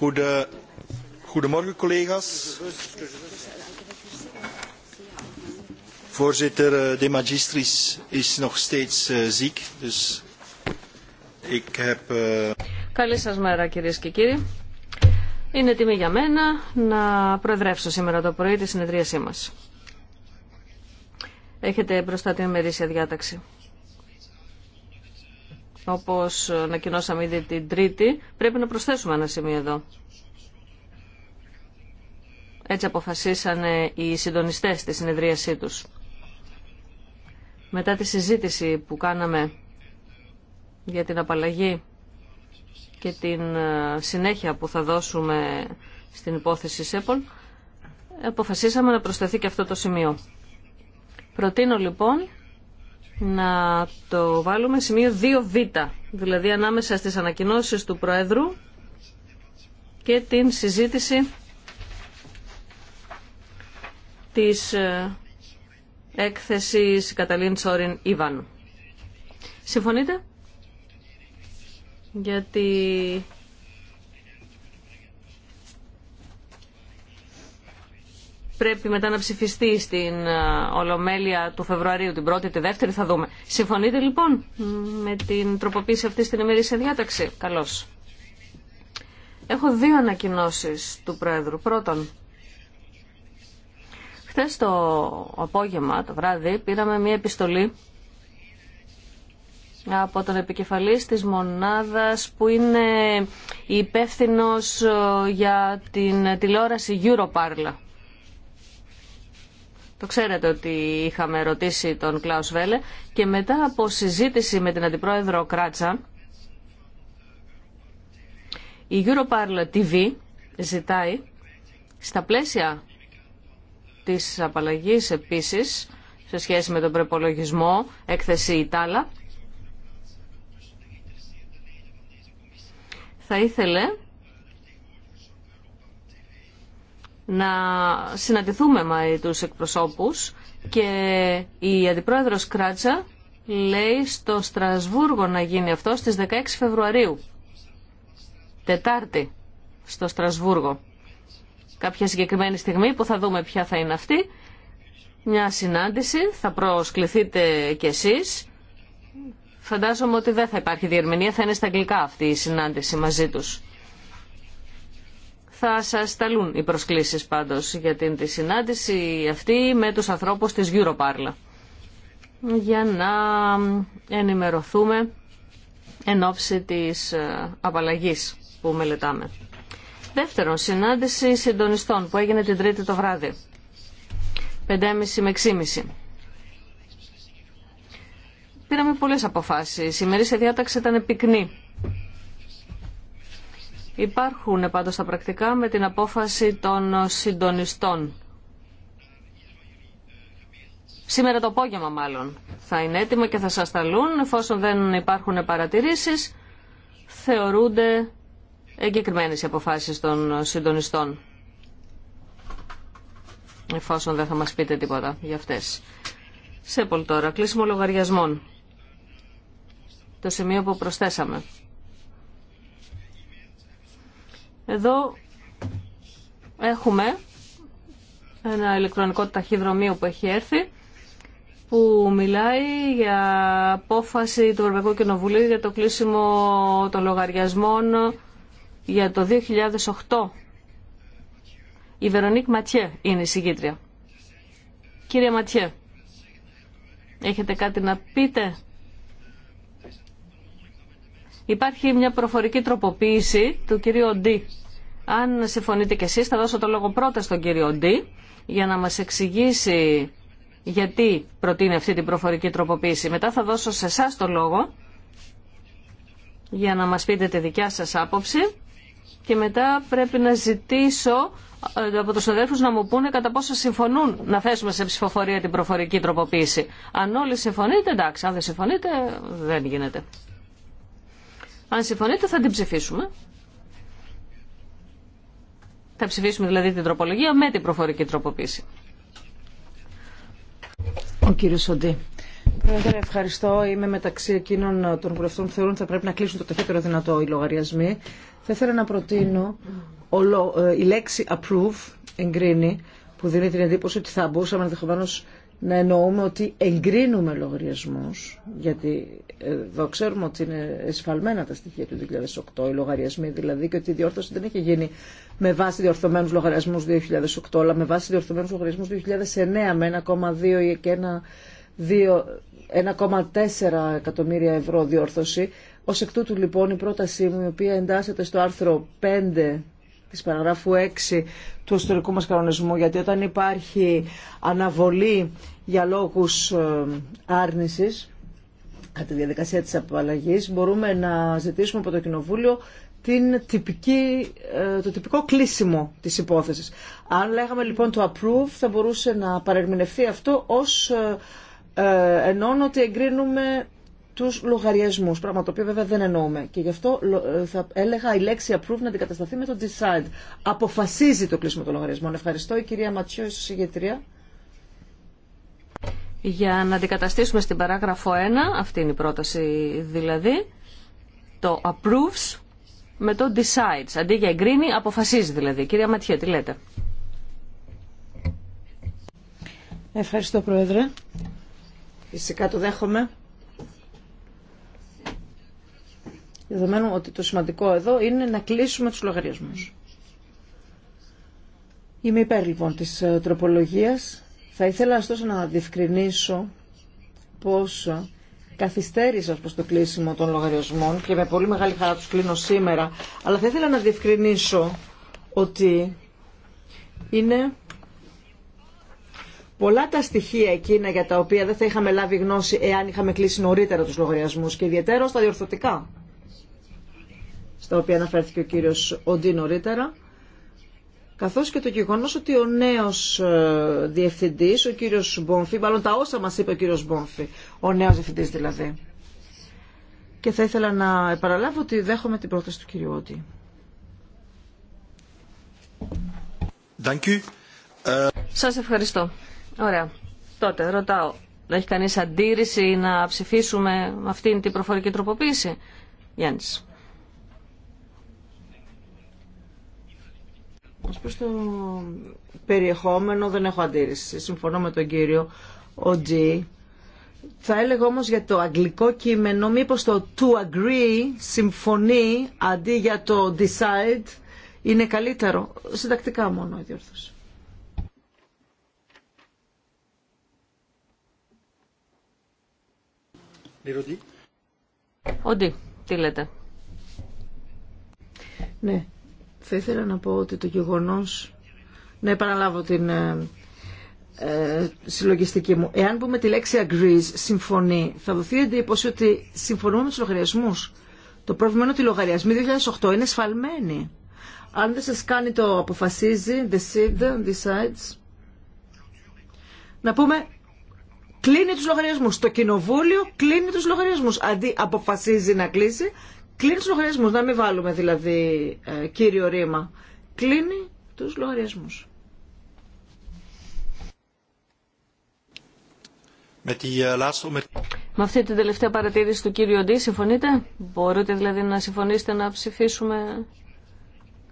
Goedemorgen Καλή σας μέρα κυρίες και κύριοι. Είναι τιμή για μένα να προεδρεύσω σήμερα το πρωί τη συνεδρίασή μας. Έχετε μπροστά την ημερήσια διάταξη όπως ανακοινώσαμε ήδη την Τρίτη, πρέπει να προσθέσουμε ένα σημείο εδώ. Έτσι αποφασίσανε οι συντονιστές στη συνεδρίασή τους. Μετά τη συζήτηση που κάναμε για την απαλλαγή και την ε, συνέχεια που θα δώσουμε στην υπόθεση ΣΕΠΟΛ, αποφασίσαμε να προσθεθεί και αυτό το σημείο. Προτείνω λοιπόν να το βάλουμε σημείο 2β, δηλαδή ανάμεσα στις ανακοινώσεις του Προέδρου και την συζήτηση της ε, έκθεσης Καταλήν Τσόριν Ιβάνου. Συμφωνείτε? Γιατί πρέπει μετά να ψηφιστεί στην ε, Ολομέλεια του Φεβρουαρίου, την πρώτη, τη δεύτερη, θα δούμε. Συμφωνείτε λοιπόν με την τροποποίηση αυτή στην ημερήσια διάταξη. Καλώς. Έχω δύο ανακοινώσεις του Πρόεδρου. Πρώτον, χθε το απόγευμα, το βράδυ, πήραμε μια επιστολή από τον επικεφαλής της μονάδας που είναι υπεύθυνο ε, για την τηλεόραση Europarla. Το ξέρετε ότι είχαμε ρωτήσει τον Κλάους Βέλε και μετά από συζήτηση με την Αντιπρόεδρο Κράτσα, η Europarl TV ζητάει στα πλαίσια της απαλλαγής επίσης σε σχέση με τον προπολογισμό, έκθεση Ιτάλα, θα ήθελε να συναντηθούμε με τους εκπροσώπους και η Αντιπρόεδρος Κράτσα λέει στο Στρασβούργο να γίνει αυτό στις 16 Φεβρουαρίου. Τετάρτη στο Στρασβούργο. Κάποια συγκεκριμένη στιγμή που θα δούμε ποια θα είναι αυτή. Μια συνάντηση, θα προσκληθείτε κι εσείς. Φαντάζομαι ότι δεν θα υπάρχει διερμηνία, θα είναι στα αγγλικά αυτή η συνάντηση μαζί τους. Θα σα σταλούν οι προσκλήσει πάντως για την τη συνάντηση αυτή με τους ανθρώπους της Europarla για να ενημερωθούμε εν ώψη της ε, απαλλαγής που μελετάμε. Δεύτερον, συνάντηση συντονιστών που έγινε την Τρίτη το βράδυ. 5.30 με 6.30. Πήραμε πολλές αποφάσεις. Η σε διάταξη ήταν πυκνή. Υπάρχουν πάντω τα πρακτικά με την απόφαση των συντονιστών. Σήμερα το απόγευμα μάλλον θα είναι έτοιμο και θα σας ταλούν. Εφόσον δεν υπάρχουν παρατηρήσεις, θεωρούνται εγκεκριμένες οι αποφάσεις των συντονιστών. Εφόσον δεν θα μας πείτε τίποτα για αυτές. Σέπολ τώρα, κλείσιμο λογαριασμών. Το σημείο που προσθέσαμε. Εδώ έχουμε ένα ηλεκτρονικό ταχυδρομείο που έχει έρθει που μιλάει για απόφαση του Ευρωπαϊκού Κοινοβουλίου για το κλείσιμο των λογαριασμών για το 2008. Η Βερονίκ Ματιέ είναι η συγκήτρια. Κύριε Ματιέ, έχετε κάτι να πείτε Υπάρχει μια προφορική τροποποίηση του κυρίου Ντί. Αν συμφωνείτε κι εσείς θα δώσω το λόγο πρώτα στον κύριο Ντί για να μας εξηγήσει γιατί προτείνει αυτή την προφορική τροποποίηση. Μετά θα δώσω σε εσά το λόγο για να μας πείτε τη δικιά σας άποψη και μετά πρέπει να ζητήσω ε, από τους αδέρφους να μου πούνε κατά πόσο συμφωνούν να θέσουμε σε ψηφοφορία την προφορική τροποποίηση. Αν όλοι συμφωνείτε, εντάξει, αν δεν συμφωνείτε, δεν γίνεται. Αν συμφωνείτε θα την ψηφίσουμε. Θα ψηφίσουμε δηλαδή την τροπολογία με την προφορική τροποποίηση. Ο κύριος Σοντή. Πρόεδρε, ευχαριστώ. Είμαι μεταξύ εκείνων των βουλευτών που θεωρούν ότι θα πρέπει να κλείσουν το ταχύτερο δυνατό οι λογαριασμοί. Θα ήθελα να προτείνω ε, η λέξη approve, εγκρίνει, που δίνει την εντύπωση ότι θα μπορούσαμε ενδεχομένω να εννοούμε ότι εγκρίνουμε λογαριασμούς, γιατί εδώ ξέρουμε ότι είναι εσφαλμένα τα στοιχεία του 2008, οι λογαριασμοί δηλαδή, και ότι η διόρθωση δεν έχει γίνει με βάση διορθωμένους λογαριασμούς 2008, αλλά με βάση διορθωμένους λογαριασμούς 2009 με 1,2 και 1,4 εκατομμύρια ευρώ διόρθωση. Ως εκ τούτου λοιπόν η πρότασή μου, η οποία εντάσσεται στο άρθρο 5 της παραγράφου 6 του ιστορικού μας κανονισμού, γιατί όταν υπάρχει αναβολή για λόγους ε, άρνησης, κατά τη διαδικασία της απαλλαγής, μπορούμε να ζητήσουμε από το Κοινοβούλιο την τυπική, ε, το τυπικό κλείσιμο της υπόθεσης. Αν λέγαμε λοιπόν το approve θα μπορούσε να παρερμηνευτεί αυτό ως ε, ότι εγκρίνουμε τους λογαριασμού, πράγμα το οποίο βέβαια δεν εννοούμε. Και γι' αυτό ε, θα έλεγα η λέξη approve να αντικατασταθεί με το decide. Αποφασίζει το κλείσιμο των λογαριασμών. Ευχαριστώ η κυρία Ματσιό, η Για να αντικαταστήσουμε στην παράγραφο 1, αυτή είναι η πρόταση δηλαδή, το approves με το decides. Αντί για εγκρίνει, αποφασίζει δηλαδή. Κυρία Ματιέ, τι λέτε. Ευχαριστώ Πρόεδρε. Φυσικά το δέχομαι. Δεδομένου ότι το σημαντικό εδώ είναι να κλείσουμε τους λογαριασμούς. Είμαι υπέρ λοιπόν της ε, τροπολογίας. Θα ήθελα ωστόσο να διευκρινίσω πως ε, καθυστέρησα προ το κλείσιμο των λογαριασμών και με πολύ μεγάλη χαρά τους κλείνω σήμερα. Αλλά θα ήθελα να διευκρινίσω ότι είναι πολλά τα στοιχεία εκείνα για τα οποία δεν θα είχαμε λάβει γνώση εάν είχαμε κλείσει νωρίτερα τους λογαριασμούς και ιδιαίτερα στα διορθωτικά στα οποία αναφέρθηκε ο κύριος Οντί νωρίτερα, καθώς και το γεγονός ότι ο νέος ε, διευθυντής, ο κύριος Μπόμφη, μάλλον τα όσα μας είπε ο κύριος Μπόμφη, ο νέος διευθυντής δηλαδή. Και θα ήθελα να επαναλάβω ότι δέχομαι την πρόταση του κύριου Όντι. Ε, Σας ευχαριστώ. Ωραία. Τότε ρωτάω, έχει κανείς αντίρρηση να ψηφίσουμε αυτήν την προφορική τροποποίηση. Γιάννης. Ως προς το περιεχόμενο δεν έχω αντίρρηση. Συμφωνώ με τον κύριο Οντζή. Θα έλεγα όμως για το αγγλικό κείμενο μήπως το to agree, συμφωνεί, αντί για το decide, είναι καλύτερο. Συντακτικά μόνο η διόρθωση. Ότι τι λέτε. Ναι, θα ήθελα να πω ότι το γεγονός... Να επαναλάβω την ε, ε, συλλογιστική μου. Εάν πούμε τη λέξη agrees, συμφωνεί, θα δοθεί εντύπωση ότι συμφωνούμε με τους λογαριασμούς. Το πρόβλημα είναι ότι οι λογαριασμοί 2008 είναι σφαλμένοι. Αν δεν σας κάνει το αποφασίζει, decide, decides, να πούμε κλείνει τους λογαριασμούς. Το κοινοβούλιο κλείνει τους λογαριασμούς. Αντί αποφασίζει να κλείσει, Κλείνει του λογαριασμού, να μην βάλουμε δηλαδή ε, κύριο ρήμα. Κλείνει του λογαριασμού. Ε, με, αυτή την τελευταία παρατήρηση του κύριου Ντί συμφωνείτε. Μπορείτε δηλαδή να συμφωνήσετε να ψηφίσουμε.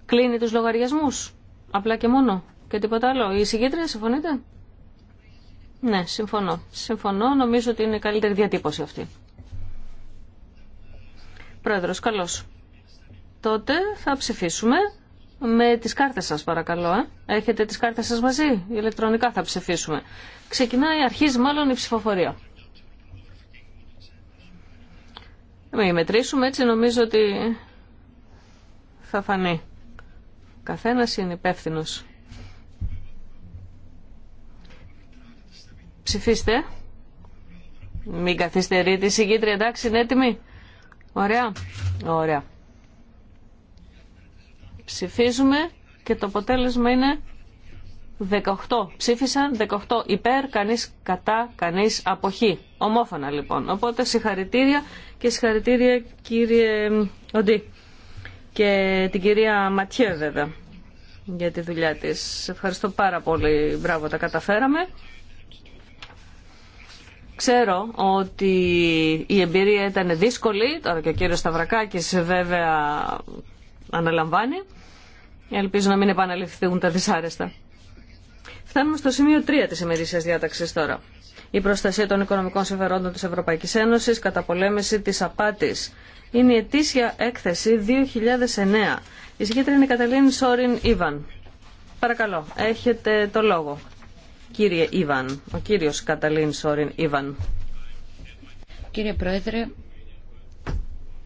Κλείνει τους λογαριασμούς. Απλά και μόνο. Και τίποτα άλλο. Η συγκίτρια συμφωνείτε. Ναι, συμφωνώ. Συμφωνώ. Νομίζω ότι είναι καλύτερη διατύπωση αυτή. Πρόεδρος, καλώς. Τότε θα ψηφίσουμε με τις κάρτες σας παρακαλώ. Ε. Έχετε τις κάρτες σας μαζί. Ηλεκτρονικά θα ψηφίσουμε. Ξεκινάει, αρχίζει μάλλον η ψηφοφορία. Με μετρήσουμε έτσι νομίζω ότι θα φανεί. Καθένας είναι υπεύθυνο. Ψηφίστε. Μην καθυστερείτε. Η συγκίτρια, εντάξει, είναι έτοιμη. Ωραία. Ωραία. Ψηφίζουμε και το αποτέλεσμα είναι 18. Ψήφισαν 18 υπέρ, κανείς κατά, κανείς αποχή. Ομόφωνα λοιπόν. Οπότε συγχαρητήρια και συγχαρητήρια κύριε Οντή και την κυρία Ματιέ βέβαια για τη δουλειά της. Ευχαριστώ πάρα πολύ. Μπράβο, τα καταφέραμε. Ξέρω ότι η εμπειρία ήταν δύσκολη, τώρα και ο κύριος Σταυρακάκης βέβαια αναλαμβάνει. Ελπίζω να μην επαναληφθούν τα δυσάρεστα. Φτάνουμε στο σημείο 3 της ημερήσιας διάταξης τώρα. Η προστασία των οικονομικών συμφερόντων της Ευρωπαϊκής Ένωσης κατά πολέμηση της απάτης. Είναι η ετήσια έκθεση 2009. Η συγκέντρια είναι η Καταλήνη Σόριν Ήβαν. Παρακαλώ, έχετε το λόγο. Κύριε Ιβαν, ο κύριος Καταλήν Σόριν Ιβαν. Κύριε Πρόεδρε,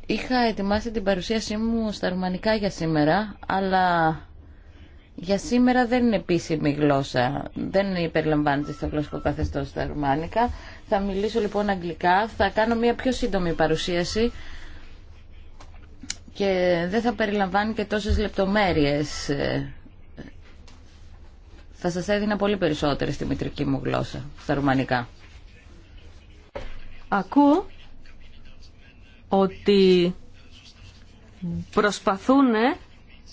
είχα ετοιμάσει την παρουσίασή μου στα ρουμανικά για σήμερα, αλλά για σήμερα δεν είναι επίσημη γλώσσα. Δεν περιλαμβάνεται στο γλωσσικό καθεστώ στα ρουμάνικα. Θα μιλήσω λοιπόν αγγλικά. Θα κάνω μια πιο σύντομη παρουσίαση και δεν θα περιλαμβάνει και τόσες λεπτομέρειες ε, θα σας έδινα πολύ περισσότερη στη μητρική μου γλώσσα, στα ρουμανικά. Ακούω ότι προσπαθούν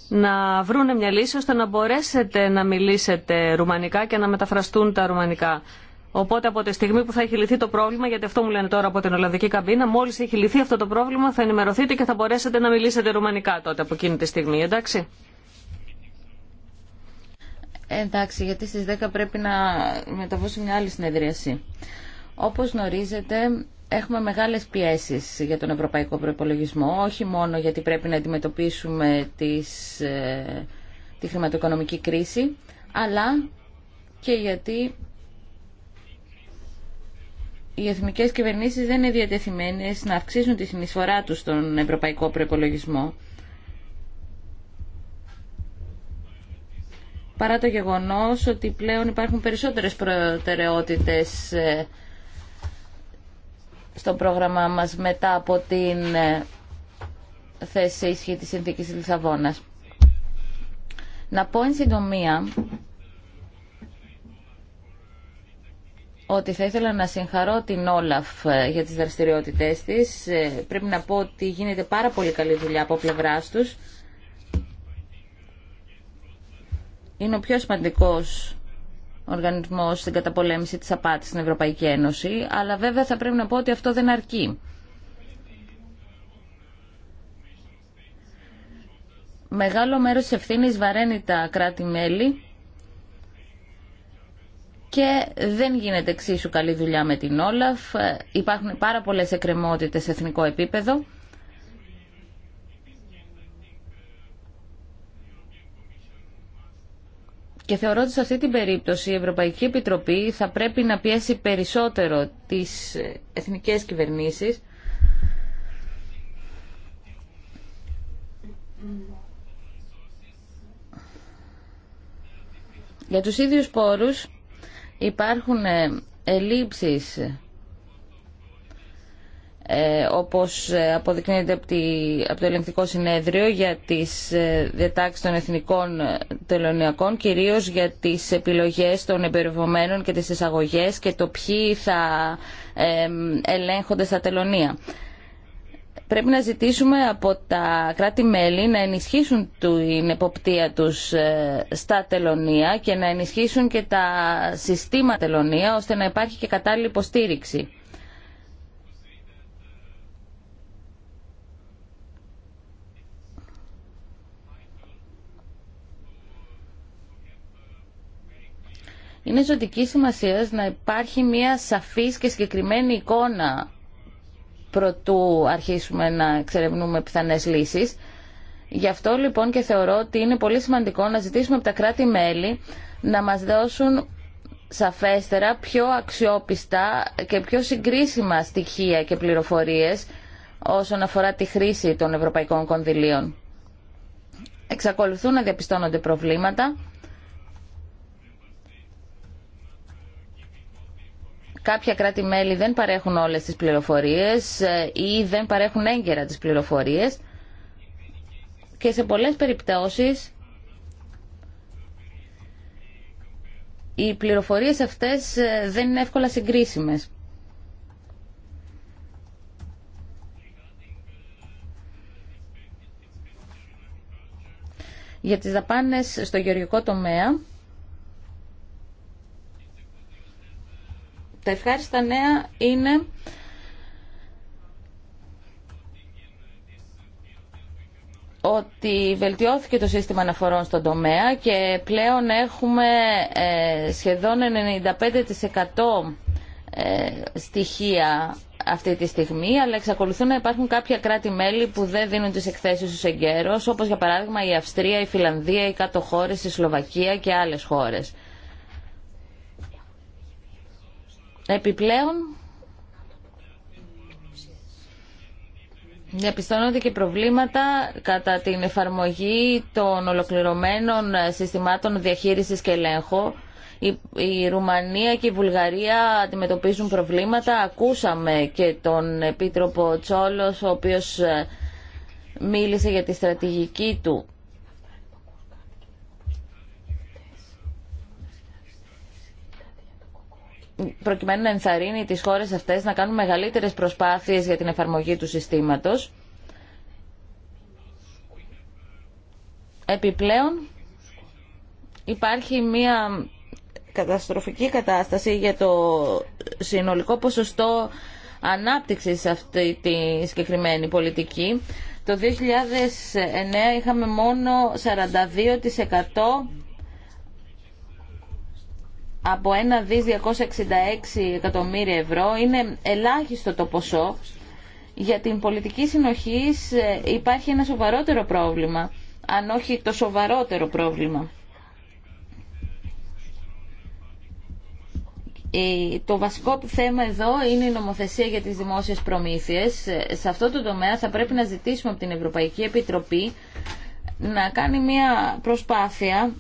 να βρουν μια λύση ώστε να μπορέσετε να μιλήσετε ρουμανικά και να μεταφραστούν τα ρουμανικά. Οπότε από τη στιγμή που θα έχει λυθεί το πρόβλημα, γιατί αυτό μου λένε τώρα από την Ολλανδική καμπίνα, μόλις έχει λυθεί αυτό το πρόβλημα θα ενημερωθείτε και θα μπορέσετε να μιλήσετε ρουμανικά τότε από εκείνη τη στιγμή, εντάξει. Εντάξει, γιατί στις 10 πρέπει να μεταβώ σε μια άλλη συνεδρίαση. Όπως γνωρίζετε, έχουμε μεγάλες πιέσεις για τον ευρωπαϊκό προϋπολογισμό, όχι μόνο γιατί πρέπει να αντιμετωπίσουμε τις, ε, τη χρηματοοικονομική κρίση, αλλά και γιατί οι εθνικές κυβερνήσεις δεν είναι διατεθειμένες να αυξήσουν τη συνεισφορά τους στον ευρωπαϊκό προϋπολογισμό παρά το γεγονός ότι πλέον υπάρχουν περισσότερες προτεραιότητες ε, στο πρόγραμμά μας μετά από την ε, θέση ισχύ της συνθήκης της Λισαβόνας. Να πω εν συντομία ότι θα ήθελα να συγχαρώ την Όλαφ ε, για τις δραστηριότητές της. Πρέπει να πω ότι γίνεται πάρα πολύ καλή δουλειά από πλευράς τους είναι ο πιο σημαντικός οργανισμός στην καταπολέμηση της απάτης στην Ευρωπαϊκή Ένωση, αλλά βέβαια θα πρέπει να πω ότι αυτό δεν αρκεί. Μεγάλο μέρος της ευθύνης βαραίνει τα κράτη-μέλη και δεν γίνεται εξίσου καλή δουλειά με την Όλαφ. Υπάρχουν πάρα πολλές εκκρεμότητες σε εθνικό επίπεδο Και θεωρώ ότι σε αυτή την περίπτωση η Ευρωπαϊκή Επιτροπή θα πρέπει να πιέσει περισσότερο τις ε, εθνικές κυβερνήσεις Για τους ίδιους πόρους υπάρχουν ε, ελλείψεις ε, όπως ε, αποδεικνύεται από το ελεγκτικό συνέδριο για τις ε, διατάξεις των εθνικών τελωνιακών κυρίως για τις επιλογές των εμπεριβομένων και τις εισαγωγές και το ποιοι θα ελέγχονται στα τελωνία. Πρέπει να ζητήσουμε από τα κράτη-μέλη να ενισχύσουν την εποπτεία τους στα τελωνία και να ενισχύσουν και τα συστήματα τελωνία ώστε να υπάρχει και κατάλληλη υποστήριξη. Είναι ζωτική σημασία να υπάρχει μια σαφής και συγκεκριμένη εικόνα προτού αρχίσουμε να εξερευνούμε πιθανέ λύσεις. Γι' αυτό λοιπόν και θεωρώ ότι είναι πολύ σημαντικό να ζητήσουμε από τα κράτη-μέλη να μας δώσουν σαφέστερα, πιο αξιόπιστα και πιο συγκρίσιμα στοιχεία και πληροφορίες όσον αφορά τη χρήση των ευρωπαϊκών κονδυλίων. Εξακολουθούν να διαπιστώνονται προβλήματα Κάποια κράτη-μέλη δεν παρέχουν όλες τις πληροφορίες ε, ή δεν παρέχουν έγκαιρα τις πληροφορίες και σε πολλές περιπτώσεις οι πληροφορίες αυτές ε, δεν είναι εύκολα συγκρίσιμες. Για τις δαπάνες στο γεωργικό τομέα, Τα ευχάριστα νέα είναι ότι βελτιώθηκε το σύστημα αναφορών στον τομέα και πλέον έχουμε ε, σχεδόν 95% ε, στοιχεία αυτή τη στιγμή, αλλά εξακολουθούν να υπάρχουν κάποια κράτη-μέλη που δεν δίνουν τις εκθέσεις τους εγκαίρως, όπως για παράδειγμα η Αυστρία, η Φιλανδία, οι κάτω χώρες, η Σλοβακία και άλλες χώρες. Επιπλέον, διαπιστώνονται και προβλήματα κατά την εφαρμογή των ολοκληρωμένων συστημάτων διαχείρισης και ελέγχου. Η Ρουμανία και η Βουλγαρία αντιμετωπίζουν προβλήματα. Ακούσαμε και τον Επίτροπο Τσόλος, ο οποίος ε, μίλησε για τη στρατηγική του προκειμένου να ενθαρρύνει τις χώρες αυτές να κάνουν μεγαλύτερες προσπάθειες για την εφαρμογή του συστήματος. Επιπλέον υπάρχει μια καταστροφική κατάσταση για το συνολικό ποσοστό ανάπτυξης σε αυτή τη συγκεκριμένη πολιτική. Το 2009 είχαμε μόνο 42% από 1 δις 266 εκατομμύρια ευρώ είναι ελάχιστο το ποσό. Για την πολιτική συνοχής ε, υπάρχει ένα σοβαρότερο πρόβλημα, αν όχι το σοβαρότερο πρόβλημα. Ε, το βασικό θέμα εδώ είναι η νομοθεσία για τις δημόσιες προμήθειες. Ε, σε αυτό το τομέα θα πρέπει να ζητήσουμε από την Ευρωπαϊκή Επιτροπή να κάνει μια προσπάθεια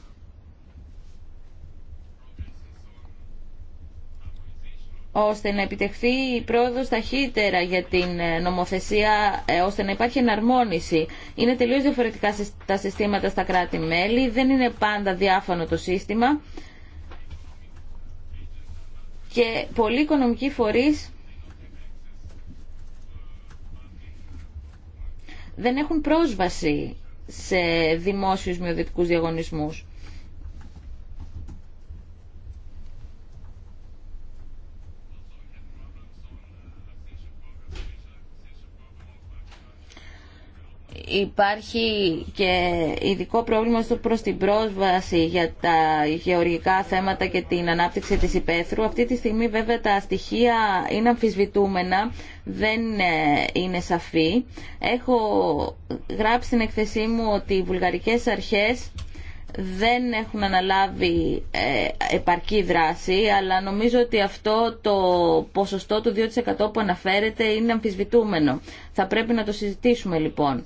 ώστε να επιτευχθεί η πρόοδος ταχύτερα για την ε, νομοθεσία, ε, ώστε να υπάρχει εναρμόνιση. Είναι τελείως διαφορετικά τα συστήματα στα κράτη-μέλη, δεν είναι πάντα διάφανο το σύστημα και πολλοί οικονομικοί φορείς δεν έχουν πρόσβαση σε δημόσιους μειοδυτικούς διαγωνισμούς. υπάρχει και ειδικό πρόβλημα στο προς την πρόσβαση για τα γεωργικά θέματα και την ανάπτυξη της υπαίθρου. Αυτή τη στιγμή βέβαια τα στοιχεία είναι αμφισβητούμενα, δεν ε, είναι σαφή. Έχω γράψει στην εκθεσή μου ότι οι βουλγαρικές αρχές δεν έχουν αναλάβει ε, επαρκή δράση, αλλά νομίζω ότι αυτό το ποσοστό του 2% που αναφέρεται είναι αμφισβητούμενο. Θα πρέπει να το συζητήσουμε λοιπόν.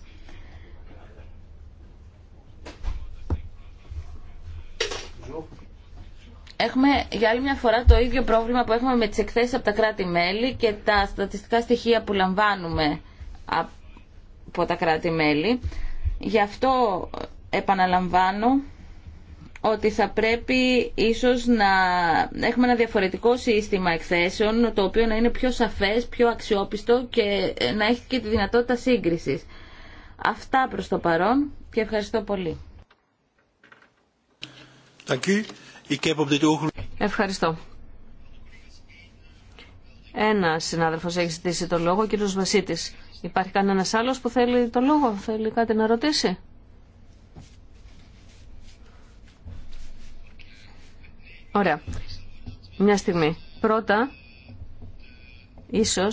Έχουμε για άλλη μια φορά το ίδιο πρόβλημα που έχουμε με τις εκθέσεις από τα κράτη-μέλη και τα στατιστικά στοιχεία που λαμβάνουμε από τα κράτη-μέλη. Γι' αυτό επαναλαμβάνω ότι θα πρέπει ίσως να έχουμε ένα διαφορετικό σύστημα εκθέσεων το οποίο να είναι πιο σαφές, πιο αξιόπιστο και να έχει και τη δυνατότητα σύγκρισης. Αυτά προς το παρόν και ευχαριστώ πολύ. Thank you. Ευχαριστώ. Ένα συνάδελφος έχει ζητήσει το λόγο, ο κύριος Βασίτης. Υπάρχει κανένα άλλο που θέλει το λόγο, θέλει κάτι να ρωτήσει. Ωραία. Μια στιγμή. Πρώτα, ίσω,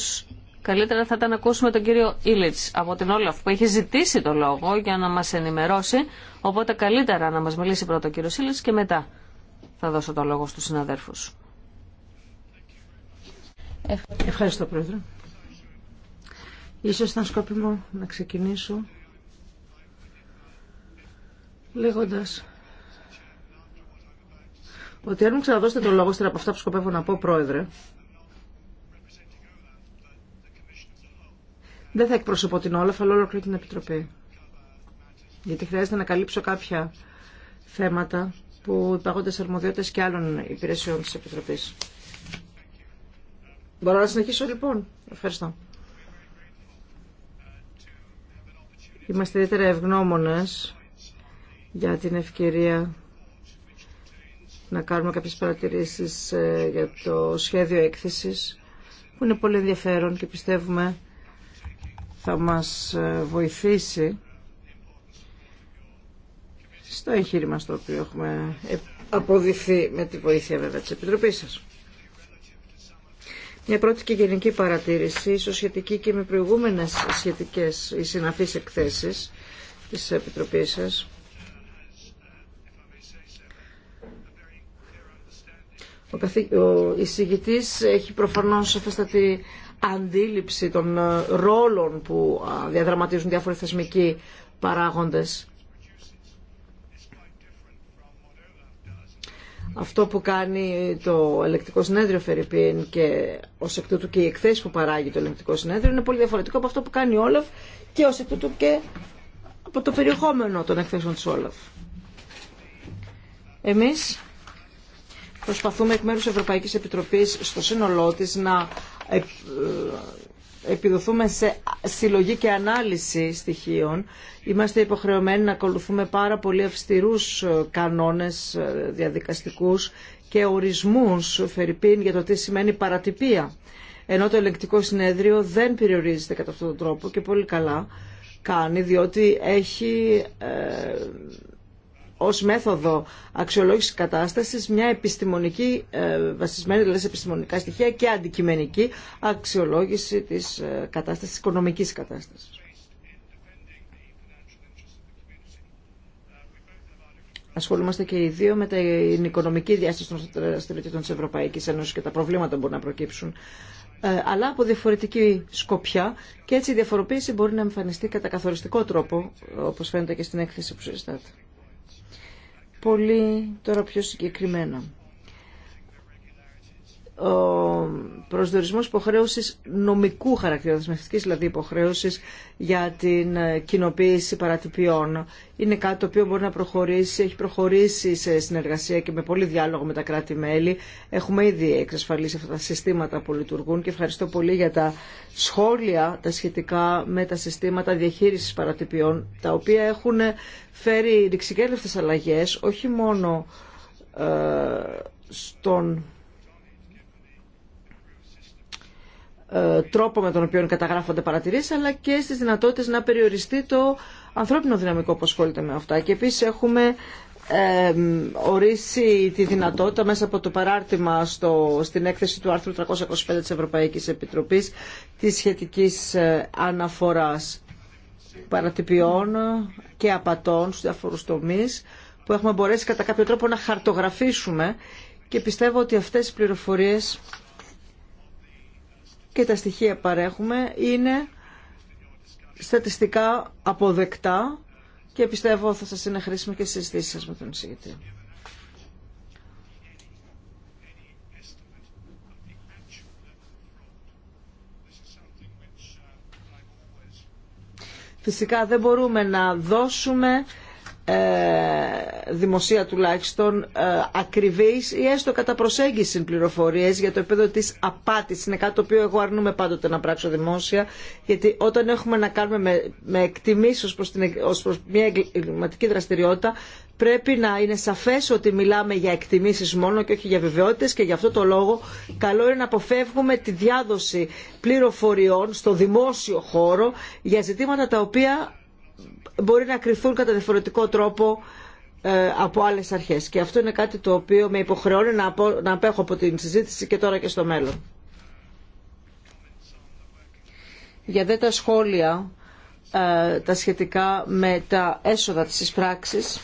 καλύτερα θα ήταν να ακούσουμε τον κύριο Ήλιτς από την Όλαφ που έχει ζητήσει το λόγο για να μα ενημερώσει. Οπότε καλύτερα να μα μιλήσει πρώτα ο κύριο Ήλιτ και μετά θα δώσω το λόγο στους συναδέρφους. Ευχαριστώ Πρόεδρε. Ίσως ήταν σκόπιμο να ξεκινήσω λέγοντας ότι αν μου ξαναδώσετε το λόγο στερα από αυτά που σκοπεύω να πω Πρόεδρε δεν θα εκπροσωπώ την όλα, αλλά ολόκληρη την Επιτροπή. Γιατί χρειάζεται να καλύψω κάποια θέματα που υπαγόνται σε αρμοδιότητες και άλλων υπηρεσιών τη επιτροπή. Μπορώ να συνεχίσω λοιπόν. Ευχαριστώ. Είμαστε ιδιαίτερα ευγνώμονε για την ευκαιρία να κάνουμε κάποιες παρατηρήσεις ε, για το σχέδιο έκθεσης που είναι πολύ ενδιαφέρον και πιστεύουμε θα μας ε, βοηθήσει στο εγχείρημα στο οποίο έχουμε αποδειχθεί με τη βοήθεια βέβαια της Επιτροπής σας. Μια πρώτη και γενική παρατήρηση, ίσως σχετική και με προηγούμενες σχετικές ή συναφείς εκθέσεις της Επιτροπής σας. Ο εισηγητής έχει προφανώς σαφέστατη αντίληψη των ρόλων που διαδραματίζουν διάφοροι θεσμικοί παράγοντες αυτό που κάνει το ελεκτικό συνέδριο Φερρυπίν και ω εκ τούτου και οι εκθέσει που παράγει το ελεκτικό συνέδριο είναι πολύ διαφορετικό από αυτό που κάνει η Όλαφ και ω εκ τούτου και από το περιεχόμενο των εκθέσεων τη Όλαφ. Εμεί προσπαθούμε εκ μέρου Ευρωπαϊκή Επιτροπή στο σύνολό τη να ε, επιδοθούμε σε συλλογή και ανάλυση στοιχείων, είμαστε υποχρεωμένοι να ακολουθούμε πάρα πολύ αυστηρούς ε, κανόνες ε, διαδικαστικούς και ορισμούς, Φερρυπίν, για το τι σημαίνει παρατυπία. Ενώ το ελεγκτικό συνέδριο δεν περιορίζεται κατά αυτόν τον τρόπο και πολύ καλά κάνει, διότι έχει ε, ως μέθοδο αξιολόγησης κατάστασης μια επιστημονική, ε, βασισμένη δηλαδή σε επιστημονικά στοιχεία και αντικειμενική αξιολόγηση της ε, κατάστασης, της οικονομικής κατάστασης. Ασχολούμαστε και οι δύο με την οικονομική διάσταση των στρατιωτών της Ευρωπαϊκής Ένωσης και τα προβλήματα που μπορούν να προκύψουν ε, αλλά από διαφορετική σκοπιά και έτσι η διαφοροποίηση μπορεί να εμφανιστεί κατά καθοριστικό τρόπο, όπως φαίνεται και στην έκθεση που συζητάτε πολύ τώρα πιο συγκεκριμένα ο προσδιορισμός υποχρέωσης νομικού χαρακτήρα, δεσμευτικής δηλαδή υποχρέωσης για την ε, κοινοποίηση παρατυπιών. Είναι κάτι το οποίο μπορεί να προχωρήσει, έχει προχωρήσει σε συνεργασία και με πολύ διάλογο με τα κράτη-μέλη. Έχουμε ήδη εξασφαλίσει αυτά τα συστήματα που λειτουργούν και ευχαριστώ πολύ για τα σχόλια τα σχετικά με τα συστήματα διαχείρισης παρατυπιών, τα οποία έχουν φέρει ρηξικέλευτες αλλαγές, όχι μόνο ε, στον Ε, τρόπο με τον οποίο καταγράφονται παρατηρήσει, αλλά και στι δυνατότητε να περιοριστεί το ανθρώπινο δυναμικό που ασχολείται με αυτά. Και επίση έχουμε ε, ορίσει τη δυνατότητα μέσα από το παράρτημα στο, στην έκθεση του άρθρου 325 της Ευρωπαϊκής Επιτροπής της σχετικής ε, αναφοράς παρατυπιών και απατών στους διαφορούς τομείς που έχουμε μπορέσει κατά κάποιο τρόπο να χαρτογραφήσουμε και πιστεύω ότι αυτές οι πληροφορίες και τα στοιχεία παρέχουμε είναι στατιστικά αποδεκτά και πιστεύω θα σας είναι χρήσιμο και στις συζητήσεις σας με τον εισηγητή. Φυσικά δεν μπορούμε να δώσουμε ε, δημοσία τουλάχιστον ε, ακριβής ή έστω κατά προσέγγιση πληροφορίες για το επίπεδο της απάτης. Είναι κάτι το οποίο εγώ αρνούμαι πάντοτε να πράξω δημόσια γιατί όταν έχουμε να κάνουμε με, με εκτιμήσεις ως προς, την, ως μια εγκληματική δραστηριότητα πρέπει να είναι σαφές ότι μιλάμε για εκτιμήσεις μόνο και όχι για βεβαιότητες και γι' αυτό το λόγο καλό είναι να αποφεύγουμε τη διάδοση πληροφοριών στο δημόσιο χώρο για ζητήματα τα οποία μπορεί να κρυθούν κατά διαφορετικό τρόπο ε, από άλλες αρχές. Και αυτό είναι κάτι το οποίο με υποχρεώνει να απέχω από την συζήτηση και τώρα και στο μέλλον. Για δε τα σχόλια ε, τα σχετικά με τα έσοδα της πράξης.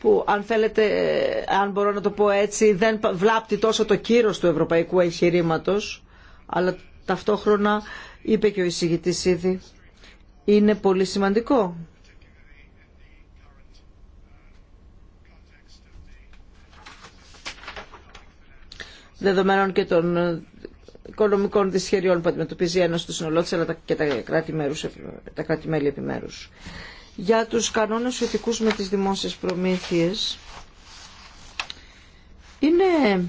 που αν θέλετε, ε, αν μπορώ να το πω έτσι, δεν βλάπτει τόσο το κύρος του ευρωπαϊκού εγχειρήματος, αλλά ταυτόχρονα είπε και ο εισηγητής ήδη είναι πολύ σημαντικό. Δεδομένων και των οικονομικών δυσχεριών που αντιμετωπίζει ένα του συνολότη αλλά και τα κράτη-μέλη επιμέρους. Για τους κανόνες σχετικούς με τις δημόσιες προμήθειες, είναι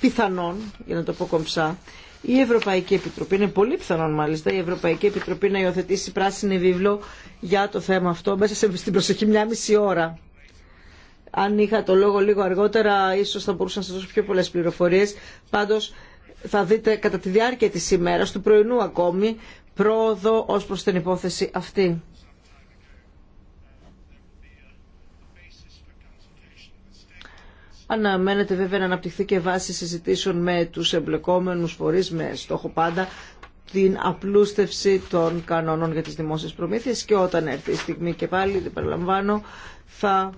πιθανόν, για να το πω κομψά, η Ευρωπαϊκή Επιτροπή, είναι πολύ πιθανόν μάλιστα, η Ευρωπαϊκή Επιτροπή να υιοθετήσει πράσινη βίβλο για το θέμα αυτό μέσα σε, στην προσεχή μια μισή ώρα. Αν είχα το λόγο λίγο αργότερα, ίσως θα μπορούσα να σας δώσω πιο πολλές πληροφορίες. Πάντως, θα δείτε κατά τη διάρκεια της ημέρας, του πρωινού ακόμη, πρόοδο ως προς την υπόθεση αυτή. Αναμένεται βέβαια να αναπτυχθεί και βάση συζητήσεων με τους εμπλεκόμενους φορείς με στόχο πάντα την απλούστευση των κανόνων για τις δημόσιες προμήθειες και όταν έρθει η στιγμή και πάλι, δεν παραλαμβάνω, θα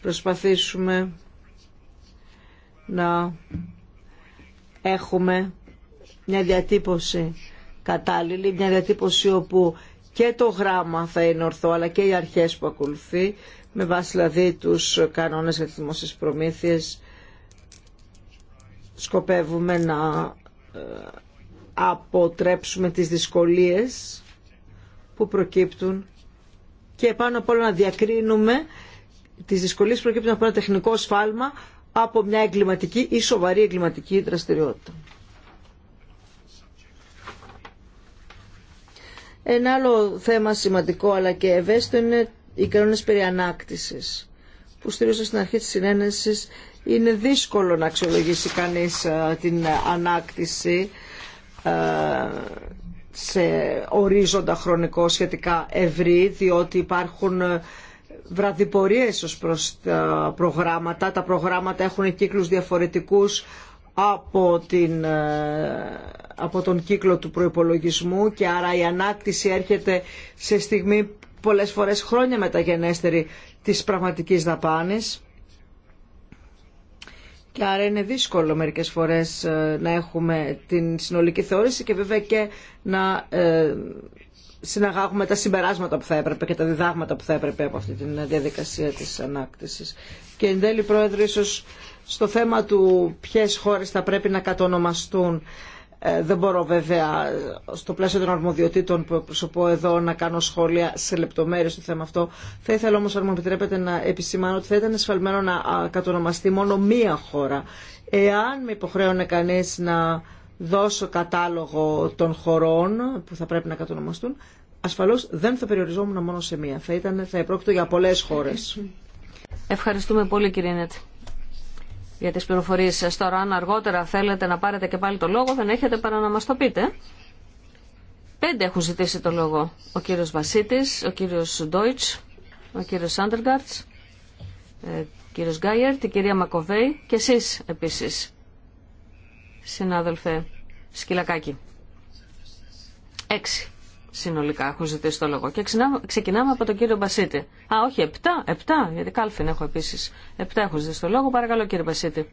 προσπαθήσουμε να έχουμε μια διατύπωση κατάλληλη, μια διατύπωση όπου και το γράμμα θα είναι ορθό αλλά και οι αρχές που ακολουθεί με βάση δηλαδή τους κανόνες για τις δημόσιες προμήθειες σκοπεύουμε να ε, αποτρέψουμε τις δυσκολίες που προκύπτουν και πάνω απ' όλα να διακρίνουμε τις δυσκολίες που προκύπτουν από ένα τεχνικό σφάλμα από μια εγκληματική ή σοβαρή εγκληματική δραστηριότητα. Ένα άλλο θέμα σημαντικό αλλά και ευαίσθητο είναι οι κανόνε περί που στηρίζονται στην αρχή της συνένεση είναι δύσκολο να αξιολογήσει κανεί την ανάκτηση σε ορίζοντα χρονικό σχετικά ευρύ διότι υπάρχουν βραδιπορίες ως προς τα προγράμματα. Τα προγράμματα έχουν κύκλους διαφορετικούς από, ε, από τον κύκλο του προϋπολογισμού και άρα η ανάκτηση έρχεται σε στιγμή πολλές φορές χρόνια μεταγενέστερη της πραγματικής δαπάνης. Και άρα είναι δύσκολο μερικές φορές ε, να έχουμε την συνολική θεώρηση και βέβαια και να ε, συναγάγουμε τα συμπεράσματα που θα έπρεπε και τα διδάγματα που θα έπρεπε από αυτή τη διαδικασία της ανάκτησης. Και εν τέλει, Πρόεδρε, ίσως στο θέμα του ποιες χώρες θα πρέπει να κατονομαστούν. Ε, δεν μπορώ βέβαια στο πλαίσιο των αρμοδιοτήτων που προσωπώ εδώ να κάνω σχόλια σε λεπτομέρειες στο θέμα αυτό. Θα ήθελα όμως αν μου επιτρέπετε να επισημάνω ότι θα ήταν ασφαλμένο να κατονομαστεί μόνο μία χώρα. Εάν με υποχρέωνε κανείς να δώσω κατάλογο των χωρών που θα πρέπει να κατονομαστούν, ασφαλώς δεν θα περιοριζόμουν μόνο σε μία. Θα, ήταν, θα επρόκειτο για πολλές χώρες. Ευχαριστούμε πολύ κύριε Νέτ για τις πληροφορίες σας. Τώρα αν αργότερα θέλετε να πάρετε και πάλι το λόγο δεν έχετε παρά να μας το πείτε. Πέντε έχουν ζητήσει το λόγο. Ο κύριος Βασίτης, ο κύριος Ντόιτς, ο κύριος Σάντεργκαρτς, ο ε, κύριος Γκάιερ, την κυρία Μακοβέη και εσείς επίσης, συνάδελφε Σκυλακάκη. Έξι συνολικά έχω ζητήσει το λόγο. Και ξεκινάμε από τον κύριο Μπασίτη. Α, όχι, 7, επτά, γιατί κάλφιν έχω επίση. Επτά έχουν ζητήσει το λόγο. Παρακαλώ, κύριε Μπασίτη.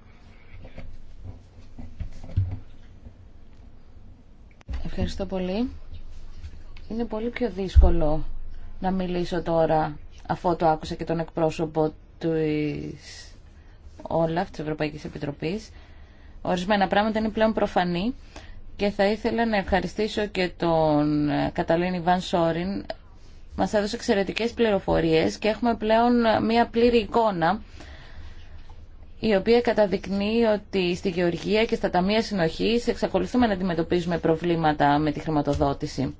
Ευχαριστώ πολύ. Είναι πολύ πιο δύσκολο να μιλήσω τώρα, αφού το άκουσα και τον εκπρόσωπο του Όλαφ, της Ευρωπαϊκής Επιτροπής. Ορισμένα πράγματα είναι πλέον προφανή και θα ήθελα να ευχαριστήσω και τον ε, Καταλίνη Βαν Σόριν. Μας έδωσε εξαιρετικές πληροφορίες και έχουμε πλέον ε, μία πλήρη εικόνα η οποία καταδεικνύει ότι στη γεωργία και στα ταμεία συνοχής εξακολουθούμε να αντιμετωπίζουμε προβλήματα με τη χρηματοδότηση.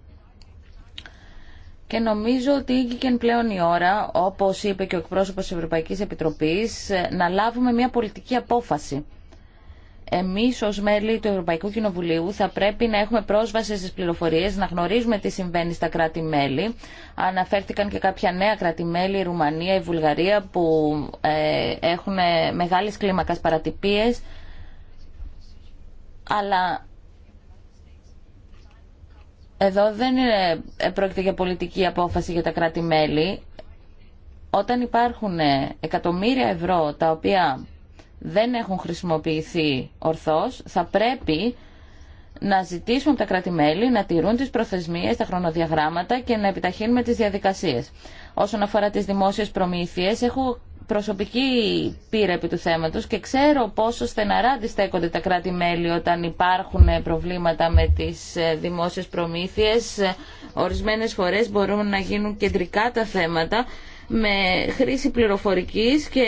Και νομίζω ότι ήγηκε πλέον η ώρα, όπως είπε και ο εκπρόσωπος της Ευρωπαϊκής Επιτροπής, ε, να λάβουμε μια πολιτική απόφαση εμείς ως μέλη του Ευρωπαϊκού Κοινοβουλίου θα πρέπει να έχουμε πρόσβαση στις πληροφορίες, να γνωρίζουμε τι συμβαίνει στα κράτη-μέλη. Αναφέρθηκαν και κάποια νέα κράτη-μέλη, η Ρουμανία, η Βουλγαρία, που ε, έχουν μεγάλες κλίμακας παρατυπίες. Αλλά εδώ δεν είναι, ε, πρόκειται για πολιτική απόφαση για τα κράτη-μέλη. Όταν υπάρχουν ε, εκατομμύρια ευρώ τα οποία δεν έχουν χρησιμοποιηθεί ορθώς, θα πρέπει να ζητήσουμε από τα κράτη-μέλη να τηρούν τις προθεσμίες, τα χρονοδιαγράμματα και να επιταχύνουμε τις διαδικασίες. Όσον αφορά τις δημόσιες προμήθειες, έχω προσωπική πείρα επί του θέματος και ξέρω πόσο στεναρά αντιστέκονται τα κράτη-μέλη όταν υπάρχουν προβλήματα με τις ε, δημόσιες προμήθειες. Ε, ορισμένες φορές μπορούν να γίνουν κεντρικά τα θέματα με χρήση πληροφορικής και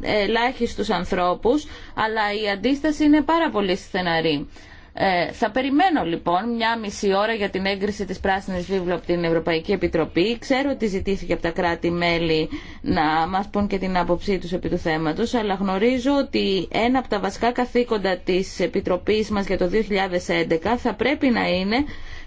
ελάχιστους ανθρώπους, αλλά η αντίσταση είναι πάρα πολύ στεναρή. Ε, θα περιμένω λοιπόν μια μισή ώρα για την έγκριση της Πράσινης Βίβλου από την Ευρωπαϊκή Επιτροπή. Ξέρω ότι ζητήθηκε από τα κράτη-μέλη να μας πούν και την άποψή τους επί του θέματος, αλλά γνωρίζω ότι ένα από τα βασικά καθήκοντα της Επιτροπής μας για το 2011 θα πρέπει να είναι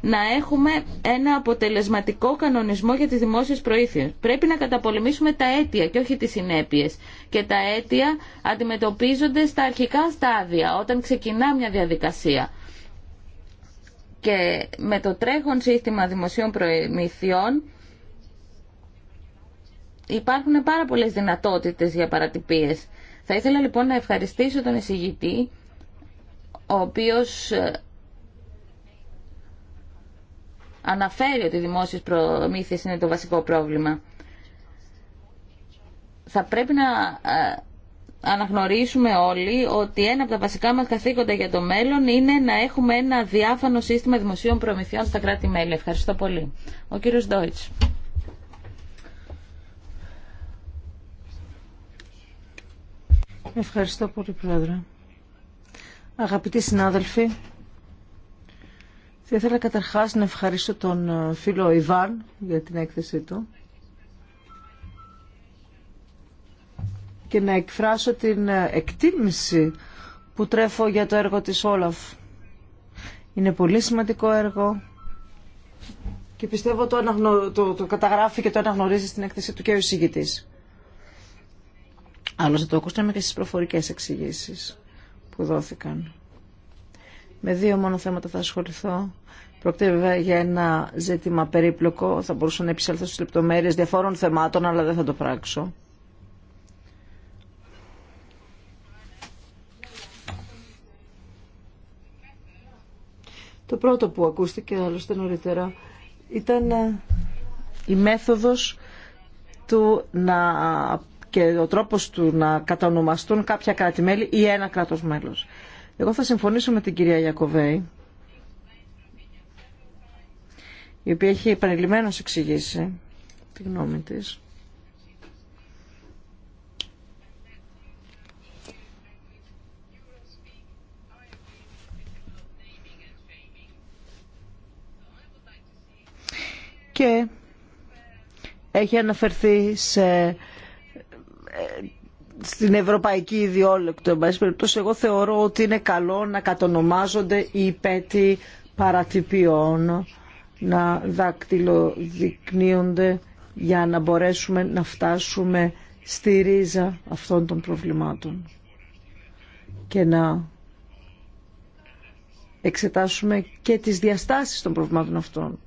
να έχουμε ένα αποτελεσματικό κανονισμό για τις δημόσιες προήθειες. Πρέπει να καταπολεμήσουμε τα αίτια και όχι τις συνέπειες. Και τα αίτια αντιμετωπίζονται στα αρχικά στάδια, όταν ξεκινά μια διαδικασία. Και με το τρέχον σύστημα δημοσίων προμηθειών υπάρχουν πάρα πολλές δυνατότητες για παρατυπίες. Θα ήθελα λοιπόν να ευχαριστήσω τον εισηγητή, ο οποίος ε, αναφέρει ότι οι δημόσιες προμήθειες είναι το βασικό πρόβλημα. Θα πρέπει να ε, αναγνωρίσουμε όλοι ότι ένα από τα βασικά μας καθήκοντα για το μέλλον είναι να έχουμε ένα διάφανο σύστημα δημοσίων προμηθειών στα κράτη-μέλη. Ευχαριστώ πολύ. Ο κύριος Ντόιτς. Ευχαριστώ πολύ, Πρόεδρε. Αγαπητοί συνάδελφοι, θα ήθελα καταρχάς να ευχαριστώ τον ε, φίλο Ιβάν για την έκθεσή του και να εκφράσω την ε, εκτίμηση που τρέφω για το έργο της Όλαφ. Είναι πολύ σημαντικό έργο και πιστεύω το, αναγνω... το, το καταγράφει και το αναγνωρίζει στην έκθεση του και ο εισηγητής. Άλλωστε το ακούσαμε και στις προφορικές εξηγήσει που δόθηκαν. Με δύο μόνο θέματα θα ασχοληθώ. Πρόκειται βέβαια για ένα ζήτημα περίπλοκο. Θα μπορούσα να επισέλθω στι λεπτομέρειε διαφόρων θεμάτων, αλλά δεν θα το πράξω. Το πρώτο που ακούστηκε άλλωστε νωρίτερα ήταν ε, η μέθοδος του να, και ο τρόπος του να κατανομαστούν κάποια κράτη-μέλη ή ένα κράτος μέλος. Εγώ θα συμφωνήσω με την κυρία Γιακοβέη, η οποία έχει επανειλημμένως εξηγήσει τη γνώμη της. Και έχει αναφερθεί σε στην ευρωπαϊκή ιδιόλεκτο. Εν πάση περιπτώσει, εγώ θεωρώ ότι είναι καλό να κατονομάζονται οι υπέτη παρατυπιών, να δακτυλοδεικνύονται για να μπορέσουμε να φτάσουμε στη ρίζα αυτών των προβλημάτων και να εξετάσουμε και τις διαστάσεις των προβλημάτων αυτών.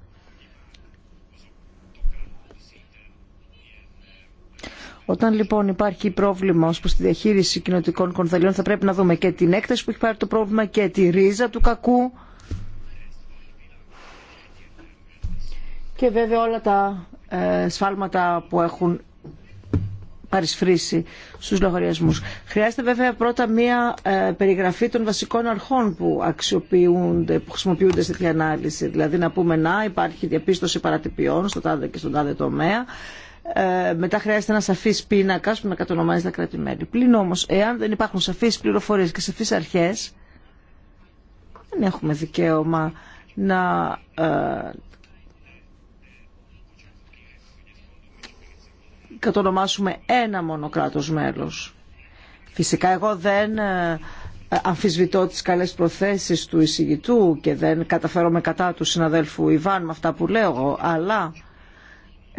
Όταν λοιπόν υπάρχει πρόβλημα ω προ τη διαχείριση κοινοτικών κονδυλίων, θα πρέπει να δούμε και την έκταση που έχει πάρει το πρόβλημα και τη ρίζα του κακού. Και βέβαια όλα τα ε, σφάλματα που έχουν παρισφρήσει στους λογαριασμούς. Χρειάζεται βέβαια πρώτα μία ε, περιγραφή των βασικών αρχών που αξιοποιούνται, που χρησιμοποιούνται στη ανάλυση. Δηλαδή να πούμε να υπάρχει διαπίστωση παρατυπιών στο τάδε και στον τάδε τομέα ε, μετά χρειάζεται ένα σαφή πίνακα που να κατονομάζει τα κράτη-μέλη. Πλην όμω, εάν δεν υπάρχουν σαφεί πληροφορίε και σαφεί αρχέ, δεν έχουμε δικαίωμα να ε, κατονομάσουμε ένα μόνο κράτο μέλος. Φυσικά εγώ δεν ε, αμφισβητώ τις καλές προθέσεις του εισηγητού και δεν καταφέρομαι κατά του συναδέλφου Ιβάν με αυτά που λέω, αλλά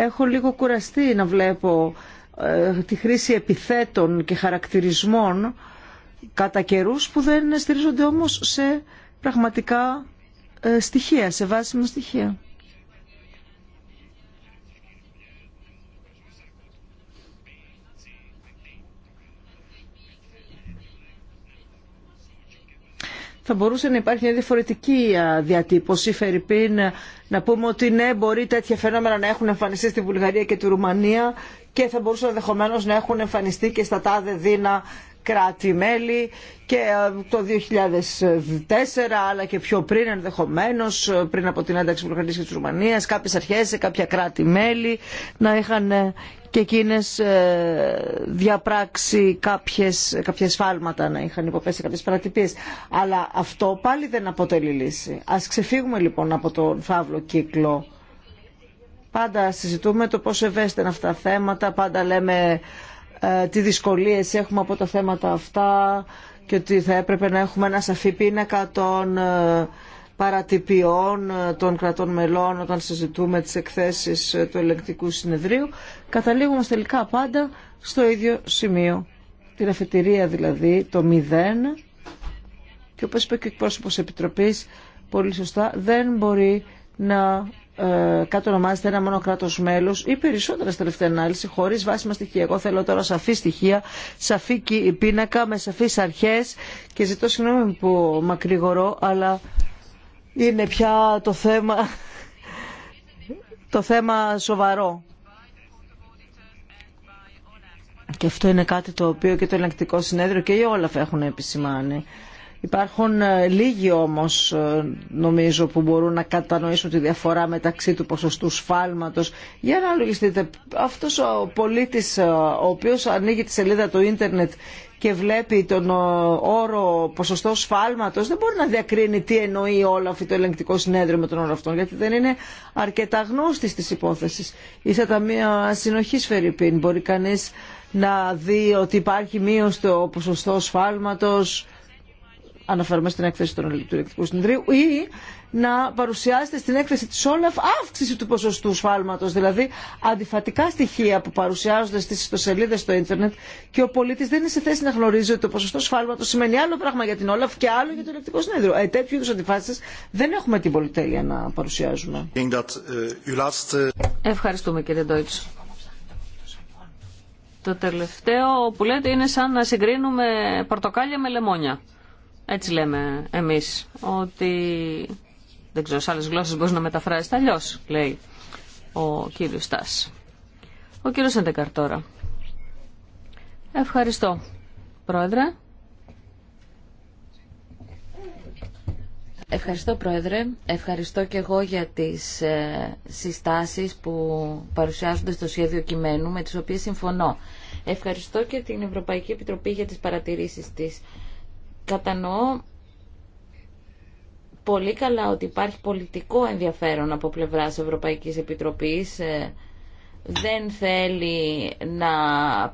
Έχω λίγο κουραστεί να βλέπω ε, τη χρήση επιθέτων και χαρακτηρισμών κατά καιρού που δεν στηρίζονται όμως σε πραγματικά ε, στοιχεία, σε βάσιμα στοιχεία. θα μπορούσε να υπάρχει μια διαφορετική διατύπωση. Φερρυπίν, ε, να πούμε ότι ναι, μπορεί τέτοια φαινόμενα να έχουν εμφανιστεί στη Βουλγαρία και τη Ρουμανία και θα μπορούσαν ενδεχομένω να έχουν εμφανιστεί και στα τάδε δίνα κράτη-μέλη και ε, το 2004 αλλά και πιο πριν ενδεχομένω, ε, πριν από την ένταξη Βουλγαρίας της Ρουμανίας, κάποιες αρχές σε κάποια κράτη-μέλη να είχαν ε, και εκείνες διαπράξει κάποιες, κάποιες φάλματα, να είχαν υποπέσει κάποιες παρατυπίες. Αλλά αυτό πάλι δεν αποτελεί λύση. Ας ξεφύγουμε λοιπόν από τον φαύλο κύκλο. Πάντα συζητούμε το πόσο ευαίσθητα αυτά τα θέματα, πάντα λέμε ε, τι δυσκολίες έχουμε από τα θέματα αυτά και ότι θα έπρεπε να έχουμε ένα σαφή πίνακα των ε, παρατυπιών ε, των κρατών μελών όταν συζητούμε τις εκθέσεις του ελεγκτικού συνεδρίου. Καταλήγουμε τελικά πάντα στο ίδιο σημείο. Την αφετηρία δηλαδή το μηδέν και όπως είπε και ο εκπρόσωπος Επιτροπής πολύ σωστά δεν μπορεί να ε, κατονομάζεται ένα μόνο κράτο μέλο ή περισσότερα στη τελευταία ανάλυση, χωρί βάσιμα στοιχεία. Εγώ θέλω τώρα σαφή στοιχεία, σαφή πίνακα, με σαφεί αρχέ και ζητώ συγγνώμη που μακρηγορώ, αλλά είναι πια το θέμα, το θέμα σοβαρό. Και αυτό είναι κάτι το οποίο και το ελεγκτικό συνέδριο και οι όλα έχουν επισημάνει. Υπάρχουν ε, λίγοι όμως ε, νομίζω που μπορούν να κατανοήσουν τη διαφορά μεταξύ του ποσοστού σφάλματος. Για να λογιστείτε, αυτός ο πολίτης ε, ο οποίος ανοίγει τη σελίδα του ίντερνετ και βλέπει τον όρο ποσοστό σφάλματος δεν μπορεί να διακρίνει τι εννοεί όλο αυτό το ελεγκτικό συνέδριο με τον όρο αυτόν γιατί δεν είναι αρκετά γνώστη τη υπόθεση. Ίσα τα μία συνοχή Φερρυπίν μπορεί κανείς να δει ότι υπάρχει μείωση το ποσοστό σφάλματος αναφέρομαι στην έκθεση του Ελεκτρικού Συνεδρίου, ή να παρουσιάσετε στην έκθεση τη Όλαφ αύξηση του ποσοστού σφάλματο. δηλαδή αντιφατικά στοιχεία που παρουσιάζονται στι ιστοσελίδε στο ίντερνετ και ο πολιτή δεν είναι σε θέση να γνωρίζει ότι το ποσοστό σφάλματο σημαίνει άλλο πράγμα για την Όλαφ και άλλο για το Ελεκτρικό Συνέδριο. Ε, τέτοιου είδου αντιφάσεις δεν έχουμε την πολυτέλεια να παρουσιάζουμε. Uh, uh, Ευχαριστούμε κύριε Ντόιτς. Το τελευταίο που λέτε είναι σαν να συγκρίνουμε πορτοκάλια με λεμόνια. Έτσι λέμε εμείς, ότι δεν ξέρω, σε άλλες γλώσσες μπορεί να μεταφράζεται αλλιώ, λέει ο κύριος Στάς. Ο κύριος Σεντεκαρ Ευχαριστώ, Πρόεδρε. Ευχαριστώ Πρόεδρε, ευχαριστώ και εγώ για τις ε, συστάσεις που παρουσιάζονται στο σχέδιο κειμένου με τις οποίες συμφωνώ. Ευχαριστώ και την Ευρωπαϊκή Επιτροπή για τις παρατηρήσεις της. Κατανοώ πολύ καλά ότι υπάρχει πολιτικό ενδιαφέρον από πλευράς Ευρωπαϊκής Επιτροπής ε, δεν θέλει να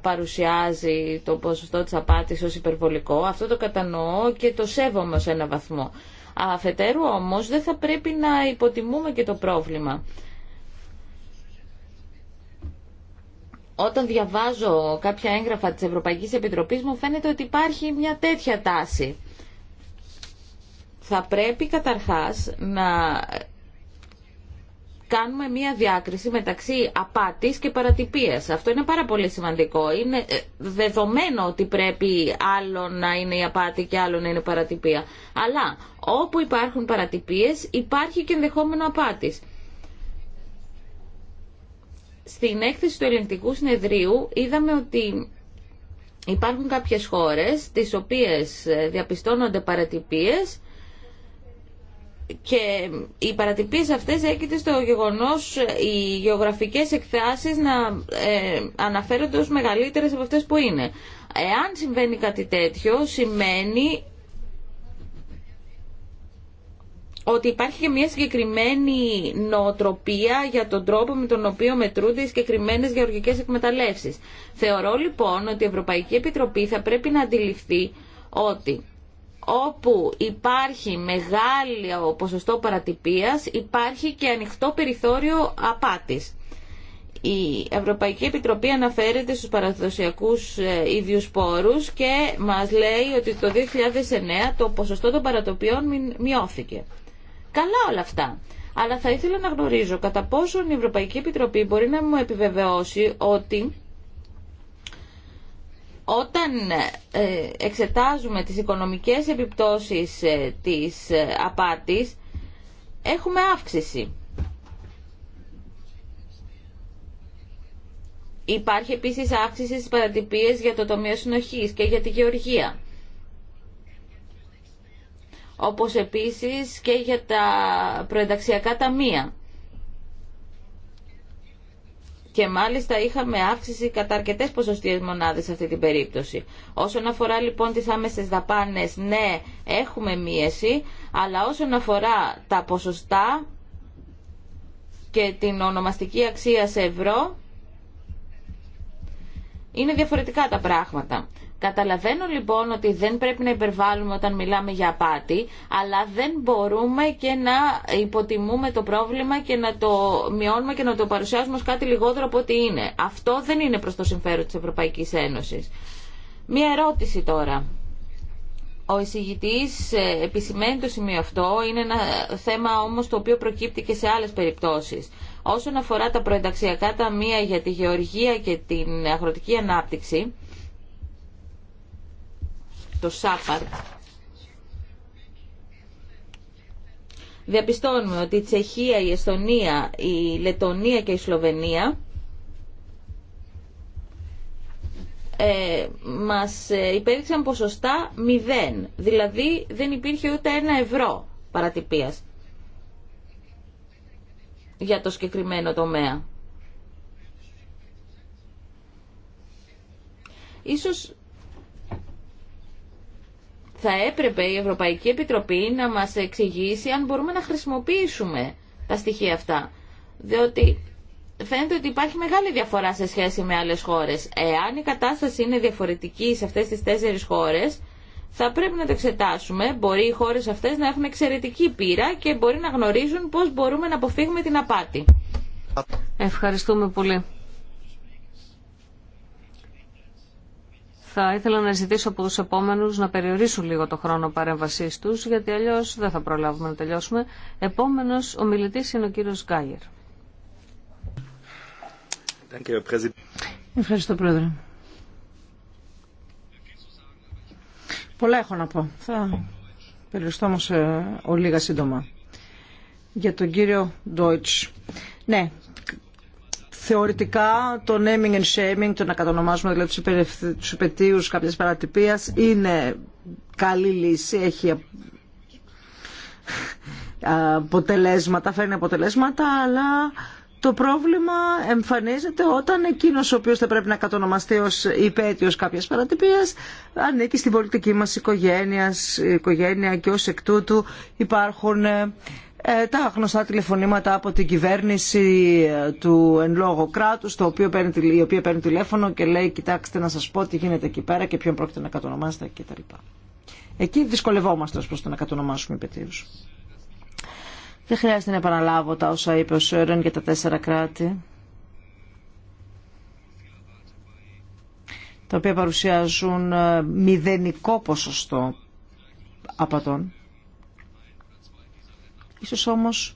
παρουσιάζει το ποσοστό της απάτης ως υπερβολικό. Αυτό το κατανοώ και το σέβομαι σε ένα βαθμό. Αφετέρου όμως δεν θα πρέπει να υποτιμούμε και το πρόβλημα. όταν διαβάζω κάποια έγγραφα της Ευρωπαϊκής Επιτροπής μου φαίνεται ότι υπάρχει μια τέτοια τάση. Θα πρέπει καταρχάς να κάνουμε μια διάκριση μεταξύ απάτης και παρατυπίας. Αυτό είναι πάρα πολύ σημαντικό. Είναι ε, δεδομένο ότι πρέπει άλλο να είναι η απάτη και άλλο να είναι η παρατυπία. Αλλά όπου υπάρχουν παρατυπίες υπάρχει και ενδεχόμενο απάτης στην έκθεση του ελεγκτικού συνεδρίου είδαμε ότι υπάρχουν κάποιες χώρες τις οποίες ε, διαπιστώνονται παρατυπίες και οι παρατυπίες αυτές έκειται στο γεγονός ε, οι γεωγραφικές εκθάσεις να ε, αναφέρονται ως μεγαλύτερες από αυτές που είναι. Εάν συμβαίνει κάτι τέτοιο, σημαίνει ότι υπάρχει και μια συγκεκριμένη νοοτροπία για τον τρόπο με τον οποίο μετρούνται οι συγκεκριμένε γεωργικέ εκμεταλλεύσει. Θεωρώ λοιπόν ότι η Ευρωπαϊκή Επιτροπή θα πρέπει να αντιληφθεί ότι όπου υπάρχει μεγάλο ποσοστό παρατυπίας υπάρχει και ανοιχτό περιθώριο απάτης. Η Ευρωπαϊκή Επιτροπή αναφέρεται στους παραδοσιακούς ε, ίδιους πόρους και μας λέει ότι το 2009 το ποσοστό των παρατοπιών μειώθηκε. Καλά όλα αυτά. Αλλά θα ήθελα να γνωρίζω κατά πόσον η Ευρωπαϊκή Επιτροπή μπορεί να μου επιβεβαιώσει ότι όταν ε, εξετάζουμε τις οικονομικές επιπτώσεις ε, της ε, απάτης, έχουμε αύξηση. Υπάρχει επίσης αύξηση στις παρατυπίες για το Τομείο Συνοχής και για τη Γεωργία όπως επίσης και για τα προενταξιακά ταμεία. Και μάλιστα είχαμε αύξηση κατά αρκετές ποσοστίες μονάδες σε αυτή την περίπτωση. Όσον αφορά λοιπόν τις άμεσες δαπάνες, ναι, έχουμε μίεση, αλλά όσον αφορά τα ποσοστά και την ονομαστική αξία σε ευρώ, είναι διαφορετικά τα πράγματα. Καταλαβαίνω λοιπόν ότι δεν πρέπει να υπερβάλλουμε όταν μιλάμε για απάτη, αλλά δεν μπορούμε και να υποτιμούμε το πρόβλημα και να το μειώνουμε και να το παρουσιάζουμε ως κάτι λιγότερο από ό,τι είναι. Αυτό δεν είναι προς το συμφέρον της Ευρωπαϊκής Ένωσης. Μία ερώτηση τώρα. Ο εισηγητής ε, επισημαίνει το σημείο αυτό, είναι ένα θέμα όμως το οποίο προκύπτει και σε άλλες περιπτώσεις. Όσον αφορά τα προενταξιακά ταμεία για τη γεωργία και την αγροτική ανάπτυξη, το ΣΑΠΑΡΤ. Διαπιστώνουμε ότι η Τσεχία, η Εστονία, η Λετωνία και η Σλοβενία ε, μας ε, υπέδειξαν ποσοστά μηδέν. Δηλαδή δεν υπήρχε ούτε ένα ευρώ παρατυπίας για το συγκεκριμένο τομέα. Ίσως θα έπρεπε η Ευρωπαϊκή Επιτροπή να μας εξηγήσει αν μπορούμε να χρησιμοποιήσουμε τα στοιχεία αυτά. Διότι φαίνεται ότι υπάρχει μεγάλη διαφορά σε σχέση με άλλες χώρες. Εάν η κατάσταση είναι διαφορετική σε αυτές τις τέσσερις χώρες, θα πρέπει να το εξετάσουμε. Μπορεί οι χώρες αυτές να έχουν εξαιρετική πείρα και μπορεί να γνωρίζουν πώς μπορούμε να αποφύγουμε την απάτη. Ευχαριστούμε πολύ. Θα ήθελα να ζητήσω από τους επόμενους να περιορίσουν λίγο το χρόνο παρέμβασής τους, γιατί αλλιώς δεν θα προλάβουμε να τελειώσουμε. Επόμενος ο μιλητής είναι ο κύριος Γκάιερ. Ευχαριστώ, Πρόεδρε. Πολλά έχω να πω. Θα περιοριστώ όμως ε, λίγα σύντομα. Για τον κύριο Ντόιτς. Ναι, θεωρητικά το naming and shaming, το να κατονομάσουμε δηλαδή τους υπετίους κάποιας παρατυπίας είναι καλή λύση, έχει αποτελέσματα, φέρνει αποτελέσματα, αλλά το πρόβλημα εμφανίζεται όταν εκείνος ο οποίος θα πρέπει να κατονομαστεί ως υπέτειος κάποιας παρατυπίας ανήκει στην πολιτική μας οικογένεια, οικογένεια και ως εκ τούτου υπάρχουν ε, ε, τα γνωστά τηλεφωνήματα από την κυβέρνηση ε, του εν λόγω κράτους, το οποίο παίρνει, η οποία παίρνει τηλέφωνο και λέει κοιτάξτε να σας πω τι γίνεται εκεί πέρα και ποιον πρόκειται να κατονομάσετε κτλ. Εκεί δυσκολευόμαστε ω προς το να κατονομάσουμε υπετήρου. Δεν χρειάζεται να επαναλάβω τα όσα είπε ο Σέρεν για τα τέσσερα κράτη. τα οποία παρουσιάζουν ε, μηδενικό ποσοστό απατών. Ίσως όμως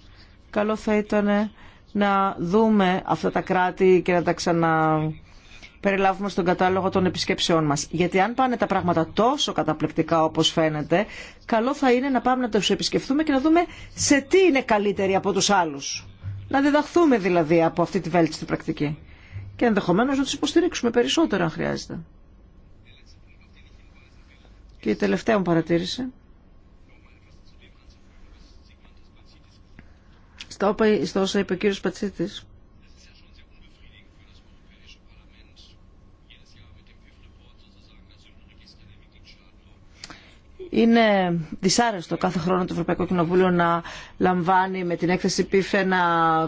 καλό θα ήταν να δούμε αυτά τα κράτη και να τα ξαναπεριλάβουμε στον κατάλογο των επισκέψεών μας. Γιατί αν πάνε τα πράγματα τόσο καταπληκτικά όπως φαίνεται, καλό θα είναι να πάμε να τους επισκεφθούμε και να δούμε σε τι είναι καλύτεροι από τους άλλους. Να διδαχθούμε δηλαδή από αυτή τη βέλτιστη πρακτική. Και ενδεχομένως να τους υποστηρίξουμε περισσότερο αν χρειάζεται. Και η τελευταία μου παρατήρηση. στα όσα είπε ο κύριος Πατσίτης. Είναι δυσάρεστο κάθε χρόνο το Ευρωπαϊκό Κοινοβούλιο να λαμβάνει με την έκθεση ΠΥΦ ένα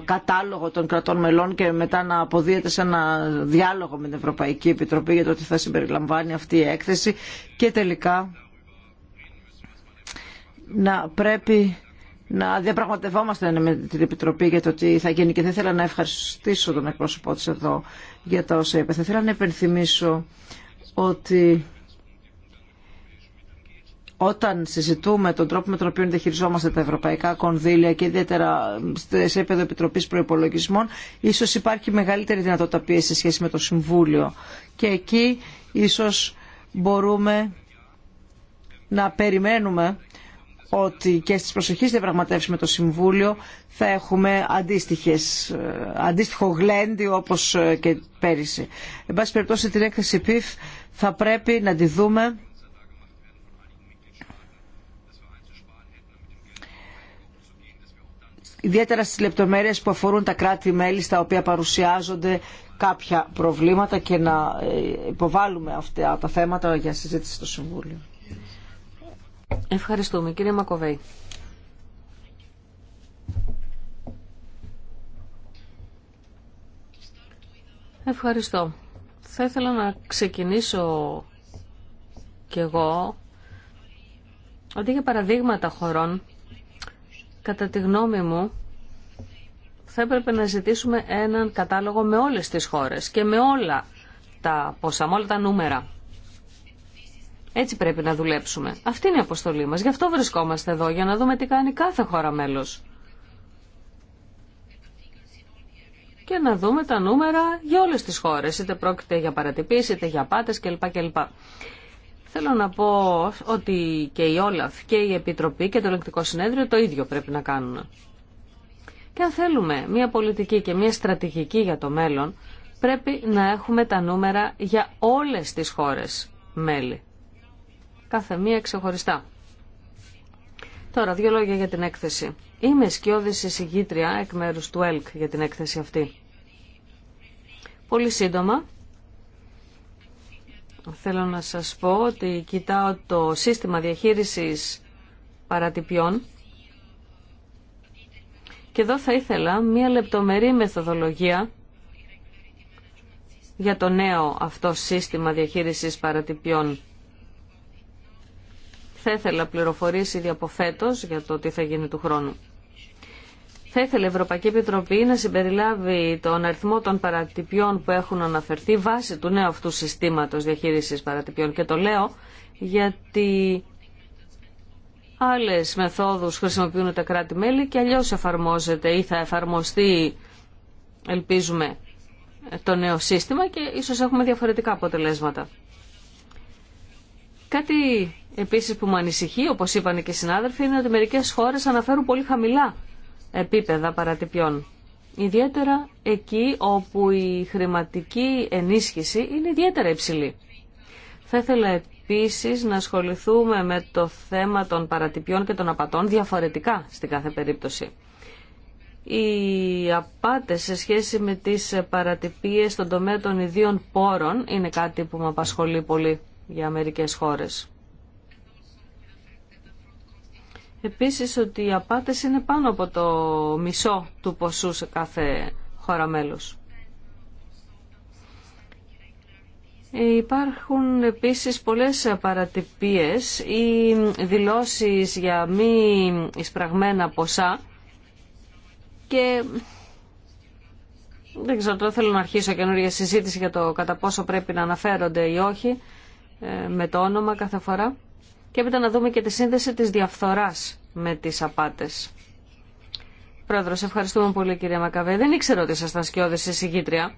κατάλογο των κρατών μελών και μετά να αποδίεται σε ένα διάλογο με την Ευρωπαϊκή Επιτροπή για το ότι θα συμπεριλαμβάνει αυτή η έκθεση και τελικά να πρέπει να διαπραγματευόμαστε με την Επιτροπή για το τι θα γίνει και θα ήθελα να ευχαριστήσω τον εκπρόσωπό της εδώ για τα όσα είπε. Θα ήθελα να υπενθυμίσω ότι όταν συζητούμε τον τρόπο με τον οποίο διαχειριζόμαστε τα ευρωπαϊκά κονδύλια και ιδιαίτερα σε επίπεδο επιτροπή προπολογισμών, ίσω υπάρχει μεγαλύτερη δυνατότητα πίεση σε σχέση με το Συμβούλιο. Και εκεί ίσω μπορούμε να περιμένουμε ότι και στις προσεχείς διαπραγματεύσεις με το Συμβούλιο θα έχουμε αντίστοιχες, ε, αντίστοιχο γλέντι όπως ε, και πέρυσι. Εν πάση περιπτώσει την έκθεση ΠΙΦ θα πρέπει να τη δούμε ιδιαίτερα στις λεπτομέρειες που αφορούν τα κράτη-μέλη στα οποία παρουσιάζονται κάποια προβλήματα και να ε, υποβάλουμε αυτά τα θέματα για συζήτηση στο Συμβούλιο. Ευχαριστούμε. Κύριε Μακοβέη. Ευχαριστώ. Θα ήθελα να ξεκινήσω κι εγώ ότι για παραδείγματα χωρών, κατά τη γνώμη μου, θα έπρεπε να ζητήσουμε έναν κατάλογο με όλες τις χώρες και με όλα τα ποσά, με όλα τα νούμερα. Έτσι πρέπει να δουλέψουμε. Αυτή είναι η αποστολή μας. Γι' αυτό βρισκόμαστε εδώ, για να δούμε τι κάνει κάθε χώρα μέλος. Και να δούμε τα νούμερα για όλες τις χώρες, είτε πρόκειται για παρατυπίες, είτε για πάτες κλπ. κλπ. Θέλω να πω ότι και η Όλαφ και η Επιτροπή και το Ελεκτικό Συνέδριο το ίδιο πρέπει να κάνουν. Και αν θέλουμε μια πολιτική και μια στρατηγική για το μέλλον, πρέπει να έχουμε τα νούμερα για όλες τις χώρες μέλη κάθε μία ξεχωριστά. Τώρα, δύο λόγια για την έκθεση. Είμαι σκιώδης εισηγήτρια εκ μέρους του ΕΛΚ για την έκθεση αυτή. Πολύ σύντομα, θέλω να σας πω ότι κοιτάω το σύστημα διαχείρισης παρατυπιών και εδώ θα ήθελα μία λεπτομερή μεθοδολογία για το νέο αυτό σύστημα διαχείρισης παρατυπιών θα ήθελα πληροφορίες ήδη από φέτος για το τι θα γίνει του χρόνου. Θα ήθελε η Ευρωπαϊκή Επιτροπή να συμπεριλάβει τον αριθμό των παρατυπιών που έχουν αναφερθεί βάσει του νέου αυτού συστήματος διαχείρισης παρατυπιών. Και το λέω γιατί άλλες μεθόδους χρησιμοποιούν τα κράτη-μέλη και αλλιώς εφαρμόζεται ή θα εφαρμοστεί, ελπίζουμε, το νέο σύστημα και ίσως έχουμε διαφορετικά αποτελέσματα. Κάτι επίσης που με ανησυχεί, όπως είπαν και οι συνάδελφοι, είναι ότι μερικές χώρες αναφέρουν πολύ χαμηλά επίπεδα παρατυπιών. Ιδιαίτερα εκεί όπου η χρηματική ενίσχυση είναι ιδιαίτερα υψηλή. Θα ήθελα επίσης να ασχοληθούμε με το θέμα των παρατυπιών και των απατών διαφορετικά στην κάθε περίπτωση. Οι απάτες σε σχέση με τις παρατυπίες στον τομέα των ιδίων πόρων είναι κάτι που με απασχολεί πολύ για μερικές χώρες επίσης ότι οι απάτες είναι πάνω από το μισό του ποσού σε κάθε χώρα μέλος. Υπάρχουν επίσης πολλές παρατυπίες ή δηλώσεις για μη εισπραγμένα ποσά και δεν ξέρω, τώρα θέλω να αρχίσω καινούργια συζήτηση για το κατά πόσο πρέπει να αναφέρονται ή όχι ε, με το όνομα κάθε φορά και έπειτα να δούμε και τη σύνδεση της διαφθοράς με τις απάτες. Πρόεδρο, ευχαριστούμε πολύ κυρία Μακαβέ. Δεν ήξερα ότι ήσασταν σκιώδη εισηγήτρια.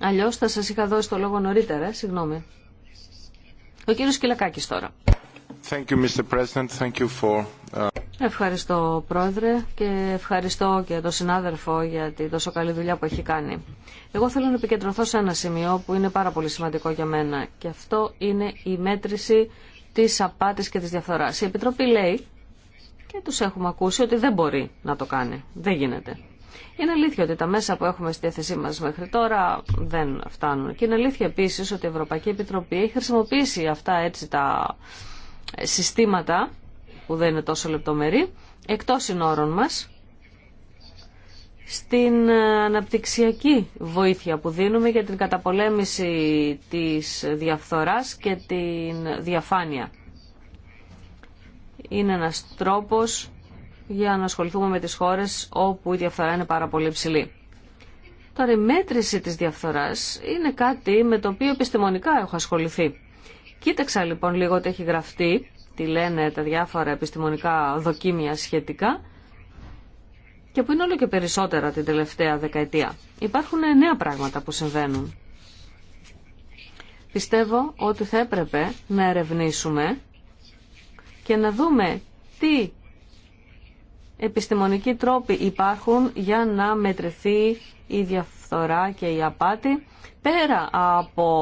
Αλλιώς θα σας είχα δώσει το λόγο νωρίτερα, ε, συγγνώμη. Ο κύριος Κυλακάκης τώρα. Thank you, uh, Ευχαριστώ Πρόεδρε και ευχαριστώ και τον συνάδελφο για τη τόσο καλή δουλειά που έχει κάνει. Εγώ θέλω να επικεντρωθώ σε ένα σημείο που είναι πάρα πολύ σημαντικό για μένα και αυτό είναι η μέτρηση της απάτης και της διαφθοράς. Η Επιτροπή λέει και τους έχουμε ακούσει ότι δεν μπορεί να το κάνει, δεν γίνεται. Είναι αλήθεια ότι τα μέσα που έχουμε στη θέση μα μέχρι τώρα δεν φτάνουν και είναι αλήθεια επίση ότι η Ευρωπαϊκή Επιτροπή έχει χρησιμοποιήσει αυτά έτσι τα συστήματα που δεν είναι τόσο λεπτομερή, εκτός συνόρων μας, στην αναπτυξιακή βοήθεια που δίνουμε για την καταπολέμηση της διαφθοράς και την διαφάνεια. Είναι ένας τρόπος για να ασχοληθούμε με τις χώρες όπου η διαφθορά είναι πάρα πολύ ψηλή. Τώρα η μέτρηση της διαφθοράς είναι κάτι με το οποίο επιστημονικά έχω ασχοληθεί. Κοίταξα λοιπόν λίγο τι έχει γραφτεί, τι λένε τα διάφορα επιστημονικά δοκίμια σχετικά και που είναι όλο και περισσότερα την τελευταία δεκαετία. Υπάρχουν νέα πράγματα που συμβαίνουν. Πιστεύω ότι θα έπρεπε να ερευνήσουμε και να δούμε τι επιστημονικοί τρόποι υπάρχουν για να μετρηθεί η διαφθορά και η απάτη πέρα από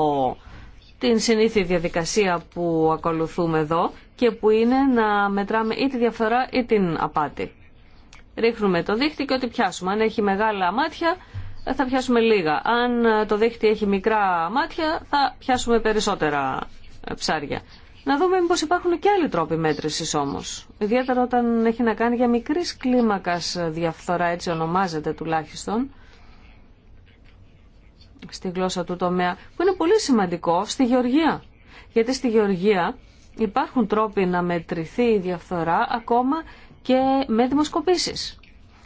την συνήθεια διαδικασία που ακολουθούμε εδώ και που είναι να μετράμε ή τη διαφορά ή την απάτη. Ρίχνουμε το δίχτυ και ό,τι πιάσουμε. Αν έχει μεγάλα μάτια θα πιάσουμε λίγα. Αν το δίχτυ έχει μικρά μάτια θα πιάσουμε περισσότερα ψάρια. Να δούμε μήπως υπάρχουν και άλλοι τρόποι μέτρησης όμως. Ιδιαίτερα όταν έχει να κάνει για μικρής κλίμακας διαφθορά, έτσι ονομάζεται τουλάχιστον, στη γλώσσα του τομέα, που είναι πολύ σημαντικό στη γεωργία. Γιατί στη γεωργία υπάρχουν τρόποι να μετρηθεί η διαφθορά ακόμα και με δημοσκοπήσεις.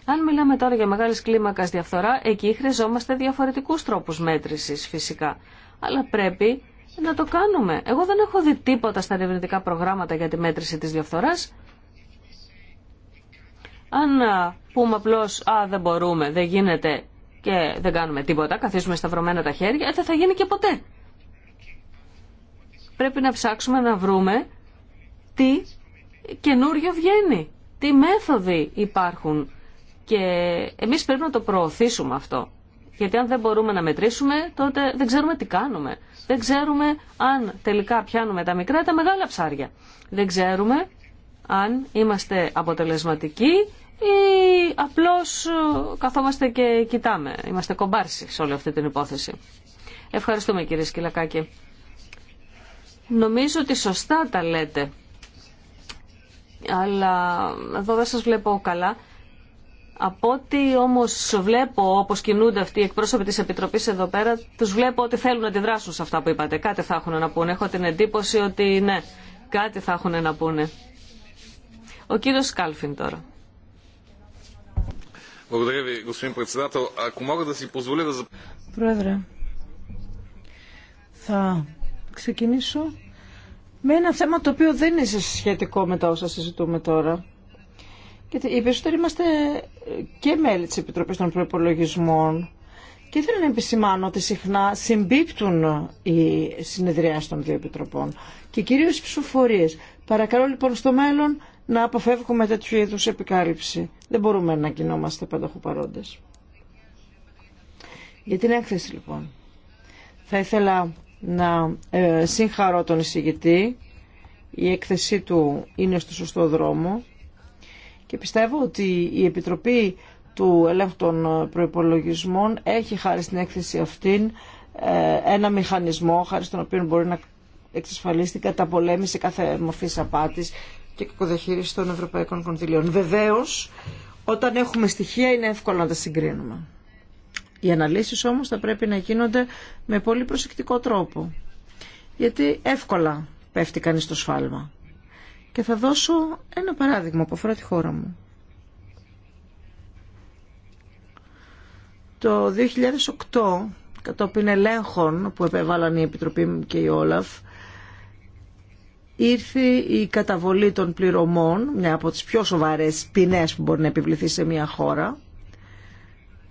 Αν μιλάμε τώρα για μεγάλη κλίμακα διαφθορά, εκεί χρειαζόμαστε διαφορετικού τρόπου μέτρηση φυσικά. Αλλά πρέπει να το κάνουμε. Εγώ δεν έχω δει τίποτα στα ερευνητικά προγράμματα για τη μέτρηση τη διαφθορά. Αν πούμε απλώ, Α, δεν μπορούμε, δεν γίνεται, και δεν κάνουμε τίποτα, καθίσουμε σταυρωμένα τα χέρια, δεν θα γίνει και ποτέ. Πρέπει να ψάξουμε να βρούμε τι καινούριο βγαίνει, τι μέθοδοι υπάρχουν και εμείς πρέπει να το προωθήσουμε αυτό. Γιατί αν δεν μπορούμε να μετρήσουμε, τότε δεν ξέρουμε τι κάνουμε. Δεν ξέρουμε αν τελικά πιάνουμε τα μικρά ή τα μεγάλα ψάρια. Δεν ξέρουμε αν είμαστε αποτελεσματικοί ή απλώς ε, καθόμαστε και κοιτάμε. Είμαστε κομπάρσι σε όλη αυτή την υπόθεση. Ευχαριστούμε κύριε Σκυλακάκη. Νομίζω ότι σωστά τα λέτε. Αλλά εδώ δεν σας βλέπω καλά. Από ό,τι όμως βλέπω, όπως κινούνται αυτοί οι εκπρόσωποι της Επιτροπής εδώ πέρα, τους βλέπω ότι θέλουν να αντιδράσουν σε αυτά που είπατε. Κάτι θα έχουν να πούνε. Έχω την εντύπωση ότι ναι, κάτι θα έχουν να πούνε. Ο κύριος Σκάλφιν τώρα. Πρόεδρε, θα ξεκινήσω με ένα θέμα το οποίο δεν είναι σχετικό με τα όσα συζητούμε τώρα. Γιατί οι περισσότεροι είμαστε και μέλη της Επιτροπής των Προπολογισμών και θέλω να επισημάνω ότι συχνά συμπίπτουν οι συνεδριάσεις των δύο επιτροπών και κυρίως οι ψηφοφορίες. Παρακαλώ λοιπόν στο μέλλον να αποφεύγουμε τέτοιου είδους επικάλυψη. Δεν μπορούμε να κινόμαστε πανταχού παρόντες. Για την έκθεση λοιπόν. Θα ήθελα να ε, συγχαρώ τον εισηγητή. Η έκθεσή του είναι στο σωστό δρόμο και πιστεύω ότι η Επιτροπή του Ελέγχου των Προϋπολογισμών έχει χάρη στην έκθεση αυτήν ε, ένα μηχανισμό χάρη στον οποίο μπορεί να εξασφαλίσει την καταπολέμηση κάθε μορφή απάτης και κακοδιαχείριση των ευρωπαϊκών κονδυλίων. Βεβαίω, όταν έχουμε στοιχεία είναι εύκολο να τα συγκρίνουμε. Οι αναλύσει όμως θα πρέπει να γίνονται με πολύ προσεκτικό τρόπο. Γιατί εύκολα πέφτει κανείς στο σφάλμα. Και θα δώσω ένα παράδειγμα που αφορά τη χώρα μου. Το 2008, κατόπιν ελέγχων που επέβαλαν η Επιτροπή και η Όλαφ, ήρθε η καταβολή των πληρωμών, μια από τις πιο σοβαρές ποινές που μπορεί να επιβληθεί σε μια χώρα.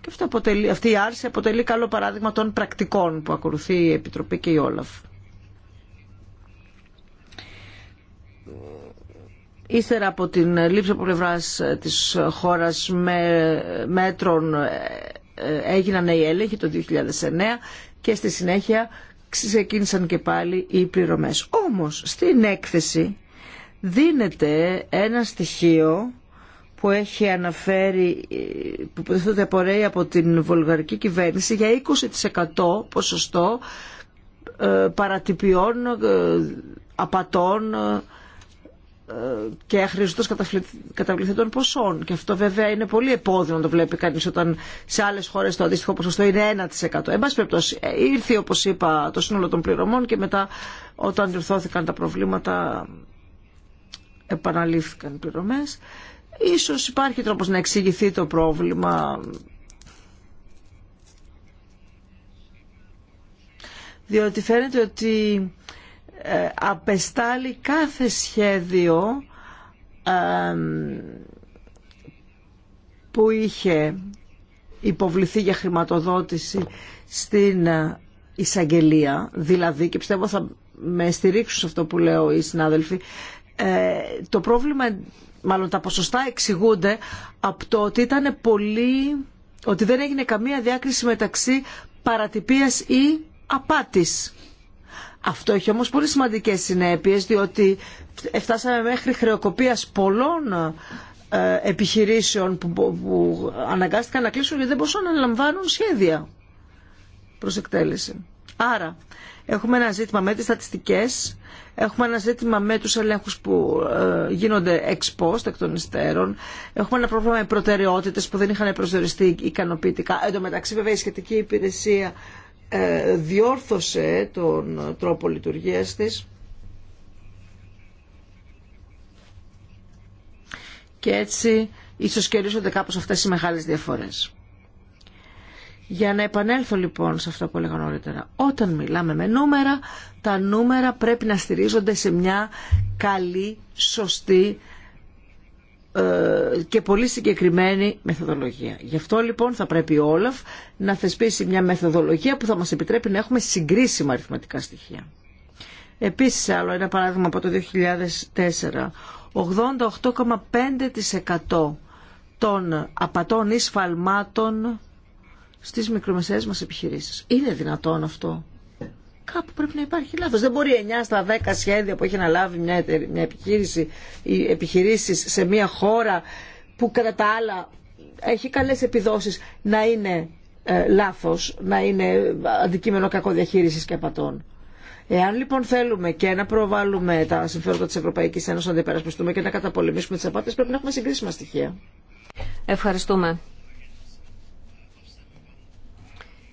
Και αυτή η άρση αποτελεί καλό παράδειγμα των πρακτικών που ακολουθεί η Επιτροπή και η Όλαφ. Ύστερα από την λήψη από πλευρά της χώρας με μέτρων ε, ε, έγιναν οι έλεγχοι το 2009 και στη συνέχεια ξεκίνησαν και πάλι οι πληρωμές. Όμως στην έκθεση δίνεται ένα στοιχείο που έχει αναφέρει, που προθέτεται απορρέει από την βολγαρική κυβέρνηση για 20% ποσοστό ε, παρατυπιών, ε, απατών, ε, και καταβληθεί των ποσών. Και αυτό βέβαια είναι πολύ επώδυνο να το βλέπει κανεί όταν σε άλλε χώρε το αντίστοιχο ποσοστό είναι 1%. Εν πάση περιπτώσει, ε, ήρθε όπω είπα το σύνολο των πληρωμών και μετά όταν διορθώθηκαν τα προβλήματα επαναλήφθηκαν οι πληρωμέ. Ίσως υπάρχει τρόπος να εξηγηθεί το πρόβλημα διότι φαίνεται ότι ε, απεστάλει κάθε σχέδιο που είχε υποβληθεί για χρηματοδότηση στην ε, εισαγγελία, δηλαδή, και πιστεύω θα με στηρίξουν σε αυτό που λέω οι συνάδελφοι, ε, το πρόβλημα, μάλλον τα ποσοστά εξηγούνται από το ότι ήταν πολύ, ότι δεν έγινε καμία διάκριση μεταξύ παρατυπίας ή απάτης. Αυτό έχει όμως πολύ σημαντικές συνέπειες διότι φτάσαμε μέχρι χρεοκοπίας πολλών ε, επιχειρήσεων που αναγκάστηκαν να κλείσουν γιατί δεν μπορούσαν να λαμβάνουν σχέδια προς εκτέλεση. Άρα, έχουμε ένα ζήτημα με τις στατιστικές, έχουμε ένα ζήτημα με τους ελέγχους που ε, γίνονται εξ εκ των υστέρων, έχουμε ένα πρόβλημα με προτεραιότητες που δεν είχαν προσδιοριστεί ικανοποιητικά. Εν τω μεταξύ, βέβαια, η σχετική υπηρεσία ε, διόρθωσε τον τρόπο λειτουργίας της και έτσι ίσως κερδίζονται κάπως αυτές οι μεγάλες διαφορές. Για να επανέλθω λοιπόν σε αυτό που έλεγα νωρίτερα, όταν μιλάμε με νούμερα, τα νούμερα πρέπει να στηρίζονται σε μια καλή, σωστή ε, και πολύ συγκεκριμένη μεθοδολογία. Γι' αυτό λοιπόν θα πρέπει η Όλαφ να θεσπίσει μια μεθοδολογία που θα μας επιτρέπει να έχουμε συγκρίσιμα αριθματικά στοιχεία. Επίσης άλλο ένα παράδειγμα από το 2004, 88,5% των απατών εισφαλμάτων στις μικρομεσαίες μας επιχειρήσεις. Είναι δυνατόν αυτό. Κάπου πρέπει να υπάρχει λάθο. Δεν μπορεί 9 στα 10 σχέδια που έχει να λάβει μια, μια επιχείρηση ή επιχειρήσει σε μια χώρα που κατά τα άλλα έχει καλέ επιδόσει να είναι ε, λάθος, να είναι αντικείμενο κακοδιαχείρισης και απατών. Εάν λοιπόν θέλουμε και να προβάλλουμε τα συμφέροντα τη Ευρωπαϊκή Ένωση, να αντιπερασπιστούμε και να καταπολεμήσουμε τι απάτε, πρέπει να έχουμε συγκρίσιμα στοιχεία. Ευχαριστούμε.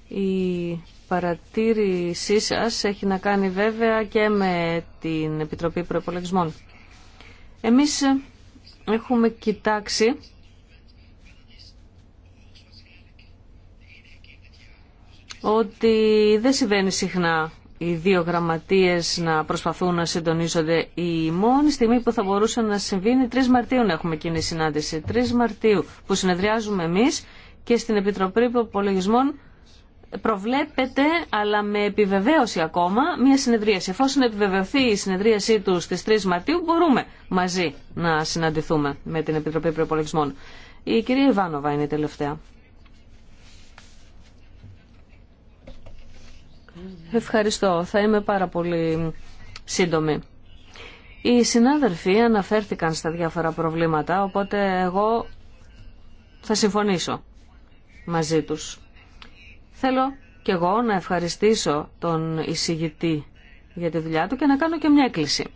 Η παρατήρησή σας έχει να κάνει βέβαια και με την Επιτροπή Προεπολογισμών. Εμείς έχουμε κοιτάξει ότι δεν συμβαίνει συχνά οι δύο γραμματείες να προσπαθούν να συντονίζονται. Η μόνη στιγμή που θα μπορούσε να συμβεί είναι 3 Μαρτίου να έχουμε κοινή συνάντηση. 3 Μαρτίου που συνεδριάζουμε εμείς και στην Επιτροπή Προπολογισμών προβλέπεται, αλλά με επιβεβαίωση ακόμα, μια συνεδρίαση. Εφόσον επιβεβαιωθεί η συνεδρίασή του στις 3 Μαρτίου, μπορούμε μαζί να συναντηθούμε με την Επιτροπή Προπολογισμών. Η κυρία Ιβάνοβα είναι η τελευταία. Ευχαριστώ. Θα είμαι πάρα πολύ σύντομη. Οι συνάδελφοι αναφέρθηκαν στα διάφορα προβλήματα, οπότε εγώ θα συμφωνήσω μαζί τους. Θέλω και εγώ να ευχαριστήσω τον εισηγητή για τη δουλειά του και να κάνω και μια έκκληση.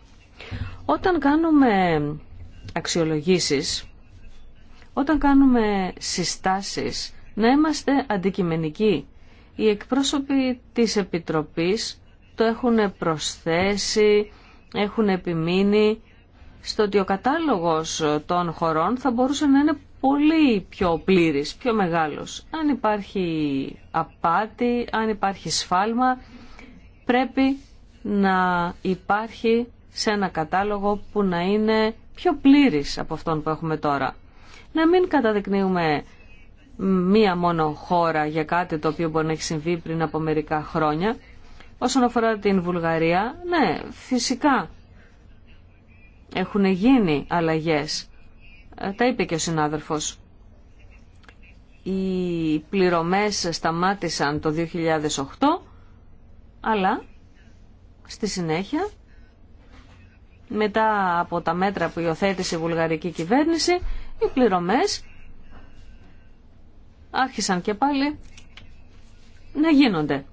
Όταν κάνουμε αξιολογήσεις, όταν κάνουμε συστάσεις, να είμαστε αντικειμενικοί. Οι εκπρόσωποι της Επιτροπής το έχουν προσθέσει, έχουν επιμείνει στο ότι ο κατάλογος των χωρών θα μπορούσε να είναι πολύ πιο πλήρης, πιο μεγάλος. Αν υπάρχει απάτη, αν υπάρχει σφάλμα, πρέπει να υπάρχει σε ένα κατάλογο που να είναι πιο πλήρης από αυτόν που έχουμε τώρα. Να μην καταδεικνύουμε μία μόνο χώρα για κάτι το οποίο μπορεί να έχει συμβεί πριν από μερικά χρόνια. Όσον αφορά την Βουλγαρία, ναι, φυσικά έχουν γίνει αλλαγές ε, τα είπε και ο συνάδελφος. Οι πληρωμές σταμάτησαν το 2008, αλλά στη συνέχεια, μετά από τα μέτρα που υιοθέτησε η βουλγαρική κυβέρνηση, οι πληρωμές άρχισαν και πάλι να γίνονται.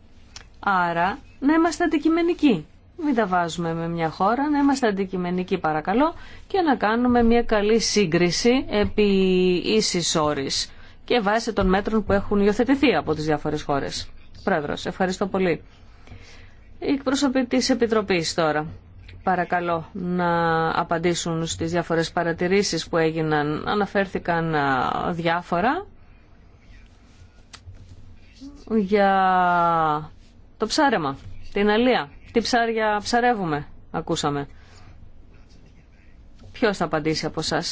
Άρα να είμαστε αντικειμενικοί μην τα βάζουμε με μια χώρα, να είμαστε αντικειμενικοί παρακαλώ και να κάνουμε μια καλή σύγκριση επί ίσης όρης και βάσει των μέτρων που έχουν υιοθετηθεί από τις διάφορες χώρες. Πρόεδρος, ευχαριστώ πολύ. Οι εκπρόσωποι της Επιτροπής τώρα παρακαλώ να απαντήσουν στις διάφορες παρατηρήσεις που έγιναν. Αναφέρθηκαν διάφορα για το ψάρεμα, την αλία. Τι ψάρια ψαρεύουμε, ακούσαμε. Ποιος θα απαντήσει από εσά.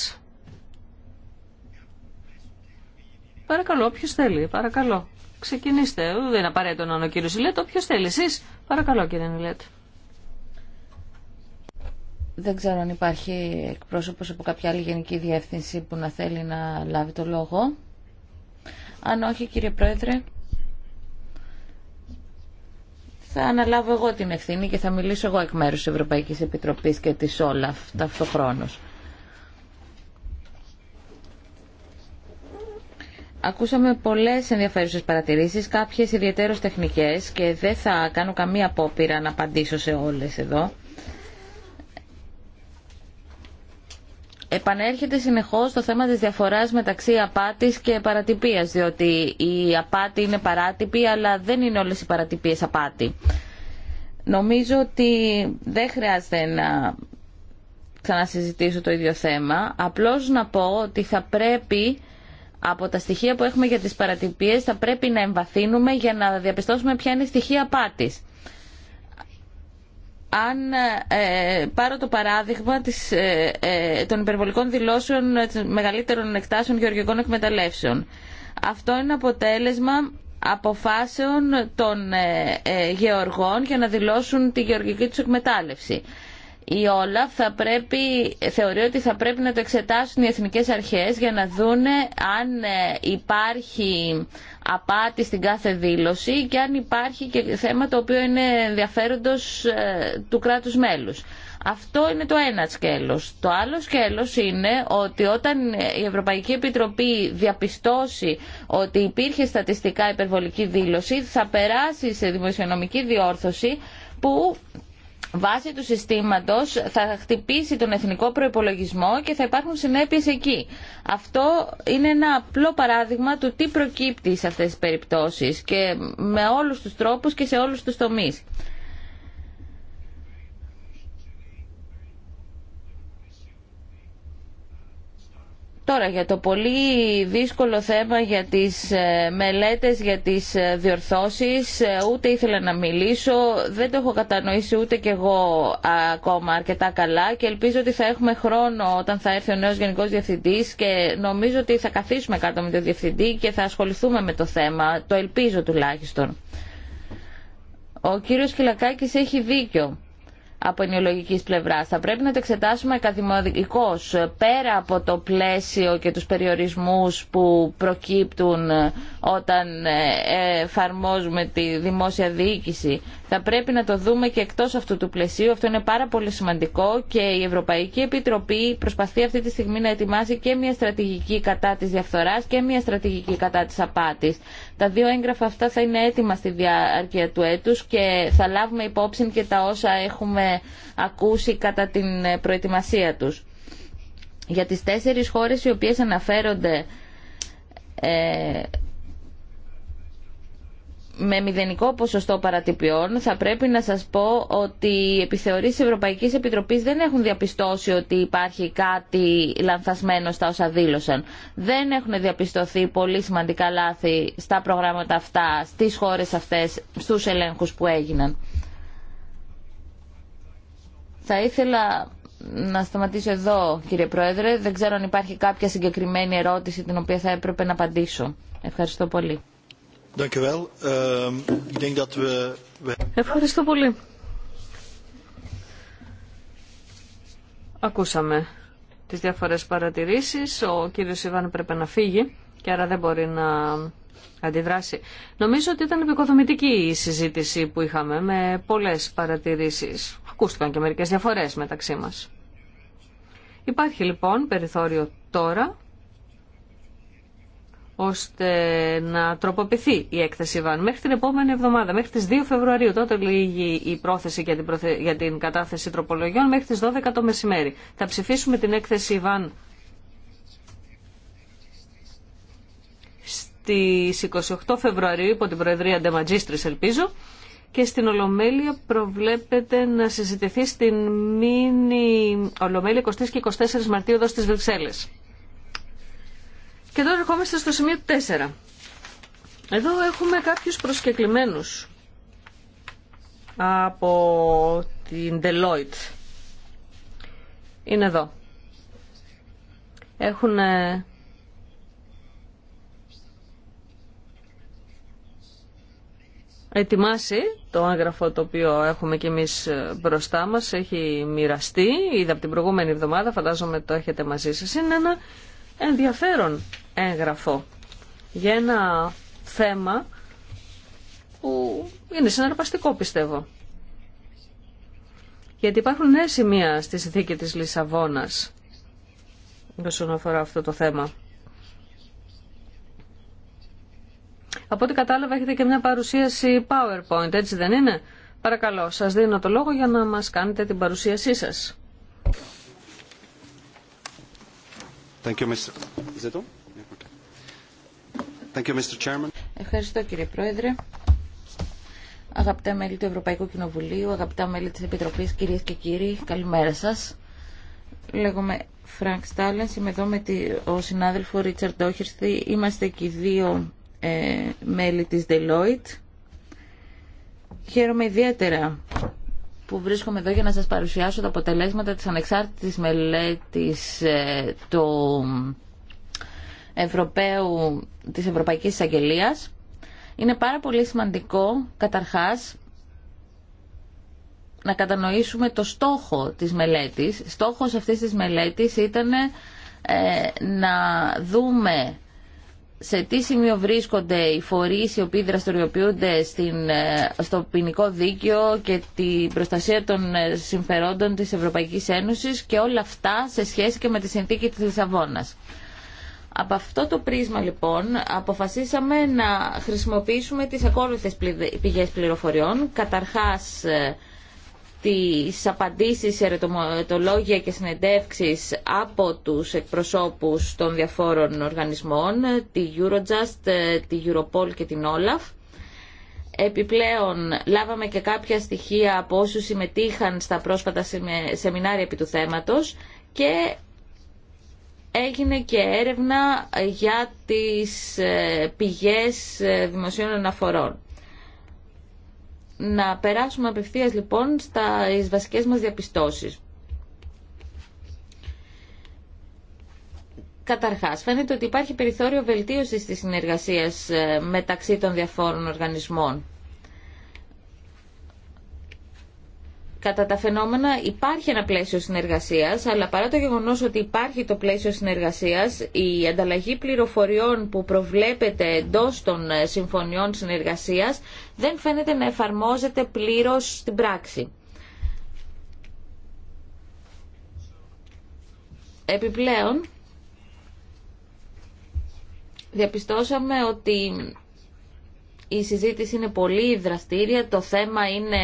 Παρακαλώ, ποιος θέλει, παρακαλώ. Ξεκινήστε, δεν είναι απαραίτητο να είναι ο κύριος Ιλέτ, ποιος θέλει εσείς. Παρακαλώ κύριε Ιλέτ. Δεν ξέρω αν υπάρχει εκπρόσωπος από κάποια άλλη γενική διεύθυνση που να θέλει να λάβει το λόγο. Αν όχι κύριε Πρόεδρε, θα αναλάβω εγώ την ευθύνη και θα μιλήσω εγώ εκ μέρους της Ευρωπαϊκής Επιτροπής και της Όλαφ ταυτοχρόνως. Ακούσαμε πολλές ενδιαφέρουσες παρατηρήσεις, κάποιες ιδιαίτερως τεχνικές και δεν θα κάνω καμία απόπειρα να απαντήσω σε όλες εδώ. επανέρχεται συνεχώς το θέμα της διαφοράς μεταξύ απάτης και παρατυπίας, διότι η απάτη είναι παράτυπη, αλλά δεν είναι όλες οι παρατυπίες απάτη. Νομίζω ότι δεν χρειάζεται να ξανασυζητήσω το ίδιο θέμα, απλώς να πω ότι θα πρέπει από τα στοιχεία που έχουμε για τις παρατυπίες θα πρέπει να εμβαθύνουμε για να διαπιστώσουμε ποια είναι η στοιχεία απάτης αν ε, πάρω το παράδειγμα της, ε, ε, των υπερβολικών δηλώσεων μεγαλύτερων εκτάσεων γεωργικών εκμεταλλεύσεων. Αυτό είναι αποτέλεσμα αποφάσεων των γεωργών για να δηλώσουν τη γεωργική τους εκμετάλλευση η όλα θα πρέπει, θεωρεί ότι θα πρέπει να το εξετάσουν οι εθνικές αρχές για να δούνε αν ε, υπάρχει απάτη στην κάθε δήλωση και αν υπάρχει και θέμα το οποίο είναι ενδιαφέροντος ε, του κράτους μέλους. Αυτό είναι το ένα σκέλος. Το άλλο σκέλος είναι ότι όταν ε, η Ευρωπαϊκή Επιτροπή διαπιστώσει ότι υπήρχε στατιστικά υπερβολική δήλωση θα περάσει σε δημοσιονομική διόρθωση που βάσει του συστήματος θα χτυπήσει τον εθνικό προπολογισμό και θα υπάρχουν συνέπειε εκεί. Αυτό είναι ένα απλό παράδειγμα του τι προκύπτει σε αυτές τις περιπτώσεις και με όλους τους τρόπους και σε όλους τους τομείς. Τώρα για το πολύ δύσκολο θέμα για τις ε, μελέτες, για τις ε, διορθώσεις, ε, ούτε ήθελα να μιλήσω, δεν το έχω κατανοήσει ούτε κι εγώ ακόμα αρκετά καλά και ελπίζω ότι θα έχουμε χρόνο όταν θα έρθει ο νέος Γενικός Διευθυντής και νομίζω ότι θα καθίσουμε κάτω με τον Διευθυντή και θα ασχοληθούμε με το θέμα, το ελπίζω τουλάχιστον. Ο κύριος Κυλακάκης έχει δίκιο από ενοιολογικής πλευράς. Θα πρέπει να το εξετάσουμε καθημερινικώς, πέρα από το πλαίσιο και τους περιορισμούς που προκύπτουν όταν ε, εφαρμόζουμε τη δημόσια διοίκηση. Θα πρέπει να το δούμε και εκτός αυτού του πλαισίου. Αυτό είναι πάρα πολύ σημαντικό και η Ευρωπαϊκή Επιτροπή προσπαθεί αυτή τη στιγμή να ετοιμάσει και μια στρατηγική κατά της διαφθοράς και μια στρατηγική κατά της απάτης. Τα δύο έγγραφα αυτά θα είναι έτοιμα στη διάρκεια του έτους και θα λάβουμε υπόψη και τα όσα έχουμε ακούσει κατά την προετοιμασία τους. Για τις τέσσερις χώρες οι οποίες αναφέρονται ε, με μηδενικό ποσοστό παρατυπιών, θα πρέπει να σας πω ότι οι επιθεωρήσεις Ευρωπαϊκής Επιτροπής δεν έχουν διαπιστώσει ότι υπάρχει κάτι λανθασμένο στα όσα δήλωσαν. Δεν έχουν διαπιστωθεί πολύ σημαντικά λάθη στα προγράμματα αυτά, στις χώρες αυτές, στους ελέγχους που έγιναν. Θα ήθελα να σταματήσω εδώ, κύριε Πρόεδρε. Δεν ξέρω αν υπάρχει κάποια συγκεκριμένη ερώτηση την οποία θα έπρεπε να απαντήσω. Ευχαριστώ πολύ. Ehm, Ευχαριστώ πολύ. Ακούσαμε τις διάφορες παρατηρήσεις. Ο κύριος Ιβάν πρέπει να φύγει και άρα δεν μπορεί να αντιδράσει. Νομίζω ότι ήταν επικοδομητική η συζήτηση που είχαμε με πολλές παρατηρήσεις. Ακούστηκαν και μερικές διαφορές μεταξύ μας. Υπάρχει λοιπόν περιθώριο τώρα ώστε να τροποποιηθεί η έκθεση ΒΑΝ μέχρι την επόμενη εβδομάδα, μέχρι τις 2 Φεβρουαρίου. Τότε λύγει η πρόθεση για την, για την κατάθεση τροπολογιών μέχρι τις 12 το μεσημέρι. Θα ψηφίσουμε την έκθεση ΒΑΝ στις 28 Φεβρουαρίου υπό την Προεδρία Ντεματζίστρης ελπίζω και στην Ολομέλεια προβλέπεται να συζητηθεί στην μήνυ Ολομέλεια 23 και 24 Μαρτίου εδώ στις Βρυξέλλες. Και τώρα ερχόμαστε στο σημείο 4. Εδώ έχουμε κάποιους προσκεκλημένους από την Deloitte. Είναι εδώ. Έχουν ετοιμάσει το έγγραφο το οποίο έχουμε και εμείς μπροστά μας. Έχει μοιραστεί, είδα από την προηγούμενη εβδομάδα, φαντάζομαι το έχετε μαζί σας. Είναι ένα ενδιαφέρον έγγραφο για ένα θέμα που είναι συναρπαστικό πιστεύω. Γιατί υπάρχουν νέα σημεία στη συνθήκη της Λισαβόνας όσον αφορά αυτό το θέμα. Από ό,τι κατάλαβα έχετε και μια παρουσίαση PowerPoint, έτσι δεν είναι. Παρακαλώ, σας δίνω το λόγο για να μας κάνετε την παρουσίασή σας. Thank you, Mr. Ευχαριστώ κύριε Πρόεδρε. Αγαπητά μέλη του Ευρωπαϊκού Κοινοβουλίου, αγαπητά μέλη της Επιτροπής, κυρίες και κύριοι, καλημέρα σας. Λέγομαι Φρανκ Στάλενς, είμαι εδώ με τον συνάδελφο Ρίτσαρντ Όχερστη. Είμαστε και οι δύο ε, μέλη της Deloitte. Χαίρομαι ιδιαίτερα που βρίσκομαι εδώ για να σας παρουσιάσω τα αποτελέσματα της ανεξάρτητης μελέτης ε, του Ευρωπαίου, της Ευρωπαϊκής Εισαγγελίας. Είναι πάρα πολύ σημαντικό, καταρχάς, να κατανοήσουμε το στόχο της μελέτης. Στόχος αυτής της μελέτης ήταν ε, να δούμε σε τι σημείο βρίσκονται οι φορείς οι οποίοι δραστηριοποιούνται στην, ε, στο ποινικό δίκαιο και την προστασία των ε, συμφερόντων της Ευρωπαϊκής Ένωσης και όλα αυτά σε σχέση και με τη συνθήκη της Λισαβόνας. Από αυτό το πρίσμα λοιπόν αποφασίσαμε να χρησιμοποιήσουμε τις ακόλουθες πηγές πληροφοριών. Καταρχάς ε, τις απαντήσεις, ερωτολόγια και συνεντεύξεις από τους εκπροσώπους των διαφόρων οργανισμών, τη Eurojust, ε, τη Europol και την Olaf. Επιπλέον, λάβαμε και κάποια στοιχεία από όσους συμμετείχαν στα πρόσφατα σεμινάρια επί του θέματος και έγινε και έρευνα ε, για τις ε, πηγές ε, δημοσίων αναφορών. Να περάσουμε απευθείας λοιπόν στα βασικέ βασικές μας διαπιστώσεις. Καταρχάς, φαίνεται ότι υπάρχει περιθώριο βελτίωσης της συνεργασίας μεταξύ των διαφόρων οργανισμών. Κατά τα φαινόμενα υπάρχει ένα πλαίσιο συνεργασίας, αλλά παρά το γεγονός ότι υπάρχει το πλαίσιο συνεργασίας, η ανταλλαγή πληροφοριών που προβλέπεται εντό των ε, συμφωνιών συνεργασίας δεν φαίνεται να εφαρμόζεται πλήρως στην πράξη. Επιπλέον, διαπιστώσαμε ότι η συζήτηση είναι πολύ δραστήρια, το θέμα είναι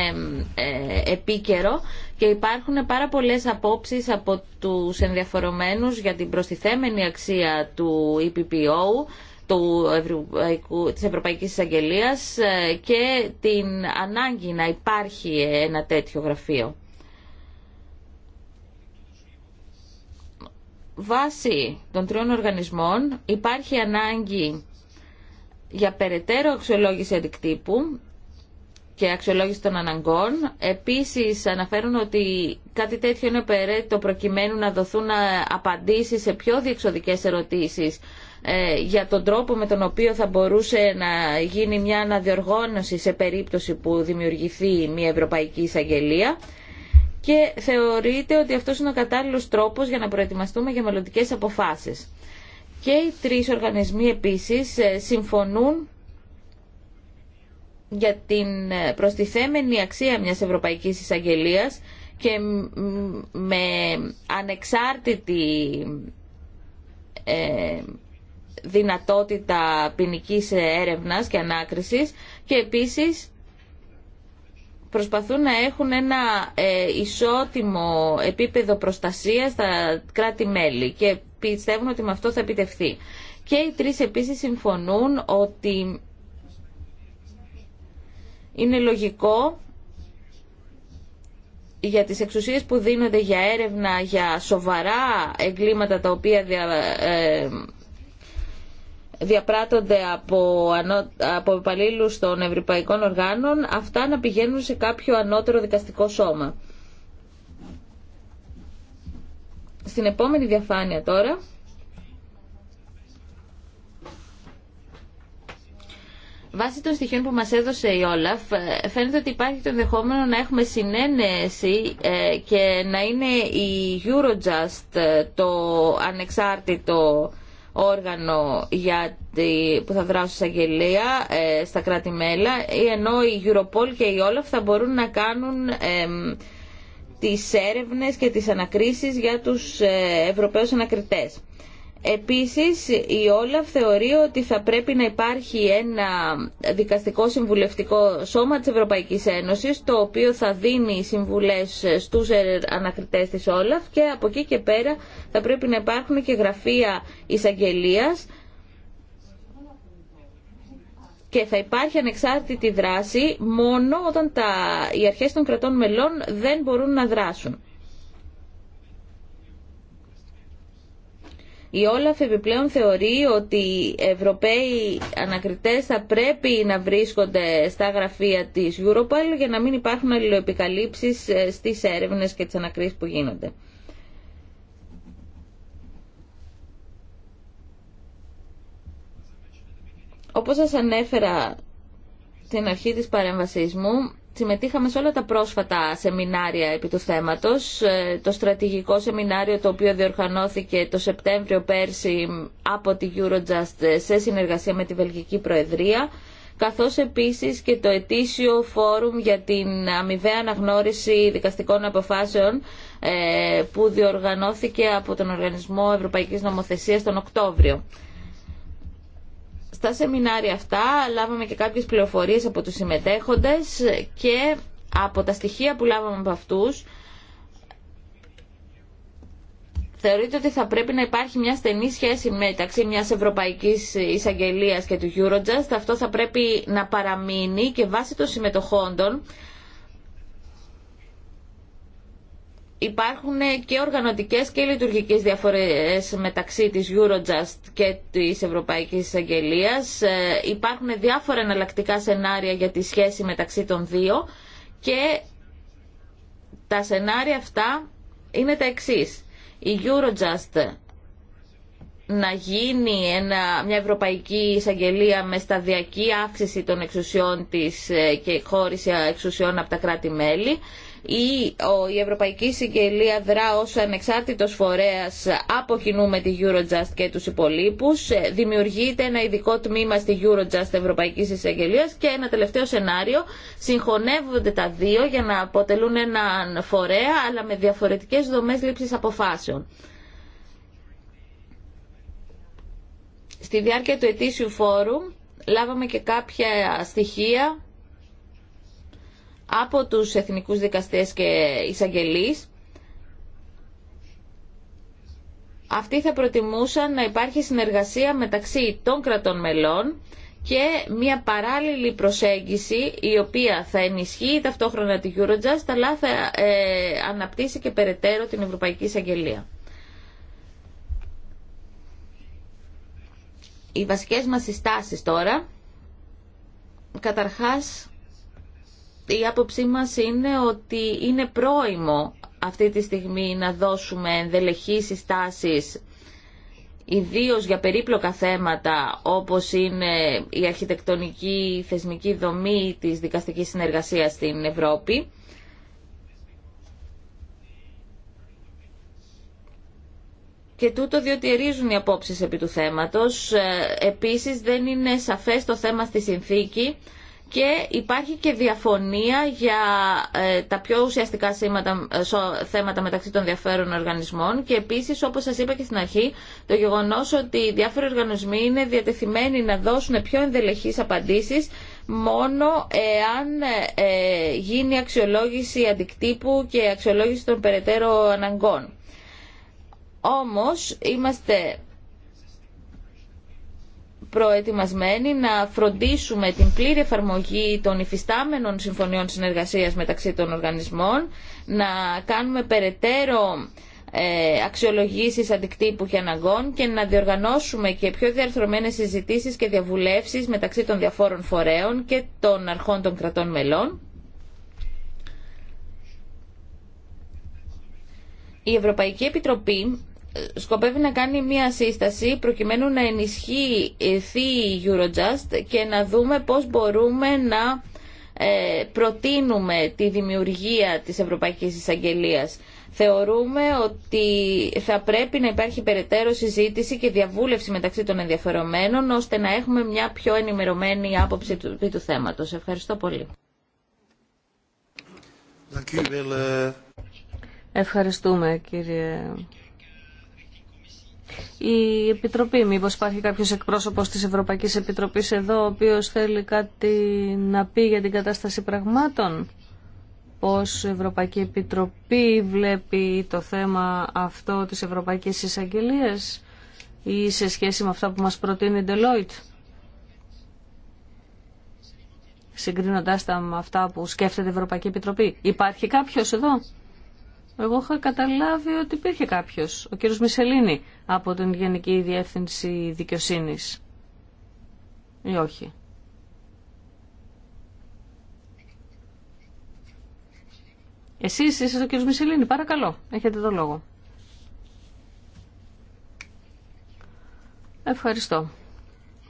ε, επίκαιρο και υπάρχουν πάρα πολλές απόψεις από τους ενδιαφορομένους για την προστιθέμενη αξία του EPPO, του Ευρωπαϊκού, της Ευρωπαϊκής Εισαγγελίας ε, και την ανάγκη να υπάρχει ένα τέτοιο γραφείο. Βάσει των τριών οργανισμών υπάρχει ανάγκη για περαιτέρω αξιολόγηση αντικτύπου και αξιολόγηση των αναγκών. Επίσης αναφέρουν ότι κάτι τέτοιο είναι περαιτέρω προκειμένου να δοθούν ε, απαντήσεις σε πιο διεξοδικές ερωτήσεις ε, για τον τρόπο με τον οποίο θα μπορούσε να γίνει μια αναδιοργόνωση σε περίπτωση που δημιουργηθεί μια Ευρωπαϊκή Εισαγγελία και θεωρείται ότι αυτός είναι ο κατάλληλος τρόπος για να προετοιμαστούμε για μελλοντικές αποφάσεις. Και οι τρεις οργανισμοί επίσης ε, συμφωνούν για την ε, προστιθέμενη αξία μιας Ευρωπαϊκής Εισαγγελίας και με ανεξάρτητη ε, δυνατότητα ποινική έρευνας και ανάκρισης και επίσης προσπαθούν να έχουν ένα ισότιμο επίπεδο προστασίας στα κράτη-μέλη και πιστεύουν ότι με αυτό θα επιτευχθεί. Και οι τρεις επίσης συμφωνούν ότι είναι λογικό για τις εξουσίες που δίνονται για έρευνα για σοβαρά εγκλήματα τα οποία δια, ε, διαπράττονται από, από υπαλλήλου των ευρωπαϊκών οργάνων αυτά να πηγαίνουν σε κάποιο ανώτερο δικαστικό σώμα. Στην επόμενη διαφάνεια τώρα Βάσει των στοιχείων που μας έδωσε η Όλαφ, ε, φαίνεται ότι υπάρχει το ενδεχόμενο να έχουμε συνένεση ε, και να είναι η Eurojust ε, το ανεξάρτητο όργανο για τη, που θα δράσει στα αγγελία στα κράτη-μέλα, ενώ η Europol και η Όλαφ θα μπορούν να κάνουν τις έρευνες και τις ανακρίσεις για τους ε, Ευρωπαίους ανακριτές. Επίσης, η Όλαφ θεωρεί ότι θα πρέπει να υπάρχει ένα δικαστικό συμβουλευτικό σώμα της Ευρωπαϊκής Ένωσης, το οποίο θα δίνει συμβουλές στους ε, ανακριτές της Όλαφ και από εκεί και πέρα θα πρέπει να υπάρχουν και γραφεία εισαγγελίας, και θα υπάρχει ανεξάρτητη δράση μόνο όταν τα, οι αρχές των κρατών μελών δεν μπορούν να δράσουν. Η Όλαφ επιπλέον θεωρεί ότι οι Ευρωπαίοι ανακριτές θα πρέπει να βρίσκονται στα γραφεία της Europol για να μην υπάρχουν αλληλοεπικαλύψεις ε, στις έρευνες και τις ανακρίσεις που γίνονται. Όπως σας ανέφερα την αρχή της παρέμβασής μου, συμμετείχαμε σε όλα τα πρόσφατα σεμινάρια επί του θέματος. Ε, το στρατηγικό σεμινάριο το οποίο διοργανώθηκε το Σεπτέμβριο πέρσι από τη Eurojust σε συνεργασία με τη Βελγική Προεδρία καθώς επίσης και το ετήσιο φόρουμ για την αμοιβαία αναγνώριση δικαστικών αποφάσεων ε, που διοργανώθηκε από τον Οργανισμό Ευρωπαϊκής Νομοθεσίας τον Οκτώβριο. Στα σεμινάρια αυτά λάβαμε και κάποιες πληροφορίες από τους συμμετέχοντες και από τα στοιχεία που λάβαμε από αυτούς θεωρείται ότι θα πρέπει να υπάρχει μια στενή σχέση μεταξύ μιας Ευρωπαϊκής Εισαγγελίας και του Eurojust. Αυτό θα πρέπει να παραμείνει και βάσει των συμμετοχόντων υπάρχουν και οργανωτικές και λειτουργικές διαφορές μεταξύ της Eurojust και της Ευρωπαϊκής Εισαγγελίας. Ε, υπάρχουν διάφορα εναλλακτικά σενάρια για τη σχέση μεταξύ των δύο και τα σενάρια αυτά είναι τα εξής. Η Eurojust να γίνει μια ευρωπαϊκή εισαγγελία με σταδιακή αύξηση των εξουσιών της ε, και χώριση εξουσιών από τα κράτη-μέλη ή η Ευρωπαϊκή Συγγελία δρά ω ανεξάρτητο φορέα από κοινού με τη Eurojust και τους υπολείπου. Ε, δημιουργείται ένα ειδικό τμήμα στη Eurojust Ευρωπαϊκή Εισαγγελία και ένα τελευταίο σενάριο. Συγχωνεύονται τα δύο για να αποτελούν έναν φορέα αλλά με διαφορετικές δομές λήψης αποφάσεων. Στη διάρκεια του ετήσιου φόρου λάβαμε και κάποια στοιχεία από τους εθνικούς δικαστές και εισαγγελείς αυτοί θα προτιμούσαν να υπάρχει συνεργασία μεταξύ των κρατών μελών και μια παράλληλη προσέγγιση η οποία θα ενισχύει ταυτόχρονα τη Eurojust αλλά θα ε, αναπτύσσει και περαιτέρω την Ευρωπαϊκή Εισαγγελία. Οι βασικές μας συστάσεις τώρα καταρχάς η άποψή μας είναι ότι είναι πρόημο αυτή τη στιγμή να δώσουμε ενδελεχείς συστάσεις ιδίω για περίπλοκα θέματα όπως είναι η αρχιτεκτονική θεσμική δομή της δικαστικής συνεργασίας στην Ευρώπη. Και τούτο διότι ερίζουν οι απόψεις επί του θέματος. Ε, επίσης δεν είναι σαφές το θέμα στη συνθήκη και υπάρχει και διαφωνία για ε, τα πιο ουσιαστικά ε, θέματα μεταξύ των διαφέρων οργανισμών και επίσης όπως σας είπα και στην αρχή το γεγονός ότι οι διάφοροι οργανισμοί είναι διατεθειμένοι να δώσουν πιο ενδελεχείς απαντήσεις μόνο εάν ε, γίνει αξιολόγηση αντικτύπου και αξιολόγηση των περαιτέρω αναγκών. Όμως είμαστε προετοιμασμένοι να φροντίσουμε την πλήρη εφαρμογή των υφιστάμενων συμφωνιών συνεργασίας μεταξύ των οργανισμών, να κάνουμε περαιτέρω ε, αξιολογήσεις αντικτύπου και αναγκών και να διοργανώσουμε και πιο διαρθρωμένες συζητήσεις και διαβουλεύσεις μεταξύ των διαφόρων φορέων και των αρχών των κρατών μελών. Η Ευρωπαϊκή Επιτροπή σκοπεύει να κάνει μία σύσταση προκειμένου να ενισχύει η Eurojust και να δούμε πώς μπορούμε να ε, προτείνουμε τη δημιουργία της Ευρωπαϊκής Εισαγγελίας. Θεωρούμε ότι θα πρέπει να υπάρχει περαιτέρω συζήτηση και διαβούλευση μεταξύ των ενδιαφερομένων ώστε να έχουμε μια πιο ενημερωμένη άποψη του, του θέματος. Ευχαριστώ πολύ. Ευχαριστούμε κύριε η Επιτροπή. μήπω υπάρχει κάποιος εκπρόσωπος της Ευρωπαϊκής Επιτροπής εδώ, ο οποίος θέλει κάτι να πει για την κατάσταση πραγμάτων. Πώς η Ευρωπαϊκή Επιτροπή βλέπει το θέμα αυτό της Ευρωπαϊκής εισαγγελία ή σε σχέση με αυτά που μας προτείνει η Deloitte. Συγκρίνοντάς τα με αυτά που σκέφτεται η Ευρωπαϊκή Επιτροπή. Υπάρχει κάποιος εδώ. Εγώ είχα καταλάβει ότι υπήρχε κάποιο, ο κύριος Μισελίνη, από την Γενική Διεύθυνση δικαιοσύνη. Ή όχι. Εσείς είστε ο κύριος Μισελίνη, παρακαλώ, έχετε το λόγο. Ευχαριστώ,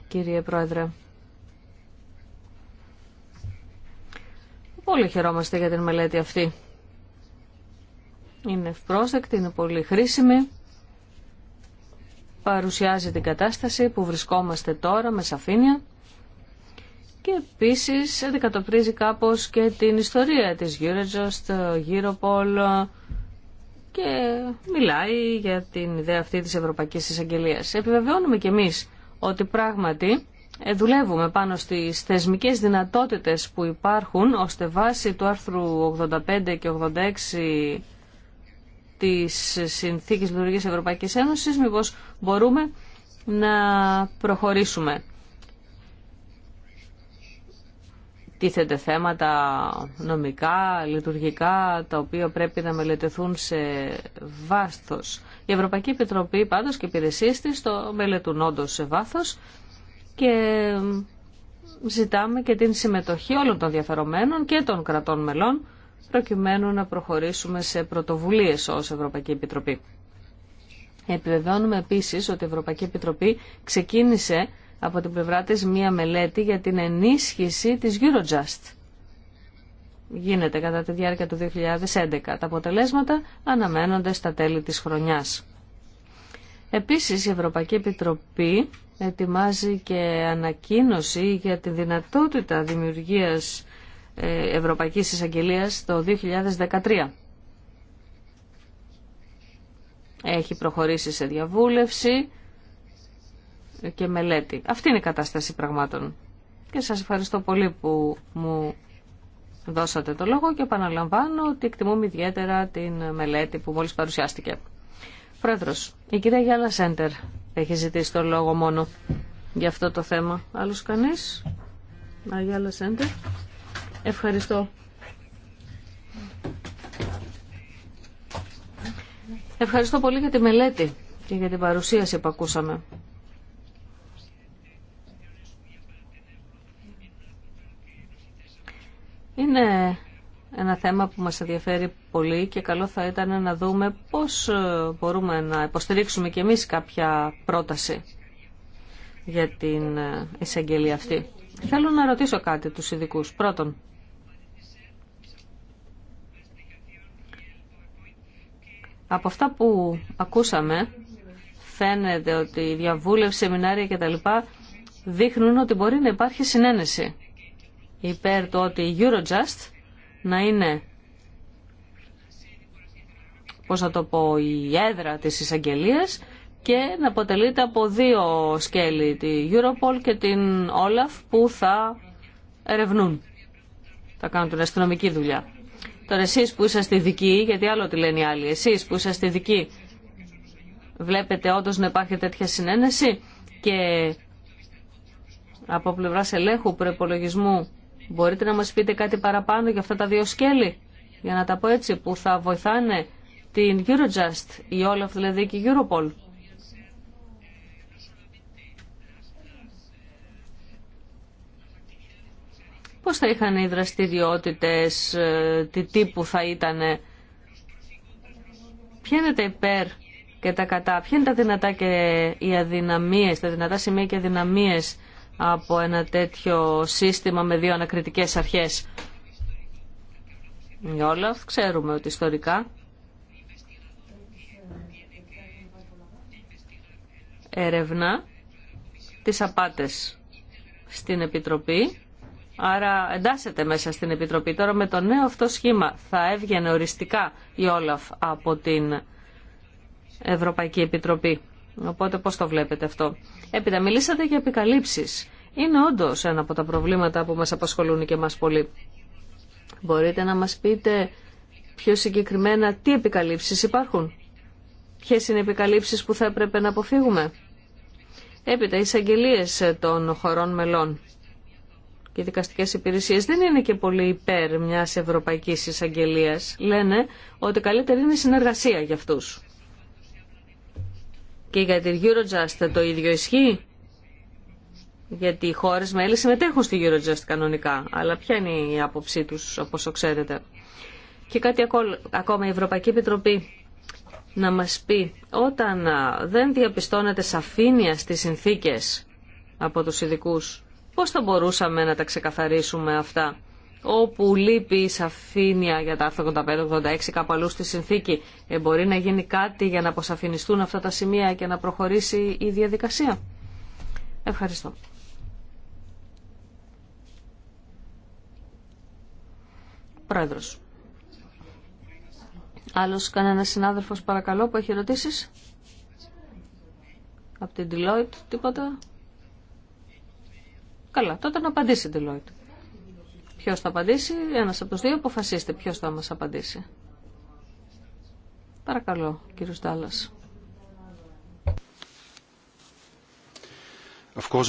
κύριε Πρόεδρε. Πολύ χαιρόμαστε για την μελέτη αυτή είναι ευπρόσδεκτη, είναι πολύ χρήσιμη. Παρουσιάζει την κατάσταση που βρισκόμαστε τώρα με σαφήνεια. Και επίσης αντικατοπτρίζει κάπως και την ιστορία της Eurojust, Europol και μιλάει για την ιδέα αυτή της Ευρωπαϊκής Εισαγγελίας. Επιβεβαιώνουμε και εμείς ότι πράγματι ε, δουλεύουμε πάνω στις θεσμικές δυνατότητες που υπάρχουν ώστε βάσει του άρθρου 85 και 86 της Συνθήκης Λειτουργίας Ευρωπαϊκής Ένωσης, μήπως μπορούμε να προχωρήσουμε. τίθεται θέματα νομικά, λειτουργικά, τα οποία πρέπει να μελετηθούν σε βάθος. Η Ευρωπαϊκή Επιτροπή πάντως και οι υπηρεσίες της το μελετούν όντως σε βάθος και ζητάμε και την συμμετοχή όλων των διαφερομένων και των κρατών μελών προκειμένου να προχωρήσουμε σε πρωτοβουλίες ως Ευρωπαϊκή Επιτροπή. Επιβεβαιώνουμε επίσης ότι η Ευρωπαϊκή Επιτροπή ξεκίνησε από την πλευρά της μία μελέτη για την ενίσχυση της Eurojust. Γίνεται κατά τη διάρκεια του 2011. Τα αποτελέσματα αναμένονται στα τέλη της χρονιάς. Επίσης η Ευρωπαϊκή Επιτροπή ετοιμάζει και ανακοίνωση για τη δυνατότητα δημιουργίας ε, Ευρωπαϊκής Εισαγγελίας το 2013. Έχει προχωρήσει σε διαβούλευση και μελέτη. Αυτή είναι η κατάσταση πραγμάτων. Και σας ευχαριστώ πολύ που μου δώσατε το λόγο και επαναλαμβάνω ότι εκτιμούμε ιδιαίτερα την μελέτη που μόλις παρουσιάστηκε. Πρόεδρος, η κυρία Γιάννα Σέντερ έχει ζητήσει το λόγο μόνο για αυτό το θέμα. Άλλος κανείς? Σέντερ. Ευχαριστώ. Ευχαριστώ πολύ για τη μελέτη και για την παρουσίαση που ακούσαμε. Είναι ένα θέμα που μας ενδιαφέρει πολύ και καλό θα ήταν να δούμε πώς μπορούμε να υποστηρίξουμε και εμείς κάποια πρόταση για την εισαγγελία αυτή. Θέλω να ρωτήσω κάτι τους ειδικούς. Πρώτον, Από αυτά που ακούσαμε φαίνεται ότι η διαβούλευση, σεμινάρια κτλ. δείχνουν ότι μπορεί να υπάρχει συνένεση υπέρ του ότι η Eurojust να είναι πώς το πω, η έδρα της εισαγγελία και να αποτελείται από δύο σκέλη, τη Europol και την Olaf που θα ερευνούν, θα κάνουν την αστυνομική δουλειά. Τώρα εσείς που είσαστε ειδικοί, γιατί άλλο τι λένε οι άλλοι, εσείς που είσαστε ειδικοί, βλέπετε όντω να υπάρχει τέτοια συνένεση και από πλευρά ελέγχου προπολογισμού μπορείτε να μας πείτε κάτι παραπάνω για αυτά τα δύο σκέλη, για να τα πω έτσι, που θα βοηθάνε την Eurojust, η αυτά δηλαδή και η Europol. πώς θα είχαν οι δραστηριότητες, ε, τι τύπου θα ήταν, ποια είναι τα υπέρ και τα κατά, ποια είναι τα δυνατά και οι αδυναμίες, τα δυνατά σημεία και αδυναμίες από ένα τέτοιο σύστημα με δύο ανακριτικές αρχές. Η ξέρουμε ότι ιστορικά ερευνά τις απάτες στην Επιτροπή Άρα εντάσσεται μέσα στην Επιτροπή. Τώρα με το νέο αυτό σχήμα θα έβγαινε οριστικά η Όλαφ από την Ευρωπαϊκή Επιτροπή. Οπότε πώς το βλέπετε αυτό. Έπειτα μιλήσατε για επικαλύψεις. Είναι όντως ένα από τα προβλήματα που μας απασχολούν και μας πολύ. Μπορείτε να μας πείτε πιο συγκεκριμένα τι επικαλύψεις υπάρχουν. Ποιες είναι οι επικαλύψεις που θα έπρεπε να αποφύγουμε. Έπειτα, εισαγγελίε των χωρών μελών και οι δικαστικές υπηρεσίες δεν είναι και πολύ υπέρ μιας ευρωπαϊκής εισαγγελία. Λένε ότι καλύτερη είναι η συνεργασία για αυτούς. Και για τη Eurojust το ίδιο ισχύει. Γιατί οι χώρες μέλη συμμετέχουν στη Eurojust κανονικά. Αλλά ποια είναι η άποψή τους, όπως ξέρετε. Και κάτι ακόμα, η Ευρωπαϊκή Επιτροπή να μας πει, όταν δεν διαπιστώνεται σαφήνεια στις συνθήκες από τους ειδικού Πώς θα μπορούσαμε να τα ξεκαθαρίσουμε αυτά όπου λείπει η σαφήνεια για τα άρθρα 85-86 κάπου αλλού στη συνθήκη. Ε, μπορεί να γίνει κάτι για να αποσαφινιστούν αυτά τα σημεία και να προχωρήσει η διαδικασία. Ευχαριστώ. Πρόεδρος. Άλλος κανένας συνάδελφος παρακαλώ που έχει ερωτήσεις. Από την Deloitte τίποτα. Καλά, τότε να απαντήσει η Deloitte. Ποιος θα απαντήσει, ένας από τους δύο αποφασίστε ποιος θα μας απαντήσει. Παρακαλώ, κύριος Ντάλλας. Of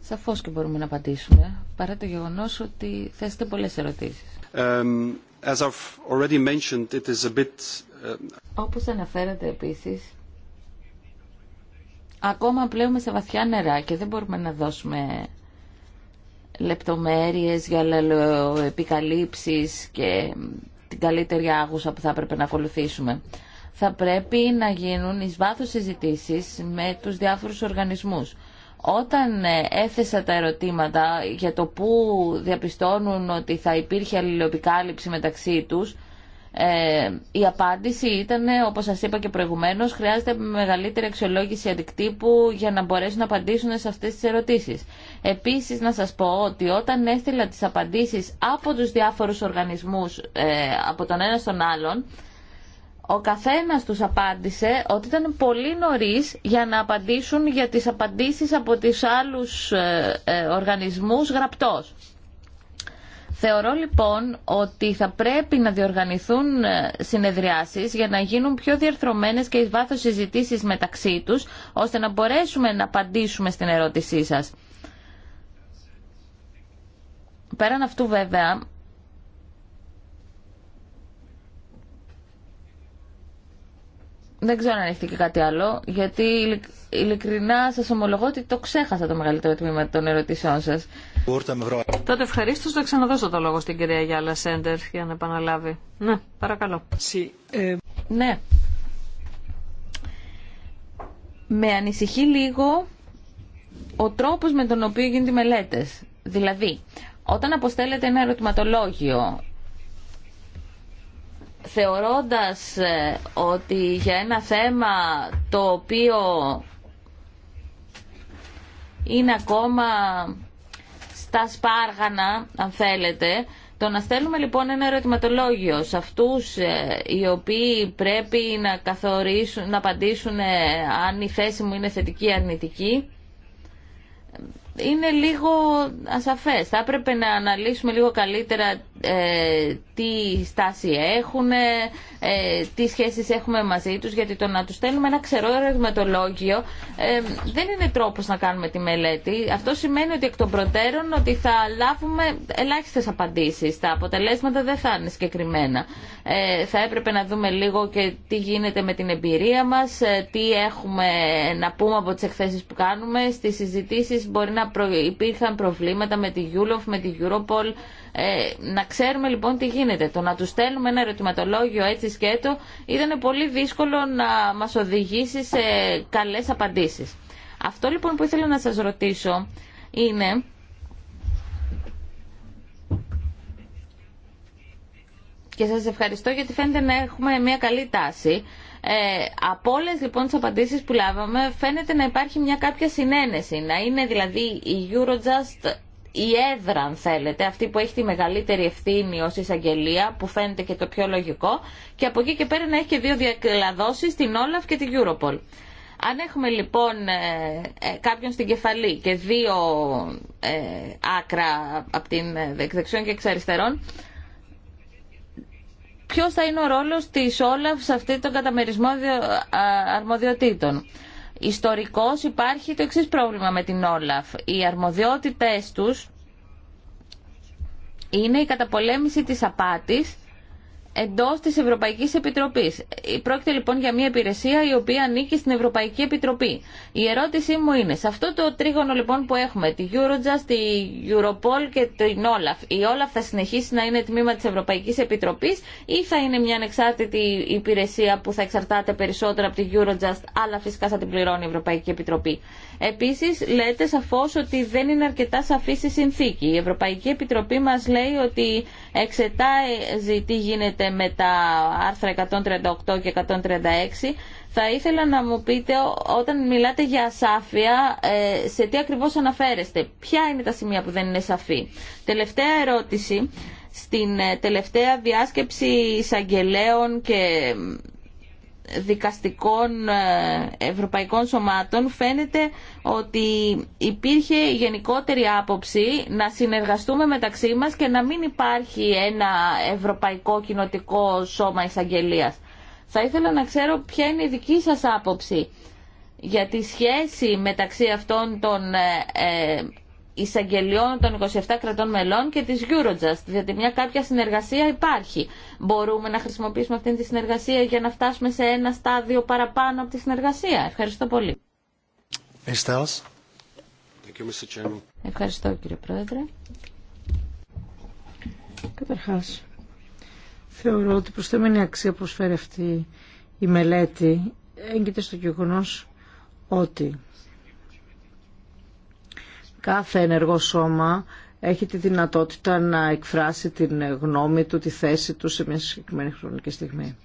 Σαφώς και μπορούμε να απαντήσουμε, παρά το γεγονός ότι θέσετε πολλές ερωτήσεις. Um, as ε, Όπως αναφέρατε επίσης, ακόμα πλέουμε σε βαθιά νερά και δεν μπορούμε να δώσουμε λεπτομέρειες για επικαλύψεις και την καλύτερη άγουσα που θα έπρεπε να ακολουθήσουμε. Θα πρέπει να γίνουν εις βάθος συζητήσεις με τους διάφορους οργανισμούς. Όταν ε, έθεσα τα ερωτήματα για το πού διαπιστώνουν ότι θα υπήρχε αλληλεοπικάλυψη μεταξύ τους, ε, η απάντηση ήταν, όπως σας είπα και προηγουμένως, χρειάζεται μεγαλύτερη αξιολόγηση αντικτύπου για να μπορέσουν να απαντήσουν σε αυτές τις ερωτήσεις. Επίσης, να σας πω ότι όταν έστειλα τις απαντήσεις από τους διάφορους οργανισμούς, ε, από τον ένα στον άλλον, ο καθένας τους απάντησε ότι ήταν πολύ νωρίς για να απαντήσουν για τις απαντήσεις από τις άλλους ε, οργανισμούς γραπτός. Θεωρώ λοιπόν ότι θα πρέπει να διοργανηθούν ε, συνεδριάσεις για να γίνουν πιο διαρθρωμένε και ει βάθο συζητήσει μεταξύ τους, ώστε να μπορέσουμε να απαντήσουμε στην ερώτησή σας. Πέραν αυτού βέβαια, Δεν ξέρω αν έχετε και κάτι άλλο, γιατί ειλικρινά σας ομολογώ ότι το ξέχασα το μεγαλύτερο τμήμα των ερωτήσεών σας. Τότε ευχαρίστω να ξαναδώσω το λόγο στην κυρία Γιάλα Σέντερ για να επαναλάβει. Ναι, παρακαλώ. Ε, ναι. Με ανησυχεί λίγο ο τρόπος με τον οποίο γίνονται οι μελέτες. Δηλαδή, όταν αποστέλλεται ένα ερωτηματολόγιο θεωρώντας ε, ότι για ένα θέμα το οποίο είναι ακόμα στα σπάργανα, αν θέλετε, το να στέλνουμε λοιπόν ένα ερωτηματολόγιο σε αυτούς ε, οι οποίοι πρέπει να καθορίσουν, να απαντήσουν ε, αν η θέση μου είναι θετική ή αρνητική, είναι λίγο ασαφές. Θα έπρεπε να αναλύσουμε λίγο καλύτερα ε, τι στάση έχουν, ε, τι σχέσεις έχουμε μαζί τους, γιατί το να τους στέλνουμε ένα ξερό ερωτηματολόγιο ε, δεν είναι τρόπος να κάνουμε τη μελέτη. Αυτό σημαίνει ότι εκ των προτέρων ότι θα λάβουμε ελάχιστες απαντήσεις. Τα αποτελέσματα δεν θα είναι συγκεκριμένα. Ε, θα έπρεπε να δούμε λίγο και τι γίνεται με την εμπειρία μας, ε, τι έχουμε να πούμε από τις εκθέσεις που κάνουμε. Στις συζητήσεις μπορεί να υπήρχαν προβλήματα με τη Γιούλοφ, με τη Europol, ε, να ξέρουμε λοιπόν τι γίνεται. Το να του στέλνουμε ένα ερωτηματολόγιο έτσι σκέτο ήταν πολύ δύσκολο να μας οδηγήσει σε καλές απαντήσεις. Αυτό λοιπόν που ήθελα να σας ρωτήσω είναι και σας ευχαριστώ γιατί φαίνεται να έχουμε μια καλή τάση. Ε, από όλε λοιπόν τις απαντήσεις που λάβαμε, φαίνεται να υπάρχει μια κάποια συνένεση. Να είναι δηλαδή η Eurojust η έδρα αν θέλετε, αυτή που έχει τη μεγαλύτερη ευθύνη ω εισαγγελία που φαίνεται και το πιο λογικό και από εκεί και πέρα να έχει και δύο διακλαδώσει την Όλαφ και την Europol. Αν έχουμε λοιπόν ε, ε, κάποιον στην κεφαλή και δύο ε, άκρα από την δεξιόν και εξ αριστερών, ποιος θα είναι ο ρόλος της Όλαφ σε αυτή τον καταμερισμό αρμοδιοτήτων ιστορικώς υπάρχει το εξής πρόβλημα με την Όλαφ. Οι αρμοδιότητες τους είναι η καταπολέμηση της απάτης Εντό τη Ευρωπαϊκή Επιτροπή. Ε, πρόκειται λοιπόν για μια υπηρεσία η οποία ανήκει στην Ευρωπαϊκή Επιτροπή. Η ερώτησή μου είναι, σε αυτό το τρίγωνο λοιπόν που έχουμε, τη Eurojust, τη Europol και την Olaf, η Olaf θα συνεχίσει να είναι τμήμα τη Ευρωπαϊκή Επιτροπή ή θα είναι μια ανεξάρτητη υπηρεσία που θα εξαρτάται περισσότερο από τη Eurojust, αλλά φυσικά θα την πληρώνει η Ευρωπαϊκή Επιτροπή. Επίση, λέτε σαφώ ότι δεν είναι αρκετά σαφή η συνθήκη. Η Ευρωπαϊκή Επιτροπή μα λέει ότι εξετάζει τι γίνεται με τα άρθρα 138 και 136. Θα ήθελα να μου πείτε όταν μιλάτε για ασάφεια ε, σε τι ακριβώς αναφέρεστε. Ποια είναι τα σημεία που δεν είναι σαφή. Τελευταία ερώτηση. Στην ε, τελευταία διάσκεψη εισαγγελέων και δικαστικών ε, ευρωπαϊκών σωμάτων φαίνεται ότι υπήρχε γενικότερη άποψη να συνεργαστούμε μεταξύ μας και να μην υπάρχει ένα ευρωπαϊκό κοινοτικό σώμα εισαγγελία. Θα ήθελα να ξέρω ποια είναι η δική σας άποψη για τη σχέση μεταξύ αυτών των ε, ε, εισαγγελιών των 27 κρατών μελών και της Eurojust, διότι μια κάποια συνεργασία υπάρχει. Μπορούμε να χρησιμοποιήσουμε αυτή τη συνεργασία για να φτάσουμε σε ένα στάδιο παραπάνω από τη συνεργασία. Ευχαριστώ πολύ. Ευχαριστώ κύριε Πρόεδρε. Καταρχάς, θεωρώ ότι προσθέμενη αξία προσφέρει αυτή η μελέτη έγκυται στο γεγονός ότι κάθε ενεργό σώμα έχει τη δυνατότητα να εκφράσει την γνώμη του, τη θέση του σε μια συγκεκριμένη χρονική στιγμή.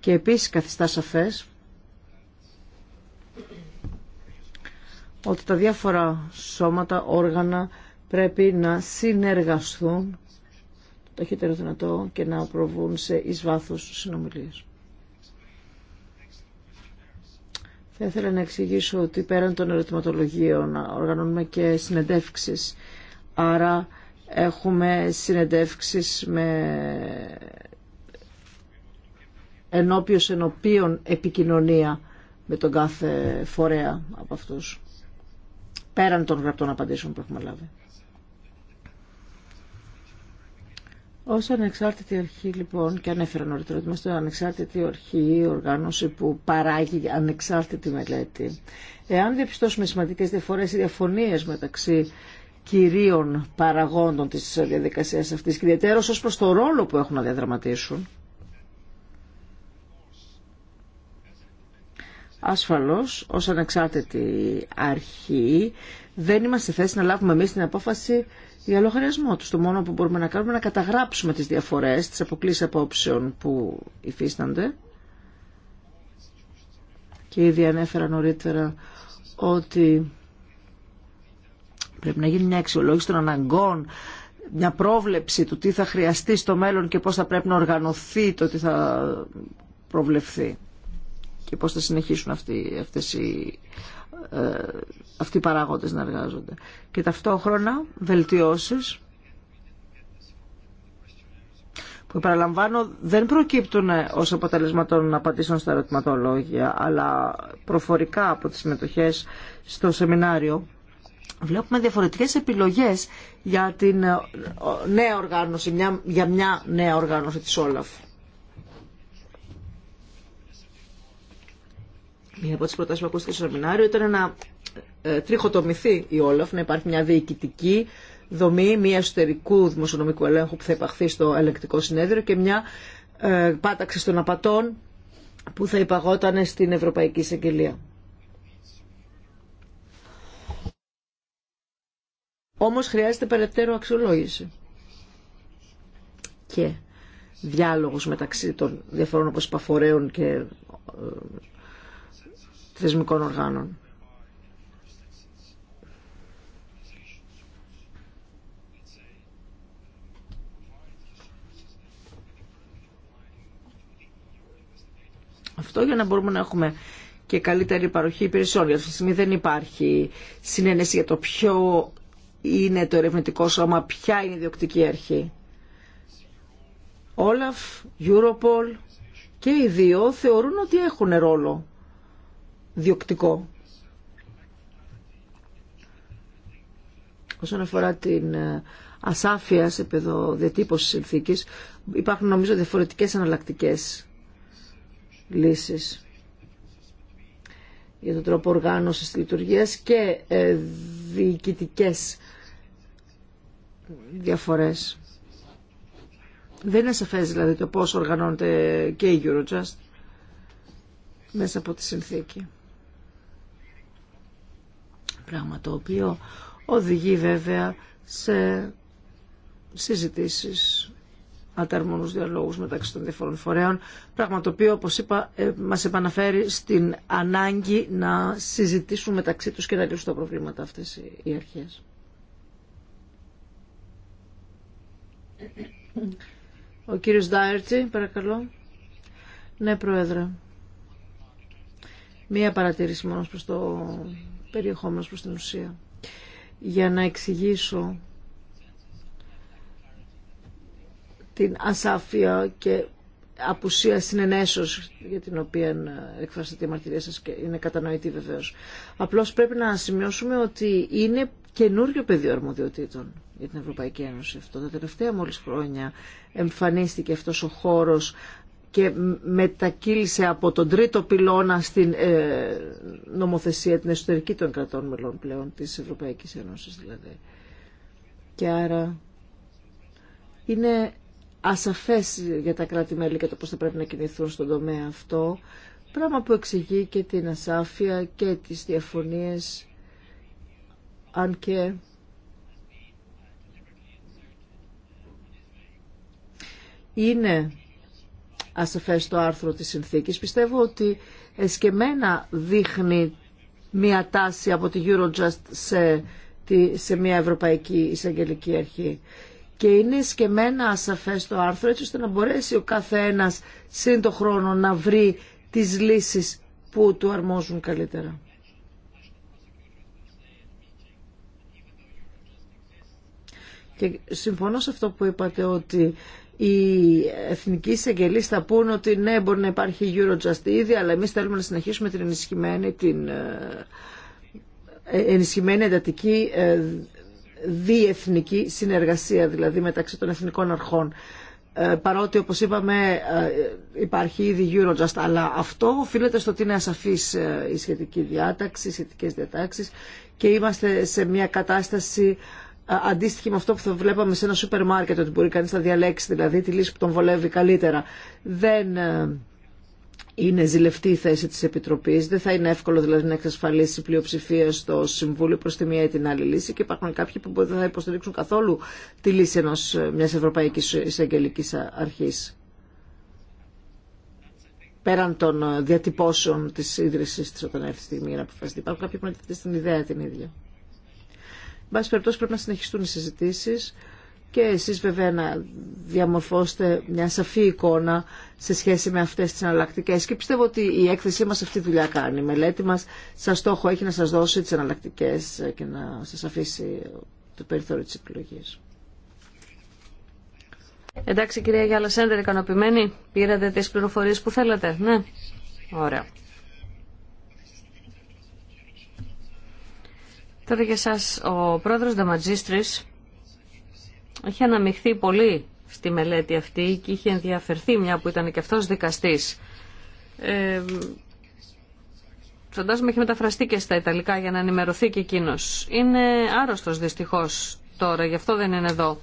Και επίσης καθιστά σαφές ότι τα διάφορα σώματα, όργανα πρέπει να συνεργαστούν το ταχύτερο δυνατό και να προβούν σε εις βάθος συνομιλίες. Θα ήθελα να εξηγήσω ότι πέραν των ερωτηματολογίων οργανώνουμε και συνεντεύξεις. Άρα έχουμε συνεντεύξεις με ενώπιος ενωπίων επικοινωνία με τον κάθε φορέα από αυτούς. Πέραν των γραπτών απαντήσεων που έχουμε λάβει. Ως ανεξάρτητη αρχή λοιπόν, και ανέφερα νωρίτερα ότι είμαστε ανεξάρτητη αρχή, οργάνωση που παράγει ανεξάρτητη μελέτη. Εάν διαπιστώσουμε σημαντικές διαφορές ή διαφωνίες μεταξύ κυρίων παραγόντων της διαδικασίας αυτής και ιδιαίτερως ως προς το ρόλο που έχουν να διαδραματίσουν, ασφαλώς ως ανεξάρτητη αρχή δεν είμαστε θέση να λάβουμε εμείς την απόφαση για λογαριασμό του. Το μόνο που μπορούμε να κάνουμε είναι να καταγράψουμε τις διαφορές, τις αποκλήσει απόψεων που υφίστανται. Και ήδη ανέφερα νωρίτερα ότι πρέπει να γίνει μια αξιολόγηση των αναγκών, μια πρόβλεψη του τι θα χρειαστεί στο μέλλον και πώς θα πρέπει να οργανωθεί το τι θα προβλεφθεί και πώς θα συνεχίσουν αυτοί, αυτές οι αυτοί οι παράγοντες να εργάζονται. Και ταυτόχρονα βελτιώσεις που παραλαμβάνω δεν προκύπτουν ως αποτέλεσμα των απαντήσεων στα ερωτηματολόγια, αλλά προφορικά από τις συμμετοχές στο σεμινάριο βλέπουμε διαφορετικές επιλογές για την ε, νέα οργάνωση, για μια νέα οργάνωση της Όλαφ. Μία από τι προτάσει που ακούστηκε στο σεμινάριο ήταν να ε, τριχοτομηθεί η Όλαφ, να υπάρχει μια διοικητική δομή, μια εσωτερικού δημοσιονομικού ελέγχου που θα υπαχθεί στο ελεκτικό συνέδριο και μια ε, πάταξη των απατών που θα υπαγόταν στην Ευρωπαϊκή Εισαγγελία. Όμως χρειάζεται περαιτέρω αξιολόγηση και διάλογος μεταξύ των διαφορών όπως παφορέων και ε, θεσμικών οργάνων. Αυτό για να μπορούμε να έχουμε και καλύτερη παροχή υπηρεσιών. Για αυτή τη στιγμή δεν υπάρχει συνένεση για το ποιο είναι το ερευνητικό σώμα, ποια είναι η διοκτική αρχή. Όλαφ, Europol και οι δύο θεωρούν ότι έχουν ρόλο διοκτικό. Όσον αφορά την ε, ασάφεια σε επίπεδο διατύπωση συνθήκη, υπάρχουν νομίζω διαφορετικέ αναλλακτικέ λύσει για τον τρόπο οργάνωση τη λειτουργία και ε, διαφορές. Δεν είναι σαφέ δηλαδή το πώς οργανώνεται και η Eurojust μέσα από τη συνθήκη. Πράγμα το οποίο οδηγεί βέβαια σε συζητήσεις αταρμονούς διαλόγους μεταξύ των διαφορών φορέων, πράγμα το οποίο, όπως είπα, ε, μας επαναφέρει στην ανάγκη να συζητήσουν μεταξύ τους και να λύσουν τα προβλήματα αυτές οι αρχές. Ο κύριος Ντάιρτσι, παρακαλώ. Ναι, Πρόεδρε. Μία παρατήρηση μόνος προς το περιεχόμενος προς την ουσία. Για να εξηγήσω την ασάφεια και απουσία συνενέσεως για την οποία ε, εκφράσατε η μαρτυρία σας και είναι κατανοητή βεβαίως. Απλώς πρέπει να σημειώσουμε ότι είναι καινούριο πεδίο αρμοδιοτήτων για την Ευρωπαϊκή Ένωση αυτό. Τα τελευταία μόλις χρόνια εμφανίστηκε αυτός ο χώρος και μετακύλησε από τον τρίτο πυλώνα στην ε, νομοθεσία την εσωτερική των κρατών μελών πλέον της Ευρωπαϊκής Ένωσης δηλαδή. Και άρα είναι ασαφές για τα κράτη-μέλη και το πώς θα πρέπει να κινηθούν στον τομέα αυτό, πράγμα που εξηγεί και την ασάφεια και τις διαφωνίες, αν και... Είναι ασαφές το άρθρο της συνθήκης. Πιστεύω ότι εσκεμένα δείχνει μια τάση από τη Eurojust σε, μια ευρωπαϊκή εισαγγελική αρχή. Και είναι εσκεμένα ασαφές το άρθρο έτσι ώστε να μπορέσει ο κάθε ένας χρόνο να βρει τις λύσεις που του αρμόζουν καλύτερα. Και συμφωνώ σε αυτό που είπατε ότι οι εθνικοί εισαγγελείς θα πούν ότι ναι μπορεί να υπάρχει Eurojust ήδη αλλά εμείς θέλουμε να συνεχίσουμε την ενισχυμένη, την ε, ενισχυμένη εντατική ε, διεθνική συνεργασία δηλαδή μεταξύ των εθνικών αρχών. Ε, παρότι όπως είπαμε υπάρχει ήδη Eurojust αλλά αυτό οφείλεται στο ότι είναι ασαφής η σχετική διάταξη, οι σχετικές διατάξει και είμαστε σε μια κατάσταση αντίστοιχη με αυτό που θα βλέπαμε σε ένα σούπερ μάρκετ, ότι μπορεί κανείς να διαλέξει δηλαδή τη λύση που τον βολεύει καλύτερα. Δεν ε, είναι ζηλευτή η θέση της Επιτροπής, δεν θα είναι εύκολο δηλαδή να εξασφαλίσει η πλειοψηφία στο Συμβούλιο προς τη μία ή την άλλη λύση και υπάρχουν κάποιοι που δεν θα υποστηρίξουν καθόλου τη λύση ενός, μιας Ευρωπαϊκής Εισαγγελικής Αρχής πέραν των ε, διατυπώσεων τη ίδρυσης της όταν έρθει η στιγμή να Υπάρχουν κάποιοι που είναι την ιδέα την ίδια πάση περιπτώσει πρέπει να συνεχιστούν οι συζητήσεις και εσείς βέβαια να διαμορφώσετε μια σαφή εικόνα σε σχέση με αυτές τις εναλλακτικέ. Και πιστεύω ότι η έκθεσή μας αυτή τη δουλειά κάνει. Η μελέτη μας σαν στόχο έχει να σας δώσει τις εναλλακτικέ και να σας αφήσει το περιθώριο της επιλογής. Εντάξει κυρία Γιάλα Σέντερ, ικανοποιημένη. Πήρατε τις πληροφορίες που θέλατε. Ναι. Ωραία. Τώρα για σας ο πρόεδρος Νταματζίστρης έχει αναμειχθεί πολύ στη μελέτη αυτή και είχε ενδιαφερθεί μια που ήταν και αυτός δικαστής. Ε, φαντάζομαι έχει μεταφραστεί και στα Ιταλικά για να ενημερωθεί και εκείνο. Είναι άρρωστος δυστυχώς τώρα, γι' αυτό δεν είναι εδώ.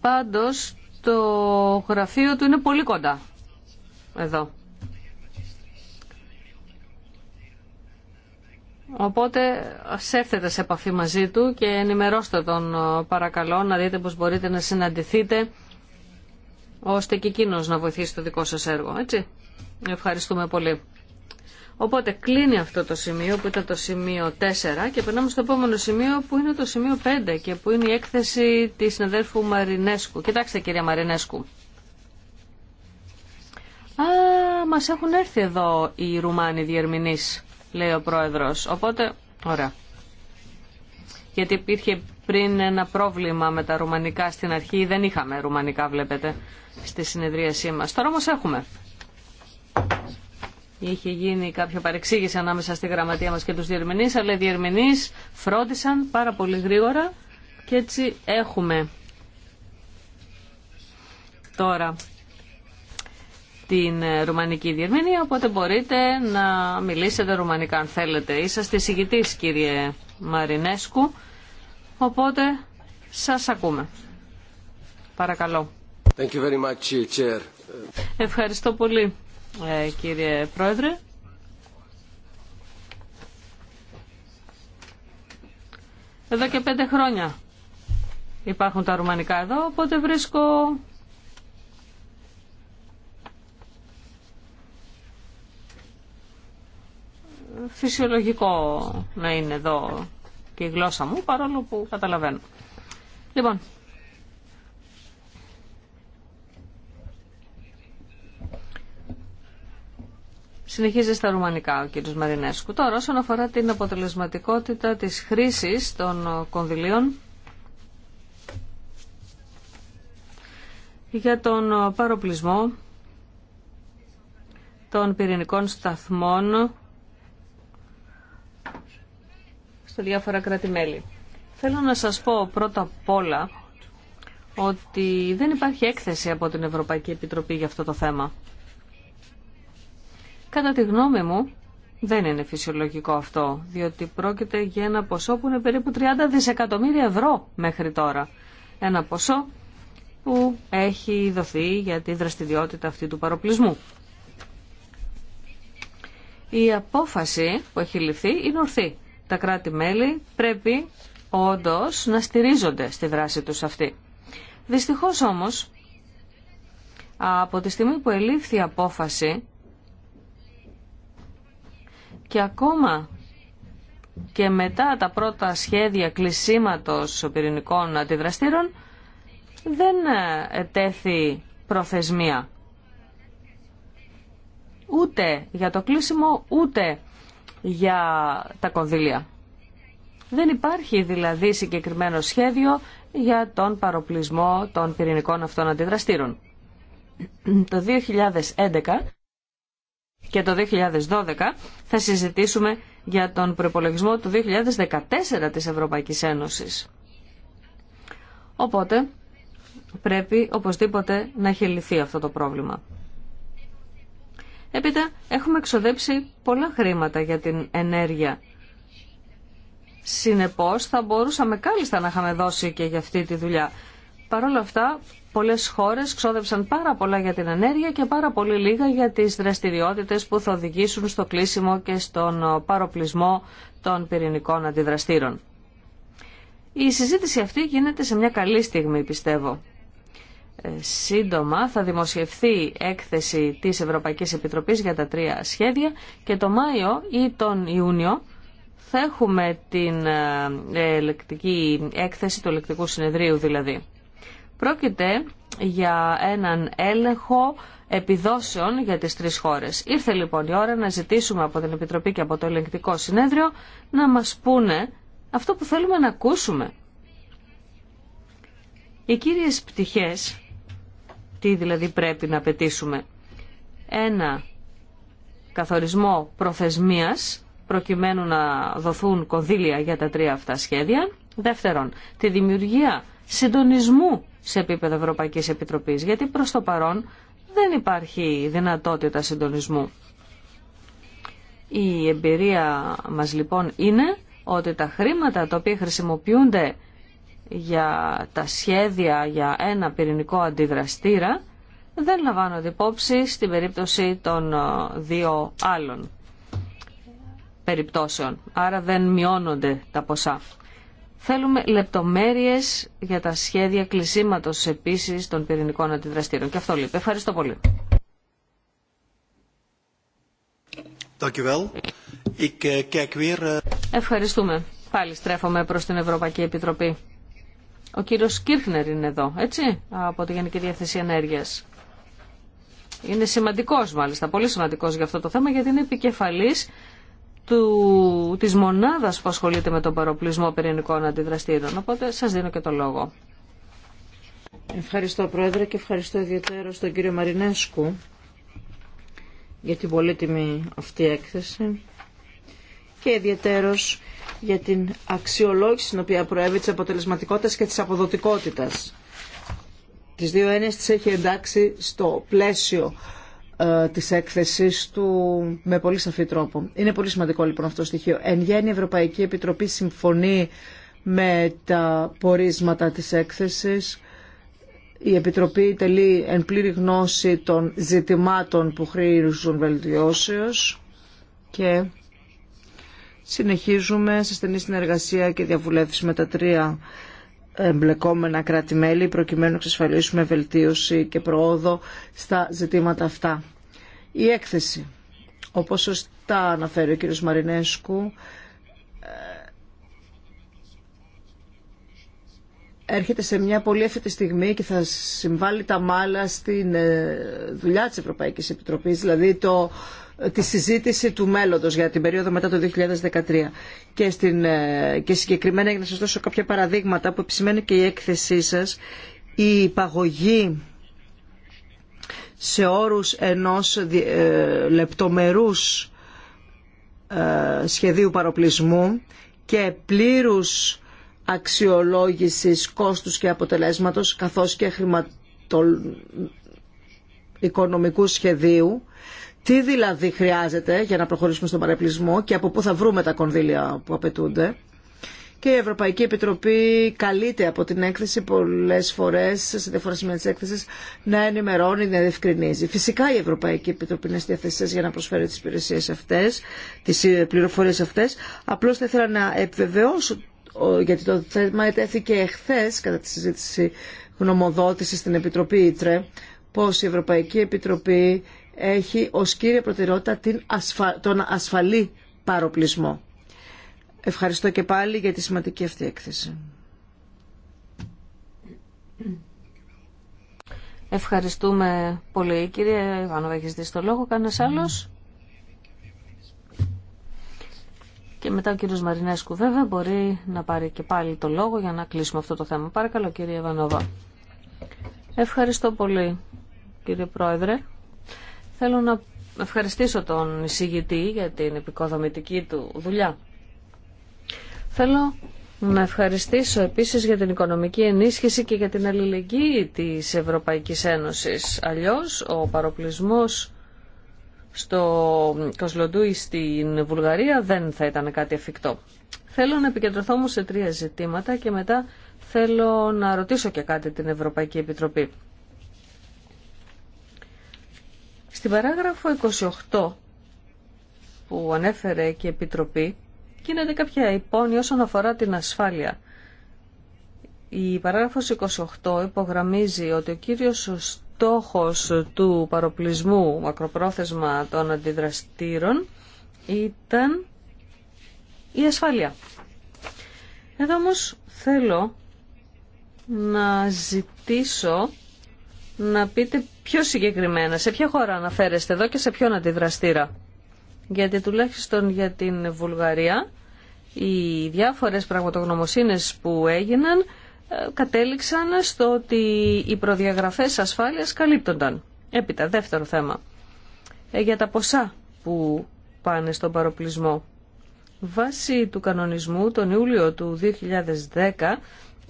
Πάντως το γραφείο του είναι πολύ κοντά εδώ. Οπότε σέρθετε σε επαφή μαζί του και ενημερώστε τον ε, παρακαλώ να δείτε πώς μπορείτε να συναντηθείτε ώστε και εκείνο να βοηθήσει το δικό σας έργο. Έτσι. Ευχαριστούμε πολύ. Οπότε κλείνει αυτό το σημείο που ήταν το σημείο 4 και περνάμε στο επόμενο σημείο που είναι το σημείο 5 και που είναι η έκθεση της συναδέλφου Μαρινέσκου. Κοιτάξτε κυρία Μαρινέσκου. Α, μας έχουν έρθει εδώ οι Ρουμάνοι διερμηνείς λέει ο πρόεδρος. Οπότε, ωραία. Γιατί υπήρχε πριν ένα πρόβλημα με τα ρουμανικά στην αρχή. Δεν είχαμε ρουμανικά, βλέπετε, στη συνεδρίασή μας. Τώρα όμως έχουμε. Είχε γίνει κάποια παρεξήγηση ανάμεσα στη γραμματεία μας και τους διερμηνείς, αλλά οι διερμηνείς φρόντισαν πάρα πολύ γρήγορα και έτσι έχουμε τώρα την ε, ρουμανική διερμηνία, οπότε μπορείτε να μιλήσετε ρουμανικά αν θέλετε. Είσαστε εισηγητής κύριε Μαρινέσκου, οπότε σας ακούμε. Παρακαλώ. Thank you very much, Chair. Ευχαριστώ πολύ ε, κύριε Πρόεδρε. Εδώ και πέντε χρόνια υπάρχουν τα ρουμανικά εδώ, οπότε βρίσκω φυσιολογικό να είναι εδώ και η γλώσσα μου, παρόλο που καταλαβαίνω. Λοιπόν, Συνεχίζει στα ρουμανικά ο κ. Μαρινέσκου. Τώρα, όσον αφορά την αποτελεσματικότητα της χρήσης των κονδυλίων για τον παροπλισμό των πυρηνικών σταθμών στο διάφορα κράτη-μέλη. Θέλω να σας πω πρώτα απ' όλα ότι δεν υπάρχει έκθεση από την Ευρωπαϊκή Επιτροπή για αυτό το θέμα. Κατά τη γνώμη μου, δεν είναι φυσιολογικό αυτό, διότι πρόκειται για ένα ποσό που είναι περίπου 30 δισεκατομμύρια ευρώ μέχρι τώρα. Ένα ποσό που έχει δοθεί για τη δραστηριότητα αυτή του παροπλισμού. Η απόφαση που έχει ληφθεί είναι ορθή τα κράτη-μέλη πρέπει όντως να στηρίζονται στη δράση τους αυτή. Δυστυχώς όμως, από τη στιγμή που ελήφθη η απόφαση και ακόμα και μετά τα πρώτα σχέδια κλεισίματος πυρηνικών αντιδραστήρων δεν ετέθη προθεσμία ούτε για το κλείσιμο ούτε για τα κονδύλια. Δεν υπάρχει δηλαδή συγκεκριμένο σχέδιο για τον παροπλισμό των πυρηνικών αυτών αντιδραστήρων. Το 2011 και το 2012 θα συζητήσουμε για τον προπολογισμό του 2014 της Ευρωπαϊκής Ένωσης. Οπότε πρέπει οπωσδήποτε να έχει λυθεί αυτό το πρόβλημα. Έπειτα έχουμε εξοδέψει πολλά χρήματα για την ενέργεια. Συνεπώς θα μπορούσαμε κάλλιστα να είχαμε δώσει και για αυτή τη δουλειά. Παρ' όλα αυτά πολλές χώρες ξόδεψαν πάρα πολλά για την ενέργεια και πάρα πολύ λίγα για τις δραστηριότητες που θα οδηγήσουν στο κλείσιμο και στον παροπλισμό των πυρηνικών αντιδραστήρων. Η συζήτηση αυτή γίνεται σε μια καλή στιγμή πιστεύω. Ε, σύντομα θα δημοσιευθεί έκθεση της Ευρωπαϊκής Επιτροπής για τα τρία σχέδια και το Μάιο ή τον Ιούνιο θα έχουμε την ε, ελεκτική έκθεση του ελεκτικού συνεδρίου δηλαδή. Πρόκειται για έναν έλεγχο επιδόσεων για τις τρεις χώρες. Ήρθε λοιπόν η ώρα να ζητήσουμε από την Επιτροπή και από το ελεγκτικό συνέδριο να μας πούνε αυτό που θέλουμε να ακούσουμε. Οι κύριες πτυχές τι δηλαδή πρέπει να πετήσουμε. Ένα, καθορισμό προθεσμίας προκειμένου να δοθούν κονδύλια για τα τρία αυτά σχέδια. Δεύτερον, τη δημιουργία συντονισμού σε επίπεδο Ευρωπαϊκής Επιτροπής, γιατί προς το παρόν δεν υπάρχει δυνατότητα συντονισμού. Η εμπειρία μας λοιπόν είναι ότι τα χρήματα τα οποία χρησιμοποιούνται για τα σχέδια για ένα πυρηνικό αντιδραστήρα δεν λαμβάνονται υπόψη στην περίπτωση των ε, δύο άλλων περιπτώσεων. Άρα δεν μειώνονται τα ποσά. Θέλουμε λεπτομέρειες για τα σχέδια κλεισίματος επίσης των πυρηνικών αντιδραστήρων. Και αυτό λείπει. Ευχαριστώ πολύ. Eh, eh, Ευχαριστούμε. Πάλι στρέφομαι προς την Ευρωπαϊκή Επιτροπή. Ο κύριος Κίρχνερ είναι εδώ, έτσι, από τη Γενική Διευθυνσία Ενέργειας. Είναι σημαντικός μάλιστα, πολύ σημαντικός για αυτό το θέμα, γιατί είναι επικεφαλής του, της μονάδας που ασχολείται με τον παροπλισμό πυρηνικών αντιδραστήρων. Οπότε σας δίνω και το λόγο. Ευχαριστώ Πρόεδρε και ευχαριστώ ιδιαίτερα στον κύριο Μαρινέσκου για την πολύτιμη αυτή έκθεση και ιδιαίτερος για την αξιολόγηση την οποία προέβη τη αποτελεσματικότητας και της αποδοτικότητας. Τις δύο έννοιες τις έχει εντάξει στο πλαίσιο ε, της έκθεσης του με πολύ σαφή τρόπο. Είναι πολύ σημαντικό λοιπόν αυτό το στοιχείο. Εν γέννη η Ευρωπαϊκή Επιτροπή συμφωνεί με τα πορίσματα της έκθεσης. Η Επιτροπή τελεί εν πλήρη γνώση των ζητημάτων που χρήζουν βελτιώσεως και Συνεχίζουμε σε στενή συνεργασία και διαβουλεύση με τα τρία εμπλεκόμενα κράτη-μέλη προκειμένου να εξασφαλίσουμε βελτίωση και προόδο στα ζητήματα αυτά. Η έκθεση, όπως σωστά αναφέρει ο κ. Μαρινέσκου, έρχεται σε μια πολύ έφετη στιγμή και θα συμβάλλει τα μάλα στην ε, δουλειά της Ευρωπαϊκής Επιτροπής, δηλαδή το ε, τη συζήτηση του μέλλοντος για την περίοδο μετά το 2013. Και, στην, ε, και συγκεκριμένα για να σας δώσω κάποια παραδείγματα που επισημαίνει και η έκθεσή σας, η υπαγωγή σε όρους ενός ε, λεπτομερούς σχεδίου παροπλισμού και πλήρους αξιολόγησης κόστους και αποτελέσματος καθώς και χρηματο... οικονομικού σχεδίου τι δηλαδή χρειάζεται για να προχωρήσουμε στον παρεπλισμό και από πού θα βρούμε τα κονδύλια που απαιτούνται. Και η Ευρωπαϊκή Επιτροπή καλείται από την έκθεση πολλέ φορέ, σε διάφορα σημεία τη έκθεση, να ενημερώνει, να διευκρινίζει. Φυσικά η Ευρωπαϊκή Επιτροπή είναι στη σα για να προσφέρει τι υπηρεσίε αυτέ, τι ε, πληροφορίε αυτέ. Απλώ θα ήθελα να επιβεβαιώσω, γιατί το θέμα ετέθηκε εχθέ κατά τη συζήτηση γνωμοδότηση στην Επιτροπή Ήτρε, πω η Ευρωπαϊκή Επιτροπή έχει ως κύρια προτεραιότητα την τον ασφαλή παροπλισμό. Ευχαριστώ και πάλι για τη σημαντική αυτή έκθεση. Ευχαριστούμε πολύ κύριε Ιβάνοβα. Έχεις δει στο λόγο κανένας άλλος. Και μετά ο κύριος Μαρινέσκου βέβαια μπορεί να πάρει και πάλι το λόγο για να κλείσουμε αυτό το θέμα. Παρακαλώ κύριε Ιβανόβα. Ευχαριστώ πολύ κύριε Πρόεδρε. Θέλω να ευχαριστήσω τον εισηγητή για την επικοδομητική του δουλειά. Θέλω να ευχαριστήσω επίσης για την οικονομική ενίσχυση και για την αλληλεγγύη της Ευρωπαϊκής Ένωσης. Αλλιώς ο παροπλισμός στο Κοσλοντούι στην Βουλγαρία δεν θα ήταν κάτι εφικτό. Θέλω να επικεντρωθώ σε τρία ζητήματα και μετά θέλω να ρωτήσω και κάτι την Ευρωπαϊκή Επιτροπή. Στην παράγραφο 28 που ανέφερε και η Επιτροπή γίνεται κάποια υπόνοια όσον αφορά την ασφάλεια. Η παράγραφος 28 υπογραμμίζει ότι ο κύριος στόχος του παροπλισμού μακροπρόθεσμα των αντιδραστήρων ήταν η ασφάλεια. Εδώ όμως θέλω να ζητήσω να πείτε πιο συγκεκριμένα σε ποια χώρα αναφέρεστε εδώ και σε ποιον αντιδραστήρα. Γιατί τουλάχιστον για την Βουλγαρία οι διάφορες πραγματογνωμοσύνες που έγιναν ε, κατέληξαν στο ότι οι προδιαγραφές ασφάλειας καλύπτονταν. Έπειτα, δεύτερο θέμα. Ε, για τα ποσά που πάνε στον παροπλισμό. Βάσει του κανονισμού τον Ιούλιο του 2010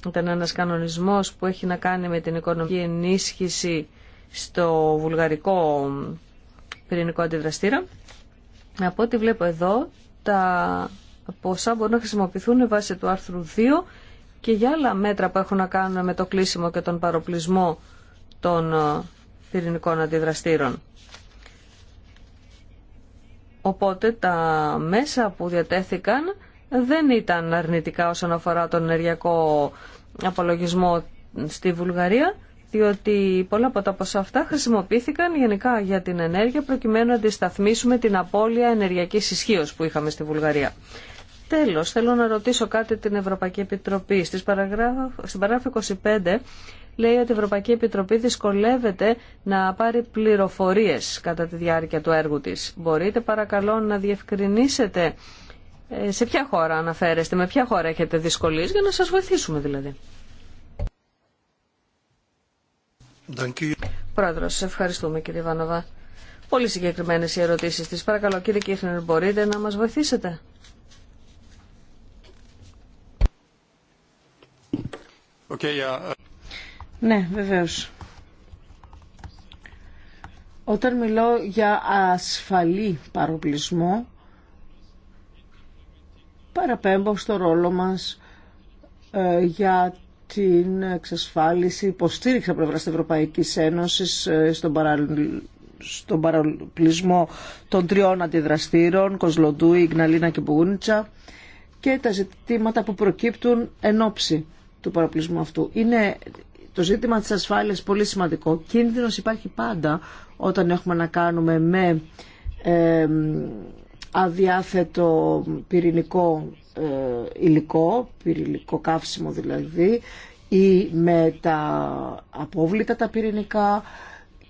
ήταν ένας κανονισμός που έχει να κάνει με την οικονομική ενίσχυση στο βουλγαρικό πυρηνικό αντιδραστήρα. Από ό,τι βλέπω εδώ, τα ποσά μπορούν να χρησιμοποιηθούν βάσει του άρθρου 2 και για άλλα μέτρα που έχουν να κάνουν με το κλείσιμο και τον παροπλισμό των ε, πυρηνικών αντιδραστήρων. Οπότε τα μέσα που διατέθηκαν δεν ήταν αρνητικά όσον αφορά τον ενεργειακό απολογισμό στη Βουλγαρία, διότι πολλά από τα ποσά αυτά χρησιμοποιήθηκαν γενικά για την ενέργεια προκειμένου να αντισταθμίσουμε την απώλεια ενεργειακής ισχύως που είχαμε στη Βουλγαρία. Τέλος, θέλω να ρωτήσω κάτι την Ευρωπαϊκή Επιτροπή. Στην παράγραφο 25 λέει ότι η Ευρωπαϊκή Επιτροπή δυσκολεύεται να πάρει πληροφορίες κατά τη διάρκεια του έργου της. Μπορείτε παρακαλώ να διευκρινίσετε ε, σε ποια χώρα αναφέρεστε, με ποια χώρα έχετε δυσκολίες για να σας βοηθήσουμε δηλαδή. Πρόεδρος, ευχαριστούμε κύριε Βάνοβα. Πολύ συγκεκριμένες οι ερωτήσεις της. Παρακαλώ κύριε Κίχνερ, μπορείτε να μας βοηθήσετε. Okay, uh, Ναι, βεβαίως. Όταν μιλώ για ασφαλή παροπλισμό, παραπέμπω στο ρόλο μας ε, για την εξασφάλιση υποστήριξη από πλευρά τη Ευρωπαϊκής Ένωσης ε, στον, παρα... στον παραπλισμό των τριών αντιδραστήρων, Κοσλοντούι, Ιγναλίνα και Μπουγούνιτσα και τα ζητήματα που προκύπτουν εν ώψη του παραπλισμού αυτού. Είναι το ζήτημα της ασφάλειας πολύ σημαντικό. Κίνδυνος υπάρχει πάντα όταν έχουμε να κάνουμε με αδιάθετο πυρηνικό ε, υλικό, πυρηνικό καύσιμο δηλαδή, ή με τα απόβλητα τα πυρηνικά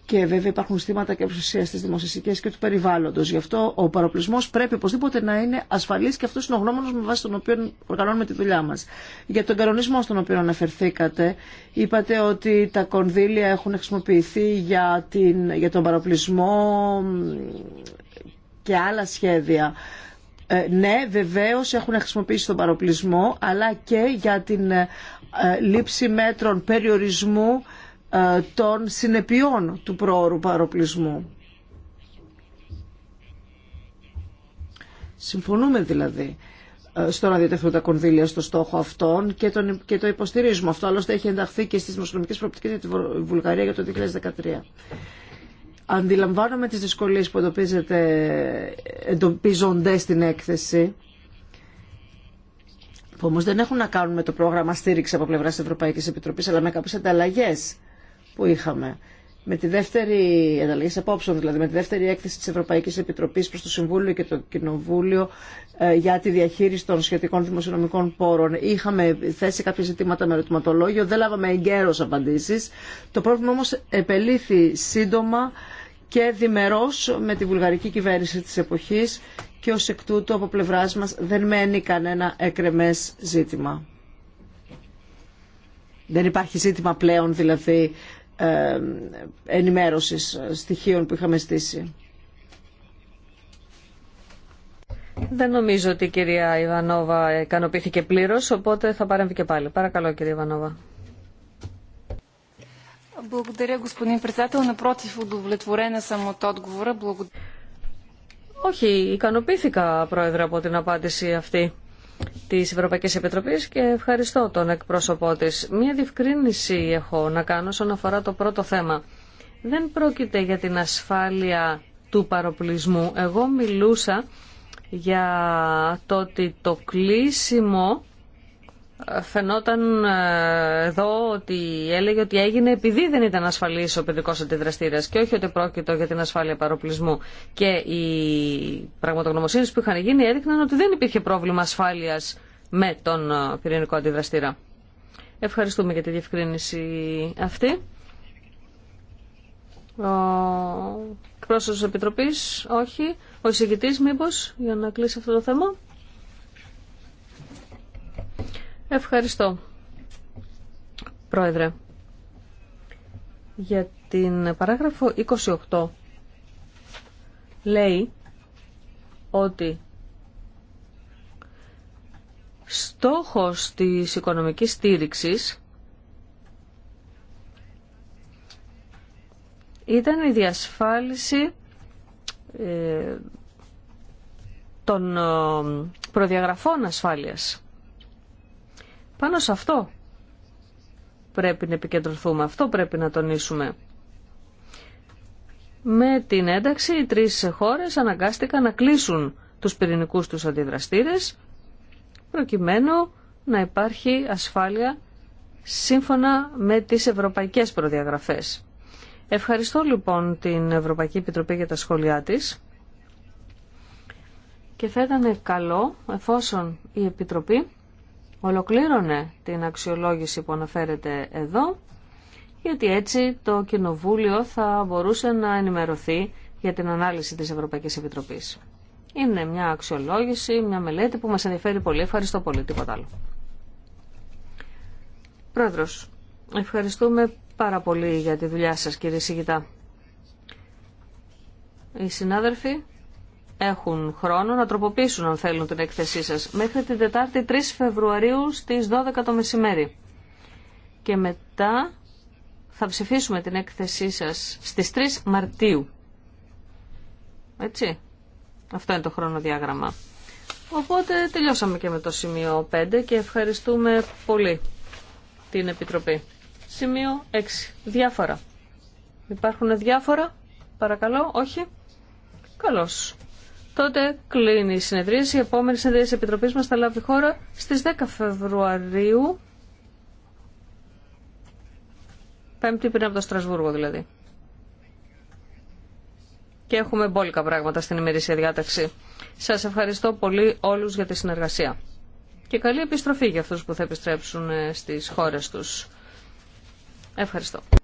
και βέβαια υπάρχουν στήματα και προστασία στι δημοσιονομικέ και του περιβάλλοντος. Γι' αυτό ο παροπλισμός πρέπει οπωσδήποτε να είναι ασφαλής και αυτό είναι ο γνώμονος με βάση τον οποίο οργανώνουμε τη δουλειά μας. Για τον κανονισμό στον οποίο αναφερθήκατε, είπατε ότι τα κονδύλια έχουν χρησιμοποιηθεί για, την, για τον παροπλισμό και άλλα σχέδια. Ε, ναι, βεβαίως έχουν χρησιμοποιήσει τον παροπλισμό, αλλά και για την ε, ε, λήψη μέτρων περιορισμού των συνεπειών του πρόωρου παροπλισμού. Συμφωνούμε δηλαδή στο να διατεθούν τα κονδύλια στο στόχο αυτών και, τον, και το υποστηρίζουμε. Αυτό άλλωστε έχει ενταχθεί και στις δημοσιονομικές προοπτικές για τη Βουλγαρία για το 2013. Αντιλαμβάνομαι τις δυσκολίες που εντοπίζονται στην έκθεση, που όμως δεν έχουν να κάνουν με το πρόγραμμα στήριξη από πλευράς της Ευρωπαϊκής Επιτροπής, αλλά με κάποιες ανταλλαγές που είχαμε με τη δεύτερη ανταλλαγή απόψεων, δηλαδή με τη δεύτερη έκθεση της Ευρωπαϊκής Επιτροπής προς το Συμβούλιο και το Κοινοβούλιο ε, για τη διαχείριση των σχετικών δημοσιονομικών πόρων. Είχαμε θέσει κάποια ζητήματα με ερωτηματολόγιο, δεν λάβαμε εγκαίρω απαντήσει. Το πρόβλημα όμω επελήθη σύντομα και διμερός με τη βουλγαρική κυβέρνηση τη εποχή και ω εκ τούτου από πλευρά μα δεν μένει κανένα εκρεμέ ζήτημα. Δεν υπάρχει ζήτημα πλέον δηλαδή ε, ενημέρωσης στοιχείων που είχαμε στήσει. Δεν νομίζω ότι η κυρία Ιβανόβα ικανοποιήθηκε πλήρω, οπότε θα παρέμβει και πάλι. Παρακαλώ κυρία Ιβανόβα. Όχι, ικανοποιήθηκα πρόεδρε από την απάντηση αυτή τη Ευρωπαϊκή Επιτροπή και ευχαριστώ τον εκπρόσωπό της. Μία διευκρίνηση έχω να κάνω όσον αφορά το πρώτο θέμα. Δεν πρόκειται για την ασφάλεια του παροπλισμού. Εγώ μιλούσα για το ότι το κλείσιμο φαινόταν ε, εδώ ότι έλεγε ότι έγινε επειδή δεν ήταν ασφαλής ο παιδικός αντιδραστήρας και όχι ότι πρόκειτο για την ασφάλεια παροπλισμού. Και οι πραγματογνωμοσύνες που είχαν γίνει έδειχναν ότι δεν υπήρχε πρόβλημα ασφάλειας με τον ε, πυρηνικό αντιδραστήρα. Ευχαριστούμε για τη διευκρίνηση αυτή. Ο πρόσωπος της Επιτροπής, όχι. Ο εισηγητής μήπως για να κλείσει αυτό το θέμα. Ευχαριστώ, Πρόεδρε. Για την παράγραφο 28 λέει ότι στόχος της οικονομικής στήριξης ήταν η διασφάλιση ε, των ε, προδιαγραφών ασφάλειας. Πάνω σε αυτό πρέπει να επικεντρωθούμε, αυτό πρέπει να τονίσουμε. Με την ένταξη οι τρεις χώρες αναγκάστηκαν να κλείσουν τους πυρηνικούς τους αντιδραστήρες προκειμένου να υπάρχει ασφάλεια σύμφωνα με τις ευρωπαϊκές προδιαγραφές. Ευχαριστώ λοιπόν την Ευρωπαϊκή Επιτροπή για τα σχόλιά της και θα ήταν καλό εφόσον η Επιτροπή ολοκλήρωνε την αξιολόγηση που αναφέρεται εδώ, γιατί έτσι το Κοινοβούλιο θα μπορούσε να ενημερωθεί για την ανάλυση της Ευρωπαϊκής Επιτροπής. Είναι μια αξιολόγηση, μια μελέτη που μας ενδιαφέρει πολύ. Ευχαριστώ πολύ, τίποτα άλλο. Πρόεδρος, ευχαριστούμε πάρα πολύ για τη δουλειά σας κύριε Σιγητά. Οι συνάδελφοι έχουν χρόνο να τροποποιήσουν αν θέλουν την έκθεσή σας μέχρι την Τετάρτη 3 Φεβρουαρίου στις 12 το μεσημέρι. Και μετά θα ψηφίσουμε την έκθεσή σας στις 3 Μαρτίου. Έτσι. Αυτό είναι το χρονοδιάγραμμα. Οπότε τελειώσαμε και με το σημείο 5 και ευχαριστούμε πολύ την Επιτροπή. Σημείο 6. Διάφορα. Υπάρχουν διάφορα. Παρακαλώ. Όχι. Καλώς. Τότε κλείνει η συνεδρίαση. Η επόμενη συνεδρίαση τη Επιτροπής μας θα λάβει χώρα στις 10 Φεβρουαρίου. Πέμπτη πριν από το Στρασβούργο δηλαδή. Και έχουμε μπόλικα πράγματα στην ημερήσια διάταξη. Σας ευχαριστώ πολύ όλους για τη συνεργασία. Και καλή επιστροφή για αυτούς που θα επιστρέψουν ε, στις χώρες τους. Ευχαριστώ.